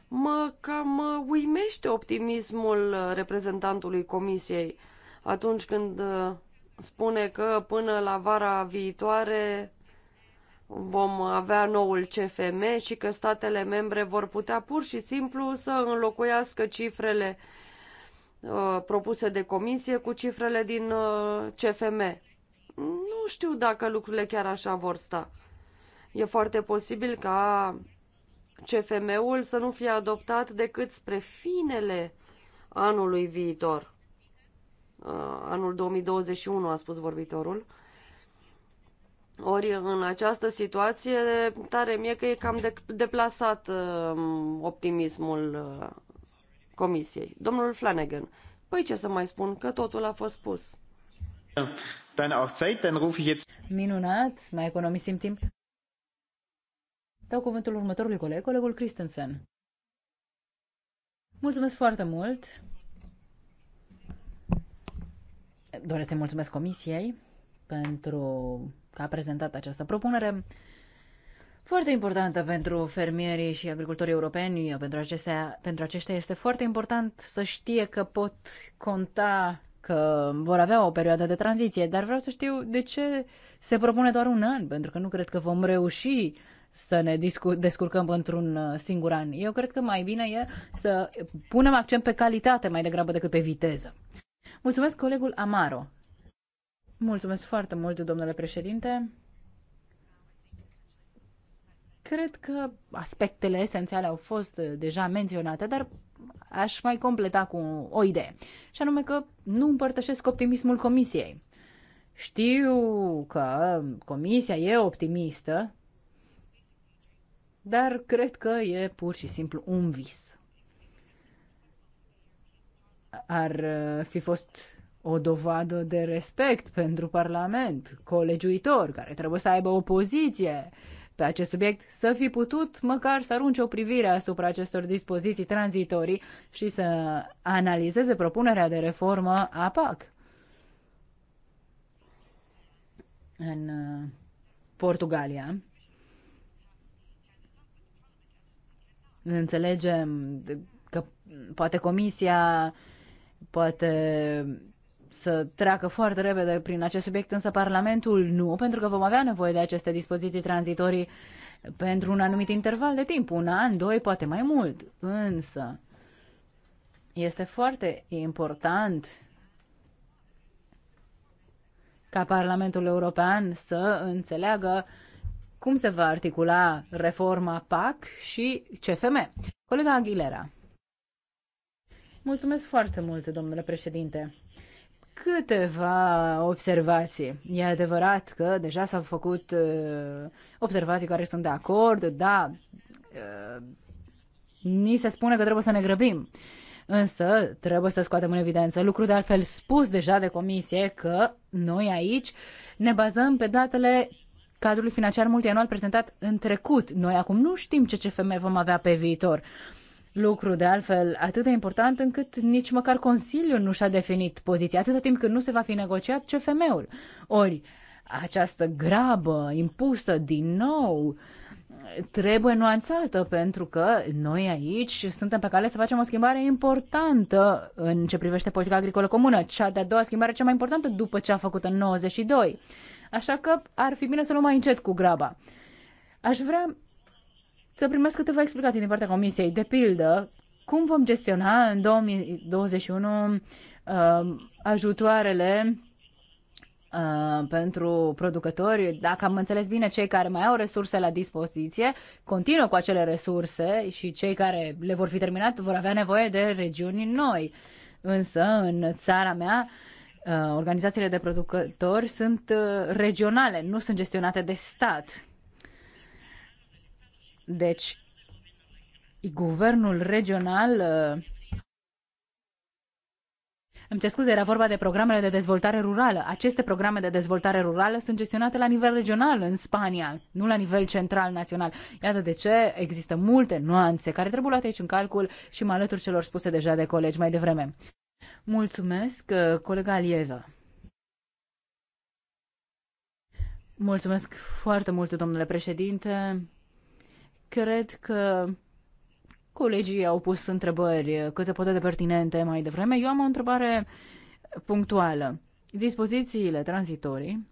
Mă cam uimește optimismul reprezentantului comisiei atunci când uh, spune că până la vara viitoare vom avea noul CFM și că statele membre vor putea pur și simplu să înlocuiască cifrele uh, propuse de comisie cu cifrele din uh, CFM nu știu dacă lucrurile chiar așa vor sta. E foarte posibil ca CFM-ul să nu fie adoptat decât spre finele anului viitor. Anul 2021, a spus vorbitorul. Ori în această situație, tare mie că e cam de- deplasat uh, optimismul uh, comisiei. Domnul Flanagan, păi ce să mai spun, că totul a fost spus. Dann auch Zeit, dann rufe ich jetzt... Minunat, mai economisim timp. Dau cuvântul următorului coleg, colegul Christensen. Mulțumesc foarte mult. Doresc să mulțumesc comisiei pentru că a prezentat această propunere foarte importantă pentru fermierii și agricultorii europeni. Pentru, acestea, pentru aceștia este foarte important să știe că pot conta că vor avea o perioadă de tranziție, dar vreau să știu de ce se propune doar un an, pentru că nu cred că vom reuși să ne descurcăm într-un uh, singur an. Eu cred că mai bine e să punem accent pe calitate mai degrabă decât pe viteză. Mulțumesc colegul Amaro. Mulțumesc foarte mult, domnule președinte. Cred că aspectele esențiale au fost uh, deja menționate, dar aș mai completa cu o idee, și anume că nu împărtășesc optimismul comisiei. Știu că comisia e optimistă, dar cred că e pur și simplu un vis. Ar uh, fi fost o dovadă de respect pentru Parlament, colegiuitor, care trebuie să aibă o poziție, uh, pe acest subiect, să fi putut măcar să arunce o privire asupra acestor dispoziții tranzitorii și să analizeze propunerea de reformă a PAC. În uh, Portugalia, înțelegem că poate comisia, poate să treacă foarte repede prin acest subiect, însă Parlamentul nu, pentru că vom avea nevoie de aceste dispoziții tranzitorii pentru un anumit interval de timp, un an, doi, poate mai mult. Însă este foarte important ca Parlamentul European să înțeleagă cum se va articula reforma PAC și CFM. Colega Aguilera. Mulțumesc foarte mult, domnule președinte câteva observații. E adevărat că deja s-au făcut uh, observații care sunt de acord, da, uh, ni se spune că trebuie să ne grăbim. Însă trebuie să scoatem în evidență lucru de altfel spus deja de comisie că noi aici ne bazăm pe datele cadrului financiar multianual prezentat în trecut. Noi acum nu știm ce CFM vom avea pe viitor. Uh, lucru de altfel atât de important încât nici măcar Consiliul nu și-a definit poziția, atâta timp cât nu se va fi negociat CFM-ul. Ori, această grabă impusă din nou trebuie nuanțată pentru că noi aici suntem pe cale să facem o schimbare importantă în ce privește politica agricolă comună, cea de-a doua schimbare cea mai importantă după ce a făcut în 92. Așa că ar fi bine să luăm mai încet cu graba. Aș vrea să primesc câteva explicații din partea Comisiei. De pildă, cum vom gestiona în 2021 uh, ajutoarele uh, pentru producători, dacă am înțeles bine, cei care mai au resurse la dispoziție continuă cu acele resurse și cei care le vor fi terminat vor avea nevoie de regiuni noi. Însă, în țara mea, uh, organizațiile de producători sunt uh, regionale, nu sunt gestionate de stat. Deci, guvernul regional uh, îmi cer scuze, era vorba de programele de dezvoltare rurală. Aceste programe de dezvoltare rurală sunt gestionate la nivel regional în Spania, nu la nivel central național. Iată de ce există multe nuanțe care trebuie luate aici în calcul și mă alătur celor spuse deja de colegi mai devreme. Mulțumesc, uh, colega Alieva. Mulțumesc foarte mult, domnule președinte. Cred că colegii au pus întrebări cât se poate de pertinente mai devreme. Eu am o întrebare punctuală. Dispozițiile tranzitorii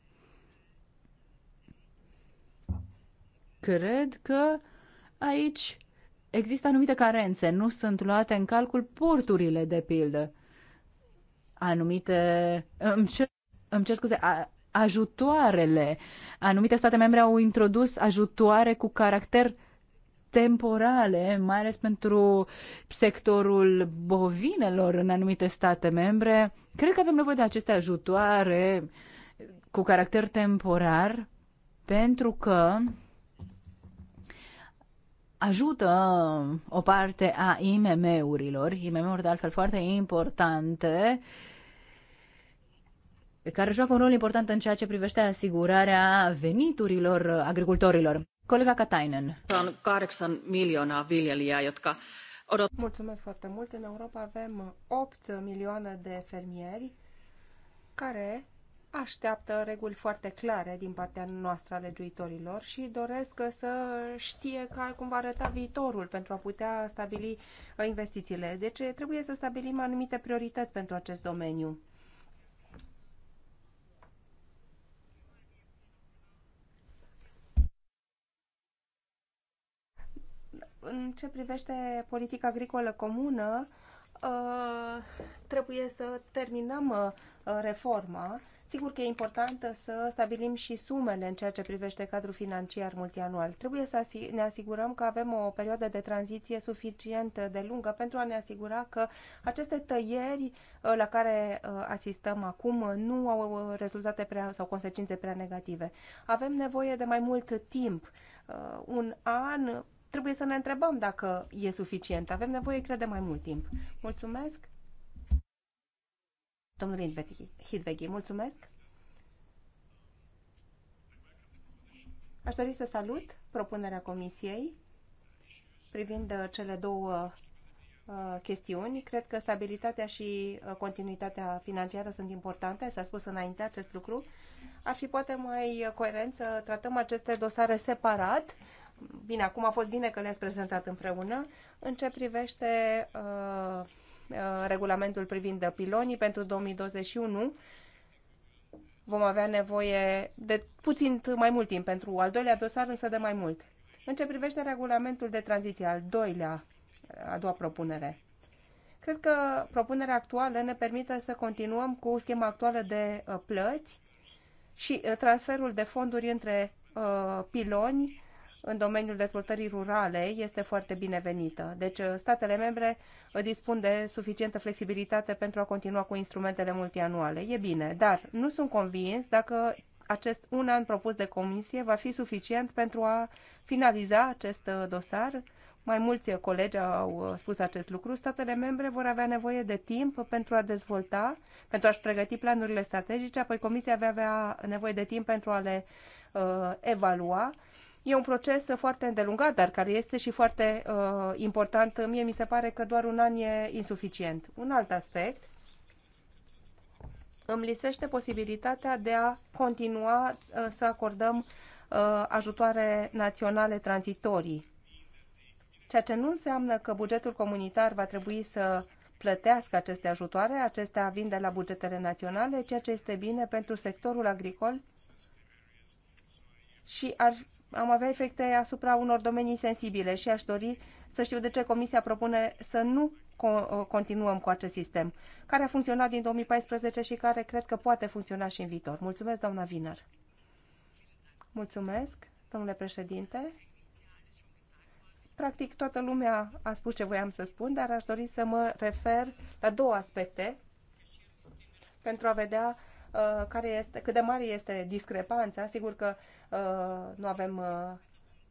cred că aici există anumite carențe, nu sunt luate în calcul porturile, de pildă. Anumite, îmi cer, îmi cer scuze, a, ajutoarele. Anumite state membre au introdus ajutoare cu caracter temporale, mai ales pentru sectorul bovinelor în anumite state membre. Cred că avem nevoie de aceste ajutoare cu caracter temporar pentru că ajută o parte a IMM-urilor, IMM-uri de altfel foarte importante, care joacă un rol important în ceea ce privește asigurarea veniturilor agricultorilor. Colega Mulțumesc foarte mult. În Europa avem 8 milioane de fermieri care așteaptă reguli foarte clare din partea noastră a legiuitorilor și doresc să știe cum va arăta viitorul pentru a putea stabili uh, investițiile. Deci trebuie să stabilim anumite priorități pentru acest domeniu. În ce privește politica agricolă comună, ă, trebuie să terminăm ă, reforma. Sigur că e important să stabilim și sumele în ceea ce privește cadrul financiar multianual. Trebuie să ne asigurăm că avem o perioadă de tranziție suficient de lungă pentru a ne asigura că aceste tăieri ă, la care asistăm acum nu au rezultate prea, sau consecințe prea negative. Avem nevoie de mai mult timp un an trebuie să ne întrebăm dacă e suficient. Avem nevoie, de mai mult timp. Mulțumesc. Domnul Hidveghi, mulțumesc. Aș dori să salut propunerea Comisiei privind uh, cele două uh, chestiuni. Cred că stabilitatea și uh, continuitatea financiară sunt importante, s-a spus înainte acest lucru. Ar fi poate mai coerent să tratăm aceste dosare separat, bine, acum a fost bine că le-ați prezentat împreună. În ce privește uh, uh regulamentul privind pilonii pentru 2021, vom avea nevoie de puțin mai mult timp pentru al doilea dosar, însă de mai mult. În ce privește regulamentul de tranziție, al doilea, a doua propunere, cred că propunerea actuală ne permite să continuăm cu schema actuală de uh, plăți și uh, transferul de fonduri între piloni în domeniul dezvoltării rurale este foarte binevenită. Deci uh, statele membre uh, dispun de suficientă flexibilitate pentru a continua cu instrumentele multianuale. E bine, dar nu sunt convins dacă acest un an propus de comisie va fi suficient pentru a finaliza acest uh, dosar. Mai mulți colegi au spus acest lucru. Statele membre vor avea nevoie de timp pentru a dezvolta, pentru a-și pregăti planurile strategice, apoi Comisia va avea nevoie de timp pentru a le uh, evalua E un proces foarte îndelungat, dar care este și foarte uh, important. Mie mi se pare că doar un an e insuficient. Un alt aspect îmi lisește posibilitatea de a continua uh, să acordăm uh, ajutoare naționale tranzitorii. Ceea ce nu înseamnă că bugetul comunitar va trebui să plătească aceste ajutoare, acestea vin de la bugetele naționale, ceea ce este bine pentru sectorul agricol și ar am avea efecte asupra unor domenii sensibile și aș dori să știu de ce Comisia propune să nu uh, continuăm cu acest sistem, care a funcționat din 2014 și care cred că poate funcționa și în viitor. Mulțumesc, doamna Viner. Mulțumesc, domnule președinte. Practic, toată lumea a spus ce voiam să spun, dar aș dori să mă refer la două aspecte pentru a vedea Uh, care este, cât de mare este discrepanța. Sigur că uh, nu avem uh,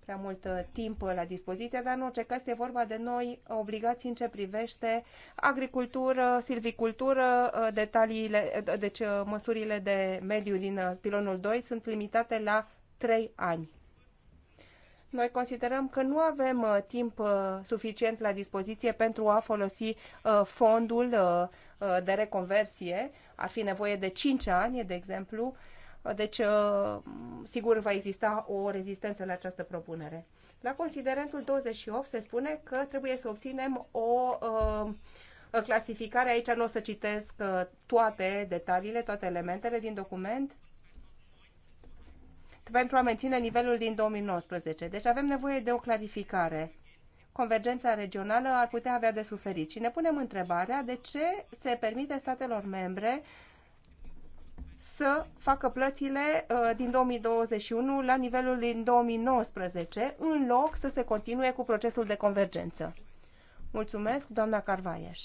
prea mult timp la dispoziție, dar în orice caz este vorba de noi obligații în ce privește agricultură, silvicultură, detaliile, deci măsurile de mediu din pilonul 2 sunt limitate la 3 ani. Noi considerăm că nu avem timp suficient la dispoziție pentru a folosi fondul de reconversie ar fi nevoie de 5 ani, de exemplu, deci, uh, sigur, va exista o rezistență la această propunere. La considerentul 28 se spune că trebuie să obținem o uh, clasificare. Aici nu o să citesc uh, toate detaliile, toate elementele din document pentru a menține nivelul din 2019. Deci avem nevoie de o clarificare convergența regională ar putea avea de suferit. Și ne punem întrebarea de ce se permite statelor membre să facă plățile uh, din 2021 la nivelul din 2019, în loc să se continue cu procesul de convergență. Mulțumesc, doamna Carvaieș.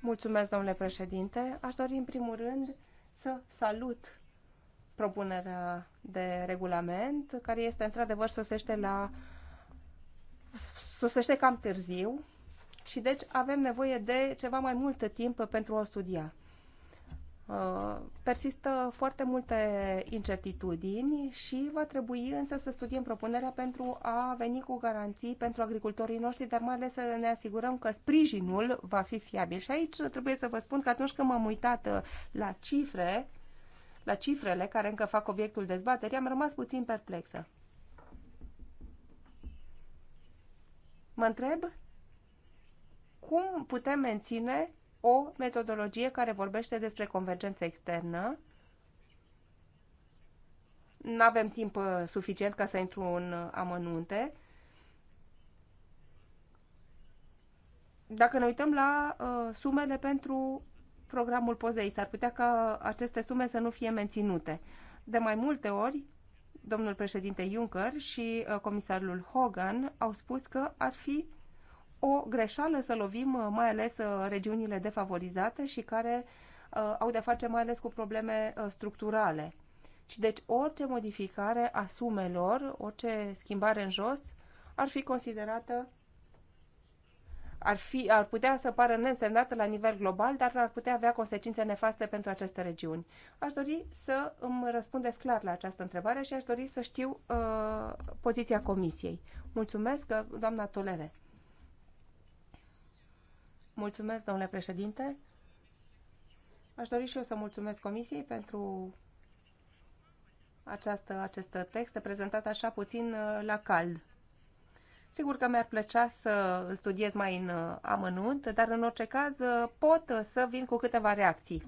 Mulțumesc, domnule președinte. Aș dori, în primul rând, să salut propunerea de regulament, care este într-adevăr sosește la sosește cam târziu și deci avem nevoie de ceva mai mult timp pentru a studia. Uh, persistă foarte multe incertitudini și va trebui însă să studiem propunerea pentru a veni cu garanții pentru agricultorii noștri, dar mai ales să ne asigurăm că sprijinul va fi fiabil. Și aici trebuie să vă spun că atunci când m-am uitat uh, la cifre, la cifrele care încă fac obiectul dezbaterii, am rămas puțin perplexă. Mă întreb cum putem menține o metodologie care vorbește despre convergență externă. Nu avem timp uh, suficient ca să intru în uh, amănunte. Dacă ne uităm la uh, sumele pentru programul pozei. S-ar putea ca aceste sume să nu fie menținute. De mai multe ori, domnul președinte Juncker și uh, comisarul Hogan au spus că ar fi o greșeală să lovim uh, mai ales uh, regiunile defavorizate și care au de face mai ales cu probleme structurale. Și deci orice modificare a sumelor, orice schimbare în jos, ar fi considerată ar, fi, ar putea să pară neînsemnată la nivel global, dar ar putea avea consecințe nefaste pentru aceste regiuni. Aș dori să îmi răspundeți clar la această întrebare și aș dori să știu uh, poziția Comisiei. Mulțumesc, uh, doamna Tolere. Mulțumesc, domnule președinte. Aș dori și eu să mulțumesc Comisiei pentru această, acest text prezentat așa puțin uh, la cald. Sigur că mi-ar plăcea să îl studiez mai în uh, amănunt, dar în orice caz uh, pot uh, să vin cu câteva reacții.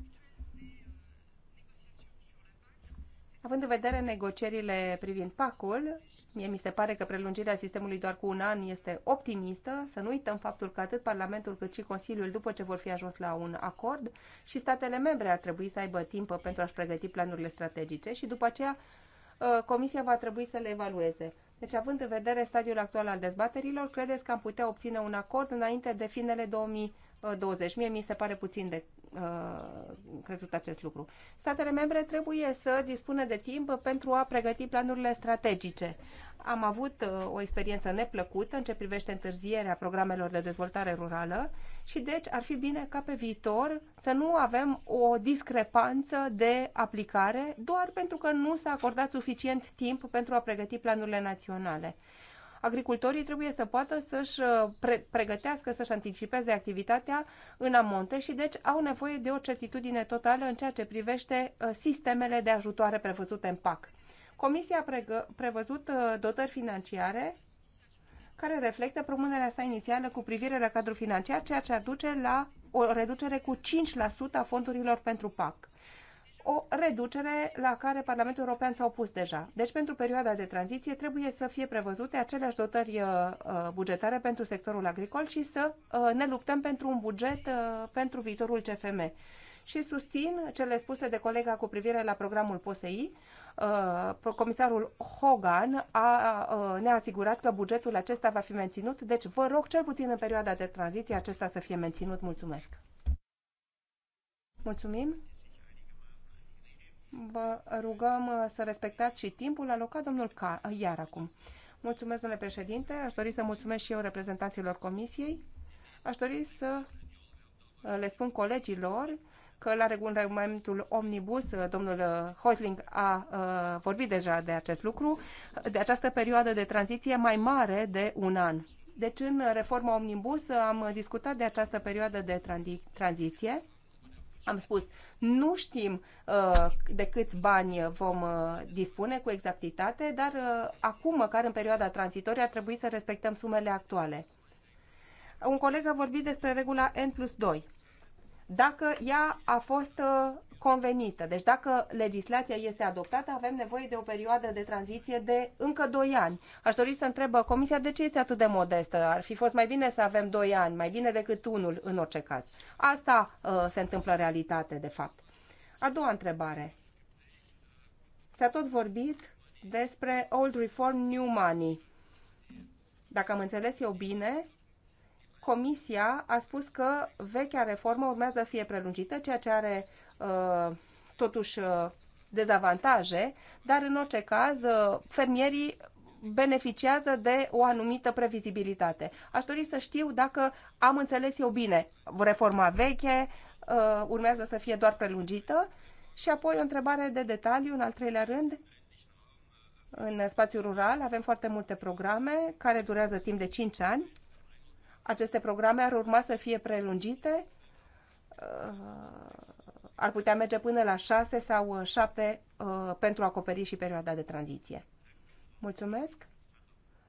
Având în vedere negocierile privind pacul, mie mi se pare că prelungirea sistemului doar cu un an este optimistă, să nu uităm faptul că atât Parlamentul cât și Consiliul, după ce vor fi ajuns la un acord, și statele membre ar trebui să aibă timp pentru a-și pregăti planurile strategice și după aceea Comisia va trebui să le evalueze. Deci, având în vedere stadiul actual al dezbaterilor, credeți că am putea obține un acord înainte de finele 2020? Mie mi se pare puțin de Uh, crezut acest lucru. Statele membre trebuie să dispună de timp pentru a pregăti planurile strategice. Am avut uh, o experiență neplăcută în ce privește întârzierea programelor de dezvoltare rurală și deci ar fi bine ca pe viitor să nu avem o discrepanță de aplicare doar pentru că nu s-a acordat suficient timp pentru a pregăti planurile naționale agricultorii trebuie să poată să-și uh, pre- pregătească, să-și anticipeze activitatea în amonte și deci au nevoie de o certitudine totală în ceea ce privește uh, sistemele de ajutoare prevăzute în PAC. Comisia a prevăzut uh, dotări financiare care reflectă propunerea sa inițială cu privire la cadrul financiar, ceea ce ar duce la o reducere cu 5% a fondurilor pentru PAC o reducere la care Parlamentul European s-a opus deja. Deci, pentru perioada de tranziție, trebuie să fie prevăzute aceleași dotări uh, bugetare pentru sectorul agricol și să uh, ne luptăm pentru un buget uh, pentru viitorul CFM. Și susțin cele spuse de colega cu privire la programul POSEI. Comisarul Hogan a, ne-a asigurat că bugetul acesta va fi menținut, deci vă rog cel puțin în perioada de tranziție acesta să fie menținut. Mulțumesc! Mulțumim! vă rugăm uh, să respectați și timpul alocat domnul Car uh, iar acum. Mulțumesc, domnule președinte. Aș dori să mulțumesc și eu reprezentanților comisiei. Aș dori să uh, le spun colegilor că la regulamentul Omnibus, domnul Hoisling a vorbit deja de acest lucru, de această perioadă de tranziție mai mare de un an. Deci în reforma Omnibus am discutat de această perioadă de tranziție am spus, nu știm uh, de câți bani vom uh, dispune cu exactitate, dar uh, acum, măcar în perioada tranzitorie, ar trebui să respectăm sumele actuale. Un coleg a vorbit despre regula N plus 2 dacă ea a fost uh, convenită. Deci dacă legislația este adoptată, avem nevoie de o perioadă de tranziție de încă 2 ani. Aș dori să întreb uh, Comisia de ce este atât de modestă. Ar fi fost mai bine să avem 2 ani, mai bine decât unul în orice caz. Asta uh, se întâmplă în realitate, de fapt. A doua întrebare. S-a tot vorbit despre old reform, new money. Dacă am înțeles eu bine, Comisia a spus că vechea reformă urmează să fie prelungită, ceea ce are uh, totuși uh, dezavantaje, dar în orice caz uh, fermierii beneficiază de o anumită previzibilitate. Aș dori să știu dacă am înțeles eu bine. Reforma veche uh, urmează să fie doar prelungită și apoi o întrebare de detaliu, în al treilea rând, în spațiul rural avem foarte multe programe care durează timp de 5 ani aceste programe ar urma să fie prelungite, uh, ar putea merge până la 6 sau 7 uh, uh, pentru a acoperi și perioada de tranziție. Mulțumesc,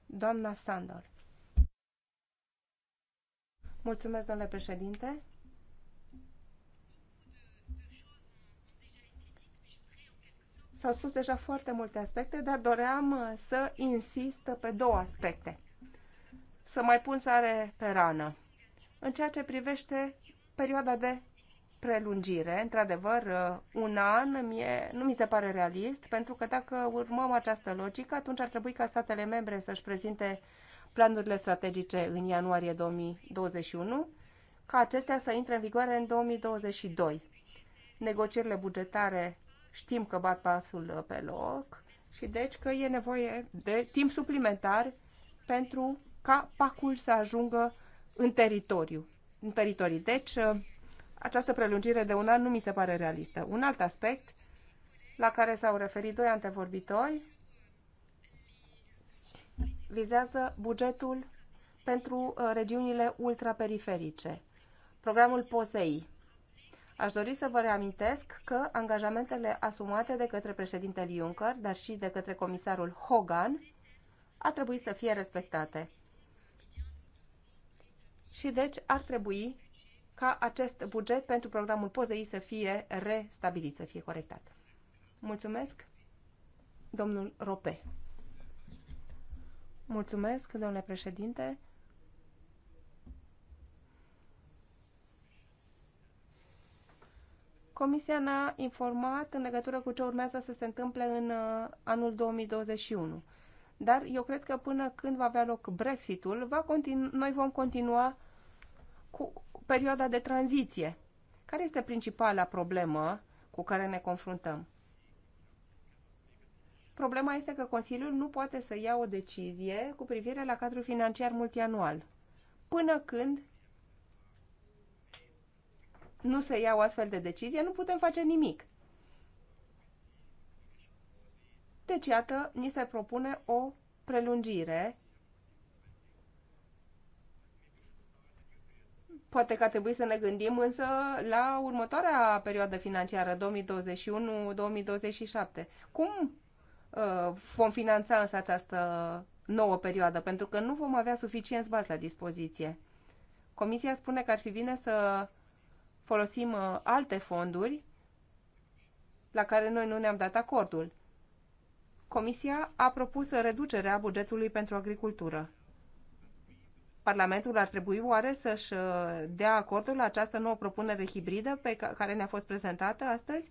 doamna Sandor. Mulțumesc, domnule președinte. S-au spus deja foarte multe aspecte, dar doream să insist pe două aspecte să mai pun sare pe rană. În ceea ce privește perioada de prelungire, într-adevăr, uh, un an mie, nu mi se pare realist, pentru că dacă urmăm această logică, atunci ar trebui ca statele membre să-și prezinte planurile strategice în ianuarie 2021, ca acestea să intre în vigoare în 2022. Negocierile bugetare știm că bat pasul uh, pe loc și deci că e nevoie de timp suplimentar pentru ca pacul să ajungă în teritoriu. În teritoriu. Deci, uh, această prelungire de un an nu mi se pare realistă. Un alt aspect la care s-au referit doi antevorbitori vizează bugetul pentru uh, regiunile ultraperiferice, programul POSEI. Aș dori să vă reamintesc că angajamentele asumate de către președintele Juncker, dar și de către comisarul Hogan, a trebuit să fie respectate și deci ar trebui ca acest buget pentru programul POZEI să fie restabilit, să fie corectat. Mulțumesc, domnul Rope. Mulțumesc, domnule președinte. Comisia ne-a informat în legătură cu ce urmează să se întâmple în uh, anul 2021. Dar eu cred că până când va avea loc Brexitul, va continu- noi vom continua cu perioada de tranziție. Care este principala problemă cu care ne confruntăm? Problema este că Consiliul nu poate să ia o decizie cu privire la cadrul financiar multianual până când nu se ia o astfel de decizie, nu putem face nimic. Deci, iată, ni se propune o prelungire. Poate că ar trebui să ne gândim însă la următoarea perioadă financiară, 2021-2027. Cum uh, vom finanța însă această nouă perioadă? Pentru că nu vom avea suficient bani la dispoziție. Comisia spune că ar fi bine să folosim uh, alte fonduri la care noi nu ne-am dat acordul. Comisia a propus reducerea bugetului pentru agricultură. Parlamentul ar trebui oare să-și uh, dea acordul la această nouă propunere hibridă pe care ne-a fost prezentată astăzi?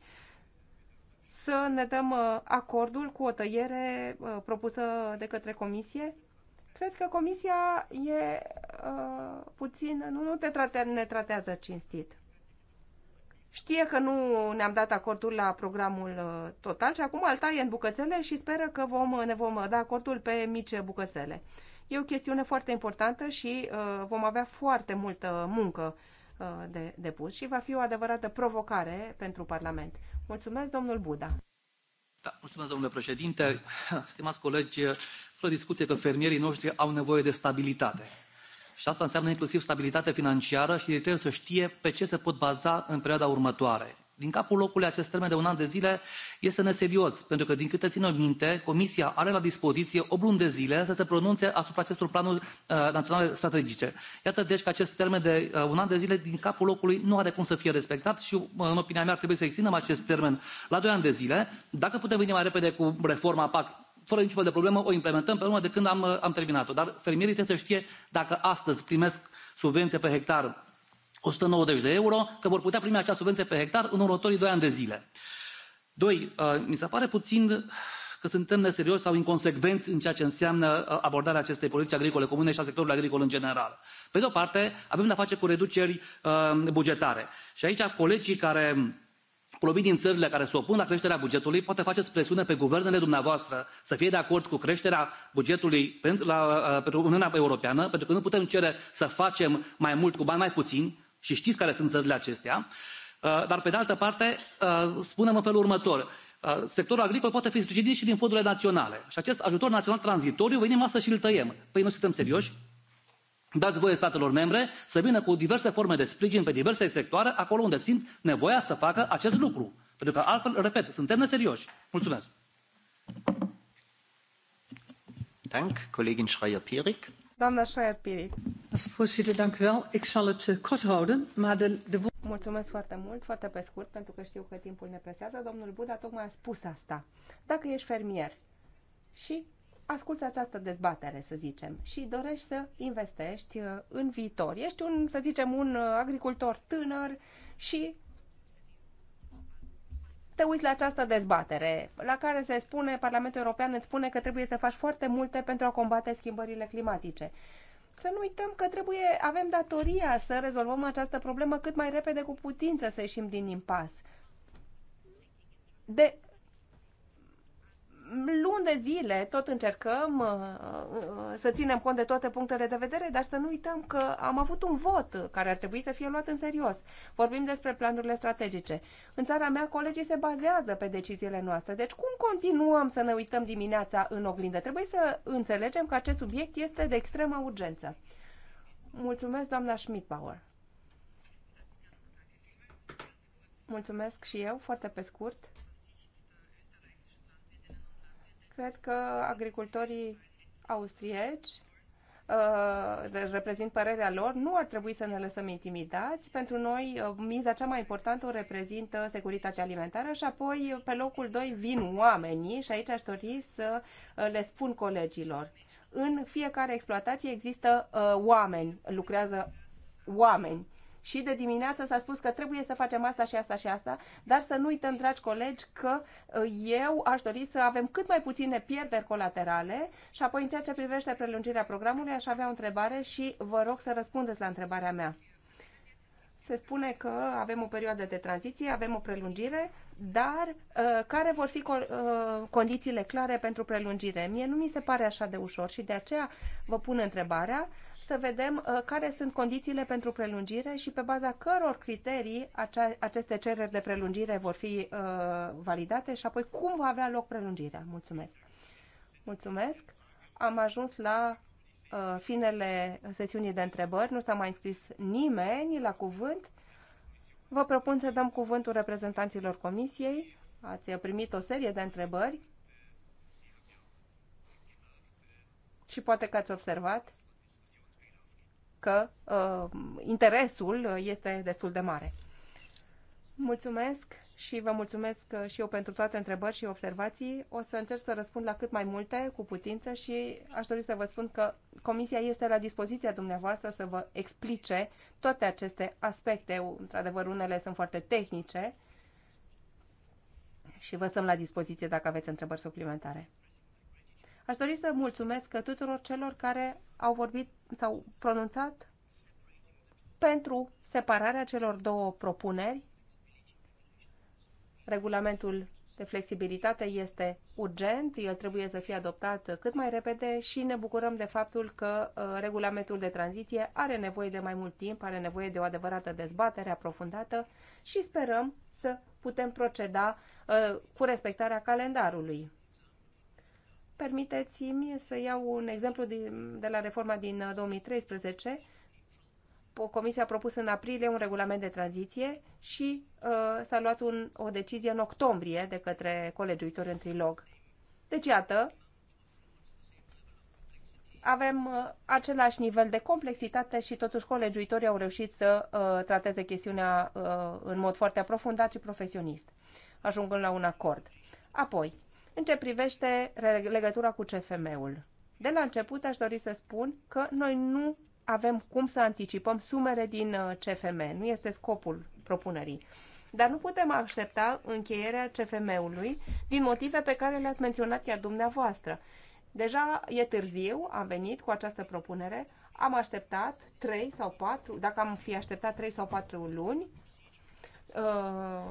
Să ne dăm uh, acordul cu o tăiere uh, propusă de către Comisie? Cred că Comisia e uh, puțin, nu, nu te trate, ne tratează cinstit. Știe că nu ne-am dat acordul la programul uh, total și acum îl taie în bucățele și speră că vom, ne vom uh, da acordul pe mici bucățele. E o chestiune foarte importantă și uh, vom avea foarte multă muncă uh, de depus și va fi o adevărată provocare pentru Parlament. Mulțumesc, domnul Buda. Da, mulțumesc, domnule președinte. Stimați colegi, fără discuție că fermierii noștri au nevoie de stabilitate și asta înseamnă inclusiv stabilitate financiară și ei trebuie să știe pe ce se pot baza în perioada următoare. Din capul locului, acest termen de un an de zile este neserios, pentru că, din câte țin eu minte, Comisia are la dispoziție 8 luni de zile să se pronunțe asupra acestor planuri uh, naționale strategice. Iată, deci, că acest termen de uh, un an de zile, din capul locului, nu are cum să fie respectat și, uh, în opinia mea, ar trebui să extindem acest termen la 2 ani de zile. Dacă putem veni mai repede cu reforma PAC, fără niciun fel de problemă o implementăm pe urmă de când am, am terminat o dar fermierii trebuie să știe dacă astăzi primesc subvenție pe hectar o sută nouăzeci de euro că vor putea primi acea subvenție pe hectar în următorii doi ani de zile. doi uh, mi se pare puțin că suntem neserioși sau inconsecvenți în ceea ce înseamnă uh, abordarea acestei politici agricole comune și a sectorului agricol în general. Pe de o parte, avem de-a face cu reduceri uh, bugetare. Și aici colegii care provin din țările care se opun la creșterea bugetului poate faceți presiune pe guvernele dumneavoastră să fie de acord cu creșterea bugetului uh, pentru uniunea europeană pentru că nu putem cere să facem mai mult cu bani mai puțini și știți care sunt țările acestea uh, dar pe de altă parte uh, spunem în felul următor sectorul agricol poate fi sprijinit și din fondurile naționale și acest ajutor național tranzitoriu venim astăzi și îl tăiem. păi nu suntem serioși? dați voie statelor membre să vină cu diverse forme de sprijin pe diverse sectoare acolo unde simt nevoia să facă acest lucru pentru că altfel repet suntem neserioși. mulțumesc. doamnă schreier pirik Voorzitter, dank u wel. Ik zal het eh, kort houden, maar de, de... Mulțumesc foarte mult, foarte pe scurt, pentru că știu că timpul ne presează. Domnul Buda tocmai a spus asta. Dacă ești fermier și asculți această dezbatere, să zicem, și dorești să investești uh, în viitor. Ești un, să zicem, un uh, agricultor tânăr și te uiți la această dezbatere, la care se spune, Parlamentul European îți spune că trebuie să faci foarte multe pentru a combate schimbările climatice. Să nu uităm că trebuie, avem datoria să rezolvăm această problemă cât mai repede cu putință să ieșim din impas. De luni de zile tot încercăm uh, uh, să ținem cont de toate punctele de vedere, dar să nu uităm că am avut un vot care ar trebui să fie luat în serios. Vorbim despre planurile strategice. În țara mea, colegii se bazează pe deciziile noastre. Deci cum continuăm să ne uităm dimineața în oglindă? Trebuie să înțelegem că acest subiect este de extremă urgență. Mulțumesc, doamna Schmidbauer. Mulțumesc și eu, foarte pe scurt cred că agricultorii austrieci uh, reprezint părerea lor, nu ar trebui să ne lăsăm intimidați. Pentru noi, uh, miza cea mai importantă o reprezintă securitatea alimentară și apoi, pe locul 2, vin oamenii și aici aș dori să uh, le spun colegilor. În fiecare exploatație există uh, oameni, lucrează oameni și de dimineață s-a spus că trebuie să facem asta și asta și asta, dar să nu uităm, dragi colegi, că uh, eu aș dori să avem cât mai puține pierderi colaterale și apoi în ceea ce privește prelungirea programului aș avea o întrebare și vă rog să răspundeți la întrebarea mea. Se spune că avem o perioadă de tranziție, avem o prelungire, dar uh, care vor fi co uh, condițiile clare pentru prelungire? Mie nu mi se pare așa de ușor și de aceea vă pun întrebarea. Uh, să vedem uh, care sunt condițiile pentru prelungire și pe baza căror criterii acea, aceste cereri de prelungire vor fi uh, validate și apoi cum va avea loc prelungirea. Mulțumesc! Mulțumesc! Am ajuns la uh, finele sesiunii de întrebări. Nu s-a mai înscris nimeni la cuvânt. Vă propun să dăm cuvântul reprezentanților comisiei. Ați primit o serie de întrebări și poate că ați observat că uh, interesul este destul de mare. Mulțumesc și vă mulțumesc uh, și eu pentru toate întrebări și observații. O să încerc să răspund la cât mai multe cu putință și aș dori să vă spun că comisia este la dispoziția dumneavoastră să vă explice toate aceste aspecte. Într-adevăr, unele sunt foarte tehnice și vă stăm la dispoziție dacă aveți întrebări suplimentare. Aș dori să mulțumesc tuturor celor care au vorbit, s-au pronunțat pentru separarea celor două propuneri. Regulamentul de flexibilitate este urgent, el trebuie să fie adoptat cât mai repede și ne bucurăm de faptul că uh, regulamentul de tranziție are nevoie de mai mult timp, are nevoie de o adevărată dezbatere aprofundată și sperăm să putem proceda uh, cu respectarea calendarului. Permiteți-mi să iau un exemplu de la reforma din 2013. Uh, Comisia a propus în aprilie un regulament de tranziție și uh, s-a luat un, o decizie în octombrie de către colegiuitori în trilog. Deci, iată, avem uh, același nivel de complexitate și totuși colegiuitorii au reușit să uh, trateze chestiunea uh, în mod foarte aprofundat și profesionist, ajungând la un acord. Apoi, în ce privește legătura cu CFM-ul. De la început aș dori să spun că noi nu avem cum să anticipăm sumele din uh, CFM. Nu este scopul propunerii. Dar nu putem aștepta încheierea CFM-ului din motive pe care le-ați menționat chiar dumneavoastră. Deja e târziu, am venit cu această propunere, am așteptat 3 sau 4, dacă am fi așteptat 3 sau 4 luni, uh,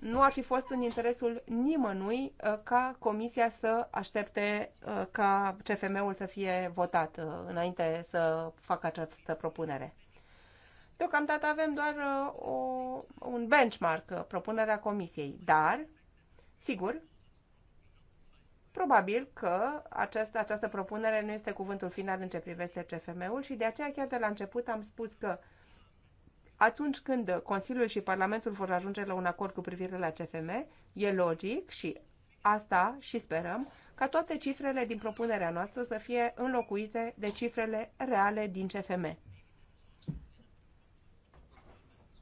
nu ar fi fost în interesul nimănui uh, ca Comisia să aștepte uh, ca CFM-ul să fie votat uh, înainte să facă această propunere. Deocamdată avem doar o, un benchmark, propunerea Comisiei, dar, sigur, Probabil că această, această propunere nu este cuvântul final în ce privește CFM-ul și de aceea chiar de la început am spus că atunci când Consiliul și Parlamentul vor ajunge la un acord cu privire la CFM, e logic și asta și sperăm ca toate cifrele din propunerea noastră să fie înlocuite de cifrele reale din CFM.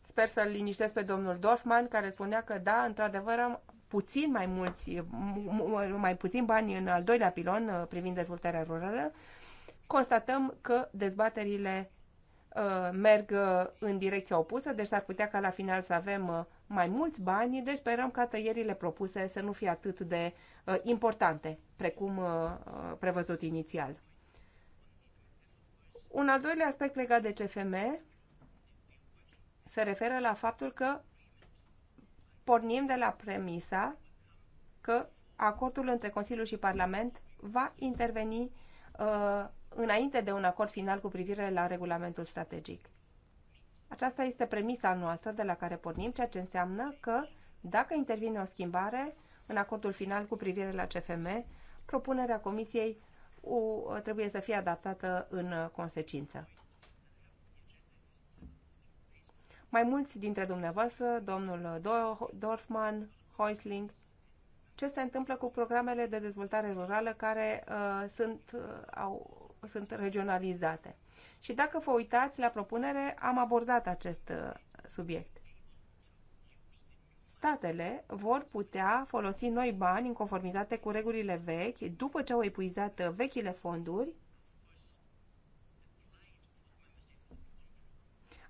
Sper să-l liniștesc pe domnul Dorfman, care spunea că da, într-adevăr am puțin mai mulți, mai puțin bani în al doilea pilon uh, privind dezvoltarea rurală, constatăm că dezbaterile Uh, merg uh, în direcția opusă, deci s-ar putea ca la final să avem uh, mai mulți bani, deci sperăm ca tăierile propuse să nu fie atât de importante precum prevăzut inițial. Un al doilea aspect legat de CFM se referă la faptul că pornim de la premisa că acordul între Consiliu și Parlament va interveni înainte de un acord final cu privire la regulamentul strategic. Aceasta este premisa noastră de la care pornim, ceea ce înseamnă că, dacă intervine o schimbare în acordul final cu privire la CFM, propunerea Comisiei trebuie să fie adaptată în consecință. Mai mulți dintre dumneavoastră, domnul Dorfman, Heusling, ce se întâmplă cu programele de dezvoltare rurală care uh, sunt, uh, au, sunt regionalizate. Și dacă vă uitați la propunere, am abordat acest uh, subiect. Statele vor putea folosi noi bani în conformitate cu regulile vechi, după ce au epuizat uh, vechile fonduri,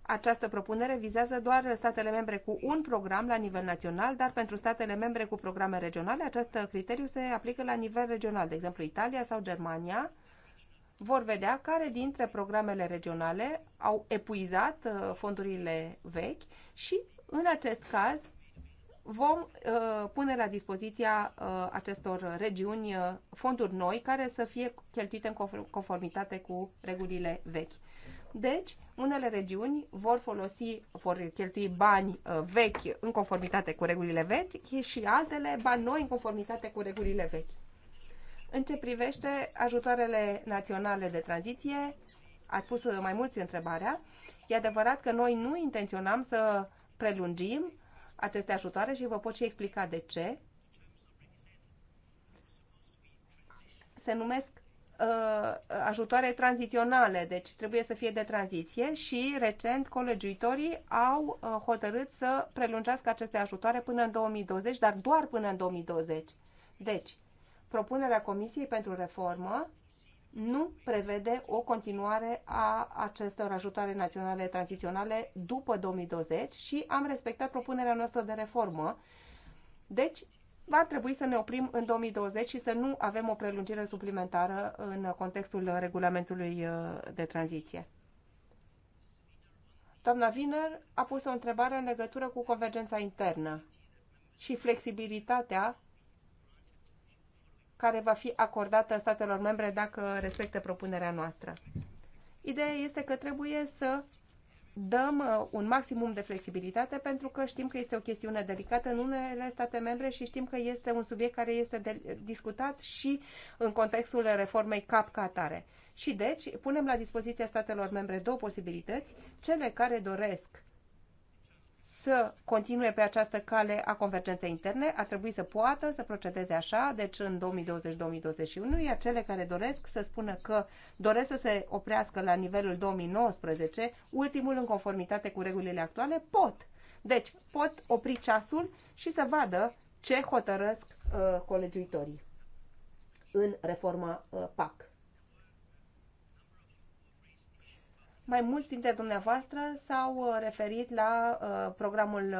Această propunere vizează doar statele membre cu un program la nivel național, dar pentru statele membre cu programe regionale, acest uh, criteriu se aplică la nivel regional, de exemplu Italia sau Germania, vor vedea care dintre programele regionale au epuizat uh, fondurile vechi și, în acest caz, vom uh, pune la dispoziția uh, acestor regiuni uh, fonduri noi care să fie cheltuite în conformitate cu regulile vechi. Deci, unele regiuni vor folosi, vor cheltui bani uh, vechi în conformitate cu regulile vechi și altele bani noi în conformitate cu regulile vechi. În ce privește ajutoarele naționale de tranziție, ați pus mai mulți întrebarea. E adevărat că noi nu intenționam să prelungim aceste ajutoare și vă pot și explica de ce. Se numesc uh, ajutoare tranziționale, deci trebuie să fie de tranziție și recent colegiuitorii au uh, hotărât să prelungească aceste ajutoare până în 2020, dar doar până în 2020. Deci, propunerea Comisiei pentru reformă nu prevede o continuare a acestor ajutoare naționale tranziționale după 2020 și am respectat propunerea noastră de reformă. Deci, va trebui să ne oprim în 2020 și să nu avem o prelungire suplimentară în contextul regulamentului uh, de tranziție. Doamna Viner a pus o întrebare în legătură cu convergența internă și flexibilitatea care va fi acordată statelor membre dacă respectă propunerea noastră. Ideea este că trebuie să dăm uh, un maximum de flexibilitate pentru că știm că este o chestiune delicată în unele state membre și știm că este un subiect care este de- discutat și în contextul reformei cap ca atare. Și deci punem la dispoziția statelor membre două posibilități, cele care doresc să continue pe această cale a convergenței interne, ar trebui să poată să procedeze așa, deci în 2020-2021, iar cele care doresc să spună că doresc să se oprească la nivelul 2019, ultimul în conformitate cu regulile actuale, pot. Deci pot opri ceasul și să vadă ce hotărăsc uh, colegiuitorii în reforma uh, PAC. Mai mulți dintre dumneavoastră s-au uh, referit la uh, programul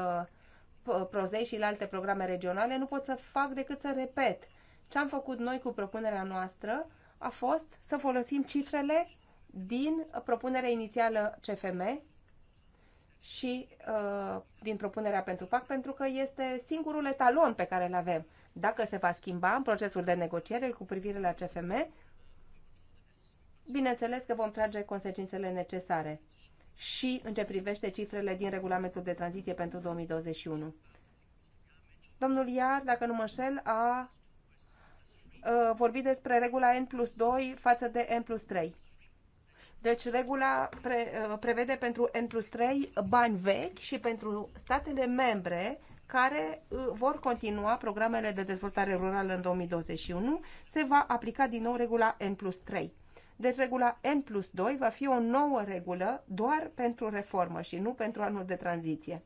uh, PROZEI și la alte programe regionale. Nu pot să fac decât să repet. Ce am făcut noi cu propunerea noastră a fost să folosim cifrele din propunerea inițială CFM și uh, din propunerea pentru PAC, pentru că este singurul etalon pe care îl avem. Dacă se va schimba în procesul de negociere cu privire la CFM, bineînțeles că vom trage consecințele necesare și în ce privește cifrele din regulamentul de tranziție pentru 2021. Domnul Iar, dacă nu mă șel, a vorbit despre regula N plus 2 față de N plus 3. Deci regula pre, prevede pentru N plus 3 bani vechi și pentru statele membre care vor continua programele de dezvoltare rurală în 2021, se va aplica din nou regula N plus 3. Deci regula N plus 2 va fi o nouă regulă doar pentru reformă și nu pentru anul de tranziție.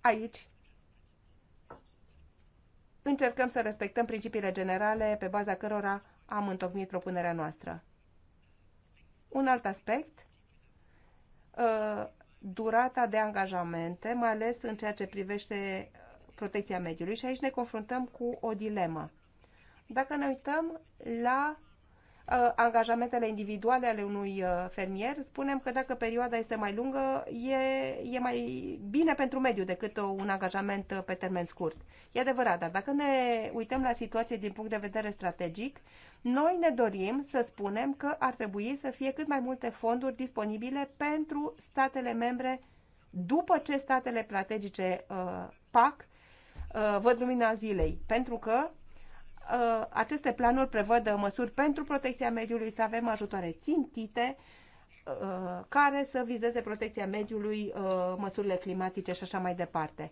Aici încercăm să respectăm principiile generale pe baza cărora am întocmit propunerea noastră. Un alt aspect, uh, durata de angajamente, mai ales în ceea ce privește protecția mediului și aici ne confruntăm cu o dilemă. Dacă ne uităm la Uh, angajamentele individuale ale unui uh, fermier, spunem că dacă perioada este mai lungă, e, e mai bine pentru mediu decât un angajament uh, pe termen scurt. E adevărat, dar dacă ne uităm la situație din punct de vedere strategic, noi ne dorim să spunem că ar trebui să fie cât mai multe fonduri disponibile pentru statele membre după ce statele strategice uh, PAC uh, văd lumina zilei, pentru că Uh, aceste planuri prevăd uh, măsuri pentru protecția mediului, să avem ajutoare țintite uh, care să vizeze protecția mediului, măsurile climatice și așa mai departe.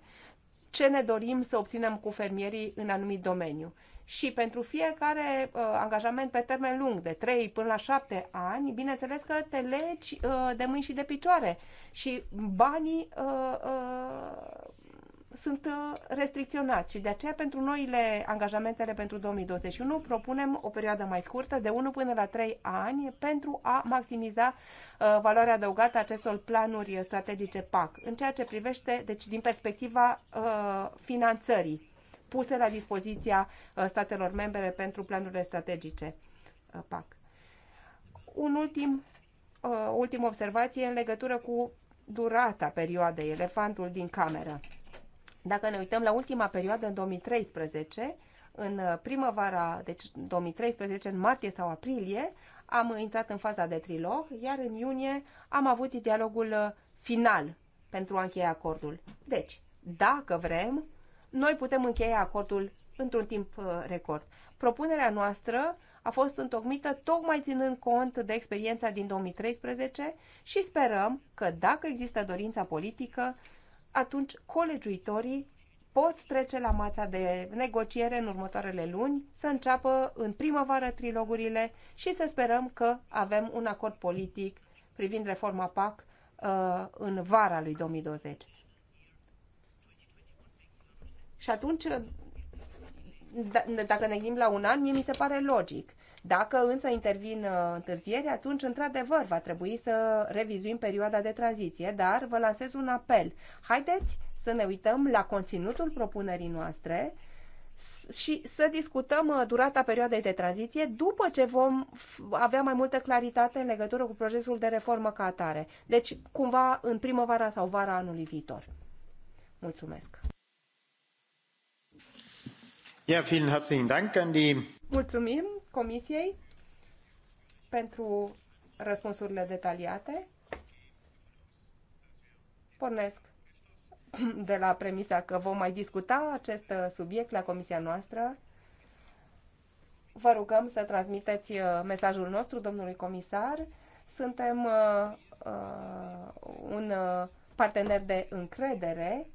Ce ne dorim să obținem cu fermierii în anumit domeniu? Și pentru fiecare angajament pe termen lung, de 3 până la 7 ani, bineînțeles că te legi de mâini și de picioare. Și banii sunt uh, restricționați și de aceea pentru noile angajamentele pentru 2021 propunem o perioadă mai scurtă de 1 până la 3 ani pentru a maximiza uh, valoarea adăugată a acestor planuri strategice PAC în ceea ce privește, deci din perspectiva uh, finanțării puse la dispoziția statelor membre pentru planurile strategice PAC. Un ultim, ultimă observație în legătură cu durata perioadei, elefantul din cameră. Dacă ne uităm la ultima perioadă, în 2013, în primăvara, deci 2013, în martie sau aprilie, am intrat în faza de trilog, iar în iunie am avut dialogul final pentru a încheia acordul. Deci, dacă vrem, noi putem încheia acordul într-un timp uh, record. Propunerea noastră a fost întocmită tocmai ținând cont de experiența din 2013 și sperăm că, dacă există dorința politică, atunci colegiuitorii pot trece la mața de negociere în următoarele luni, să înceapă în primăvară trilogurile și să sperăm că avem un acord politic privind reforma PAC uh, în vara lui 2020. Și atunci, da, dacă ne gândim la un an, mie mi se pare logic. Dacă însă intervin uh, întârzieri, atunci, într-adevăr, va trebui să revizuim perioada de tranziție, dar vă lansez un apel. Haideți să ne uităm la conținutul propunerii noastre și să discutăm uh, durata perioadei de tranziție după ce vom avea mai multă claritate în legătură cu procesul de reformă ca atare. Deci, cumva în primăvara sau vara anului viitor. Mulțumesc! Ja, vielen herzlichen Dank an die Mulțumim Comisiei pentru răspunsurile detaliate. Pornesc de la premisa că vom mai discuta acest uh, subiect la comisia noastră. Vă rugăm să transmiteți uh, mesajul nostru, domnului comisar. Suntem uh, uh un partener de încredere.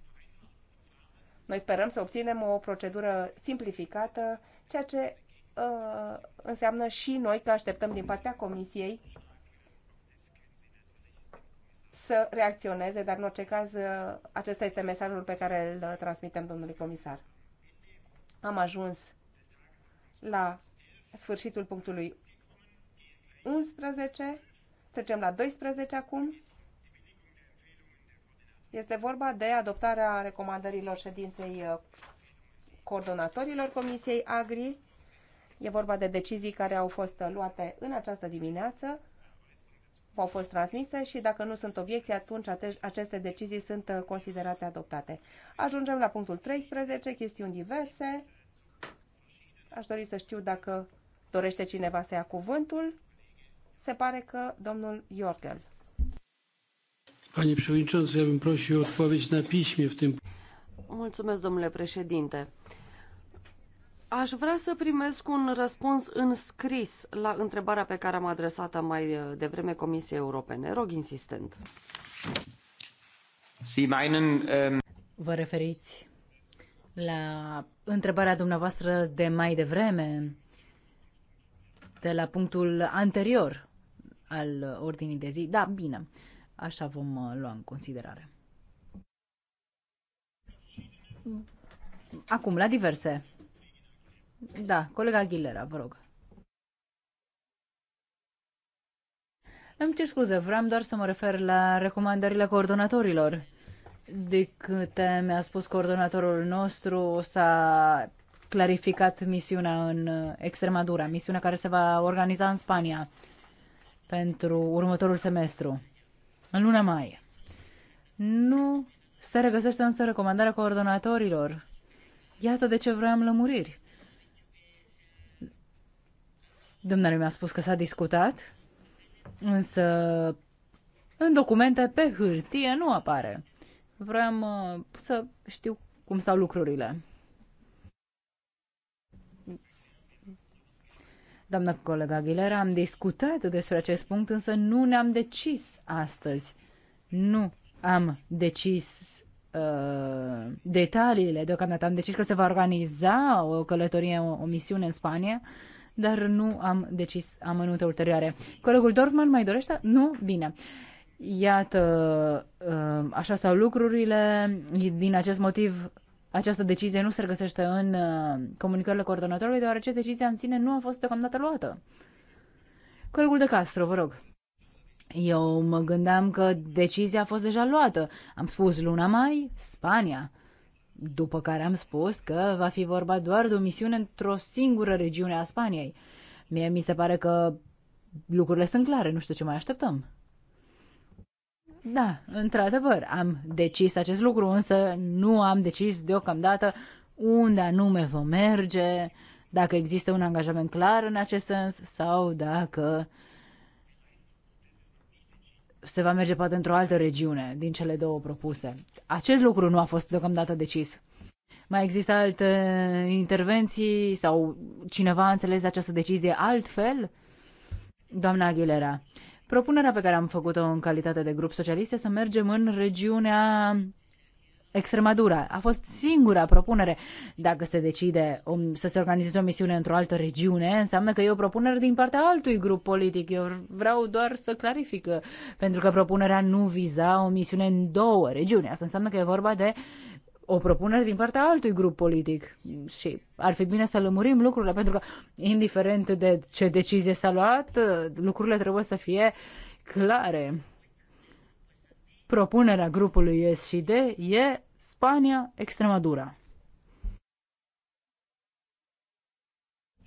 Noi sperăm să obținem o procedură simplificată, ceea ce Uh, înseamnă și noi că așteptăm din partea Comisiei să reacționeze, dar în orice caz uh, acesta este mesajul pe care îl uh, transmitem domnului comisar. Am ajuns la sfârșitul punctului 11, trecem la 12 acum. Este vorba de adoptarea recomandărilor ședinței coordonatorilor Comisiei Agri E vorba de decizii care au fost luate în această dimineață, au fost transmise și dacă nu sunt obiecții, atunci aceste decizii sunt uh, considerate adoptate. Ajungem la punctul 13, chestiuni diverse. Aș dori să știu dacă dorește cineva să ia cuvântul. Se pare că domnul Iorgel. Panie președinte, ja bym prosił o odpowiedź na piśmie w tym... Mulțumesc, domnule președinte. Aș vrea să primesc un răspuns în scris la întrebarea pe care am adresat-o mai uh, devreme Comisiei Europene. Rog insistent. Ähm, Vă referiți la întrebarea dumneavoastră de mai devreme, de la punctul anterior al ordinii de zi? Da, bine. Așa vom uh, lua în considerare. Acum, la diverse. Da, colega Aguilera, vă rog. Îmi cer scuze, vreau doar să mă refer la recomandările coordonatorilor. De câte mi-a spus coordonatorul nostru, s-a clarificat misiunea în Extremadura, misiunea care se va organiza în Spania pentru următorul semestru, în luna mai. Nu se regăsește însă recomandarea coordonatorilor. Iată de ce vreau lămuriri. Domnule mi-a spus că s-a discutat, însă în documente pe hârtie nu apare. Vreau uh, să știu cum stau lucrurile. Doamna colega Aguilera, am discutat despre acest punct, însă nu ne-am decis astăzi. Nu am decis uh, detaliile deocamdată. Am decis că se va organiza o călătorie, o, o misiune în Spania. Uh, dar nu am decis amănunte ulterioare. Colegul Dorfman mai dorește? Nu? Bine. Iată, uh, așa stau lucrurile. Din acest motiv, această decizie nu se regăsește în uh, comunicările coordonatorului, deoarece decizia în sine nu a fost deocamdată luată. Colegul de Castro, vă rog. Eu mă gândeam că decizia a fost deja luată. Am spus luna mai, Spania. După care am spus că va fi vorba doar de o misiune într-o singură regiune a Spaniei. Mie mi se pare că lucrurile sunt clare, nu știu ce mai așteptăm. Da, într-adevăr, am decis acest lucru, însă nu am decis deocamdată unde anume vom merge, dacă există un angajament clar în acest sens sau dacă uh, se va merge poate într-o altă regiune din cele două propuse. Acest lucru nu a fost deocamdată decis. Mai există alte intervenții sau cineva a înțeles această decizie altfel? Doamna Aguilera, propunerea pe care am făcut-o în calitate de grup socialist este să mergem în regiunea Extremadura. A fost singura propunere. Dacă se decide o, să se organizeze o misiune într-o altă regiune, înseamnă că e o propunere din partea altui grup politic. Eu vreau doar să clarific, pentru că propunerea nu viza o misiune în două regiuni. Asta înseamnă că e vorba de o propunere din partea altui grup politic și ar fi bine să lămurim lucrurile, pentru că, indiferent de ce decizie s-a luat, lucrurile trebuie să fie clare. Propunerea grupului SD e Spania-Extremadura.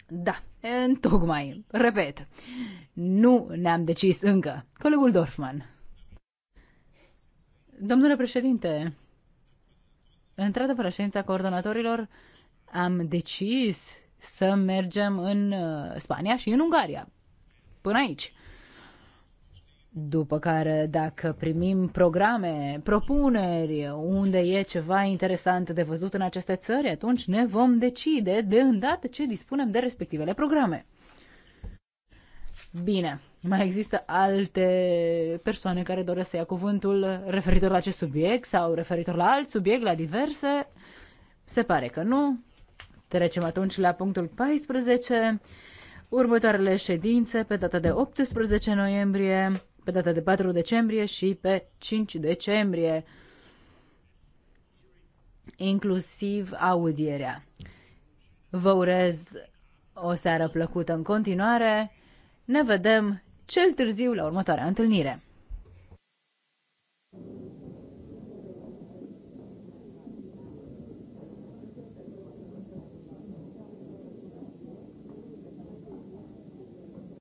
Da, întocmai, repet, nu ne-am decis încă. Colegul Dorfman. Domnule președinte, într-adevăr, ședința coordonatorilor am decis să mergem în uh, Spania și în Ungaria. Până aici. După care, dacă primim programe, propuneri, unde e ceva interesant de văzut în aceste țări, atunci ne vom decide de îndată ce dispunem de respectivele programe. Bine, mai există alte persoane care doresc să ia cuvântul referitor la acest subiect sau referitor la alt subiect, la diverse? Se pare că nu. Trecem atunci la punctul 14. Următoarele ședințe pe data de 18 noiembrie pe data de 4 decembrie și pe 5 decembrie, inclusiv audierea. Vă urez o seară plăcută în continuare. Ne vedem cel târziu la următoarea întâlnire.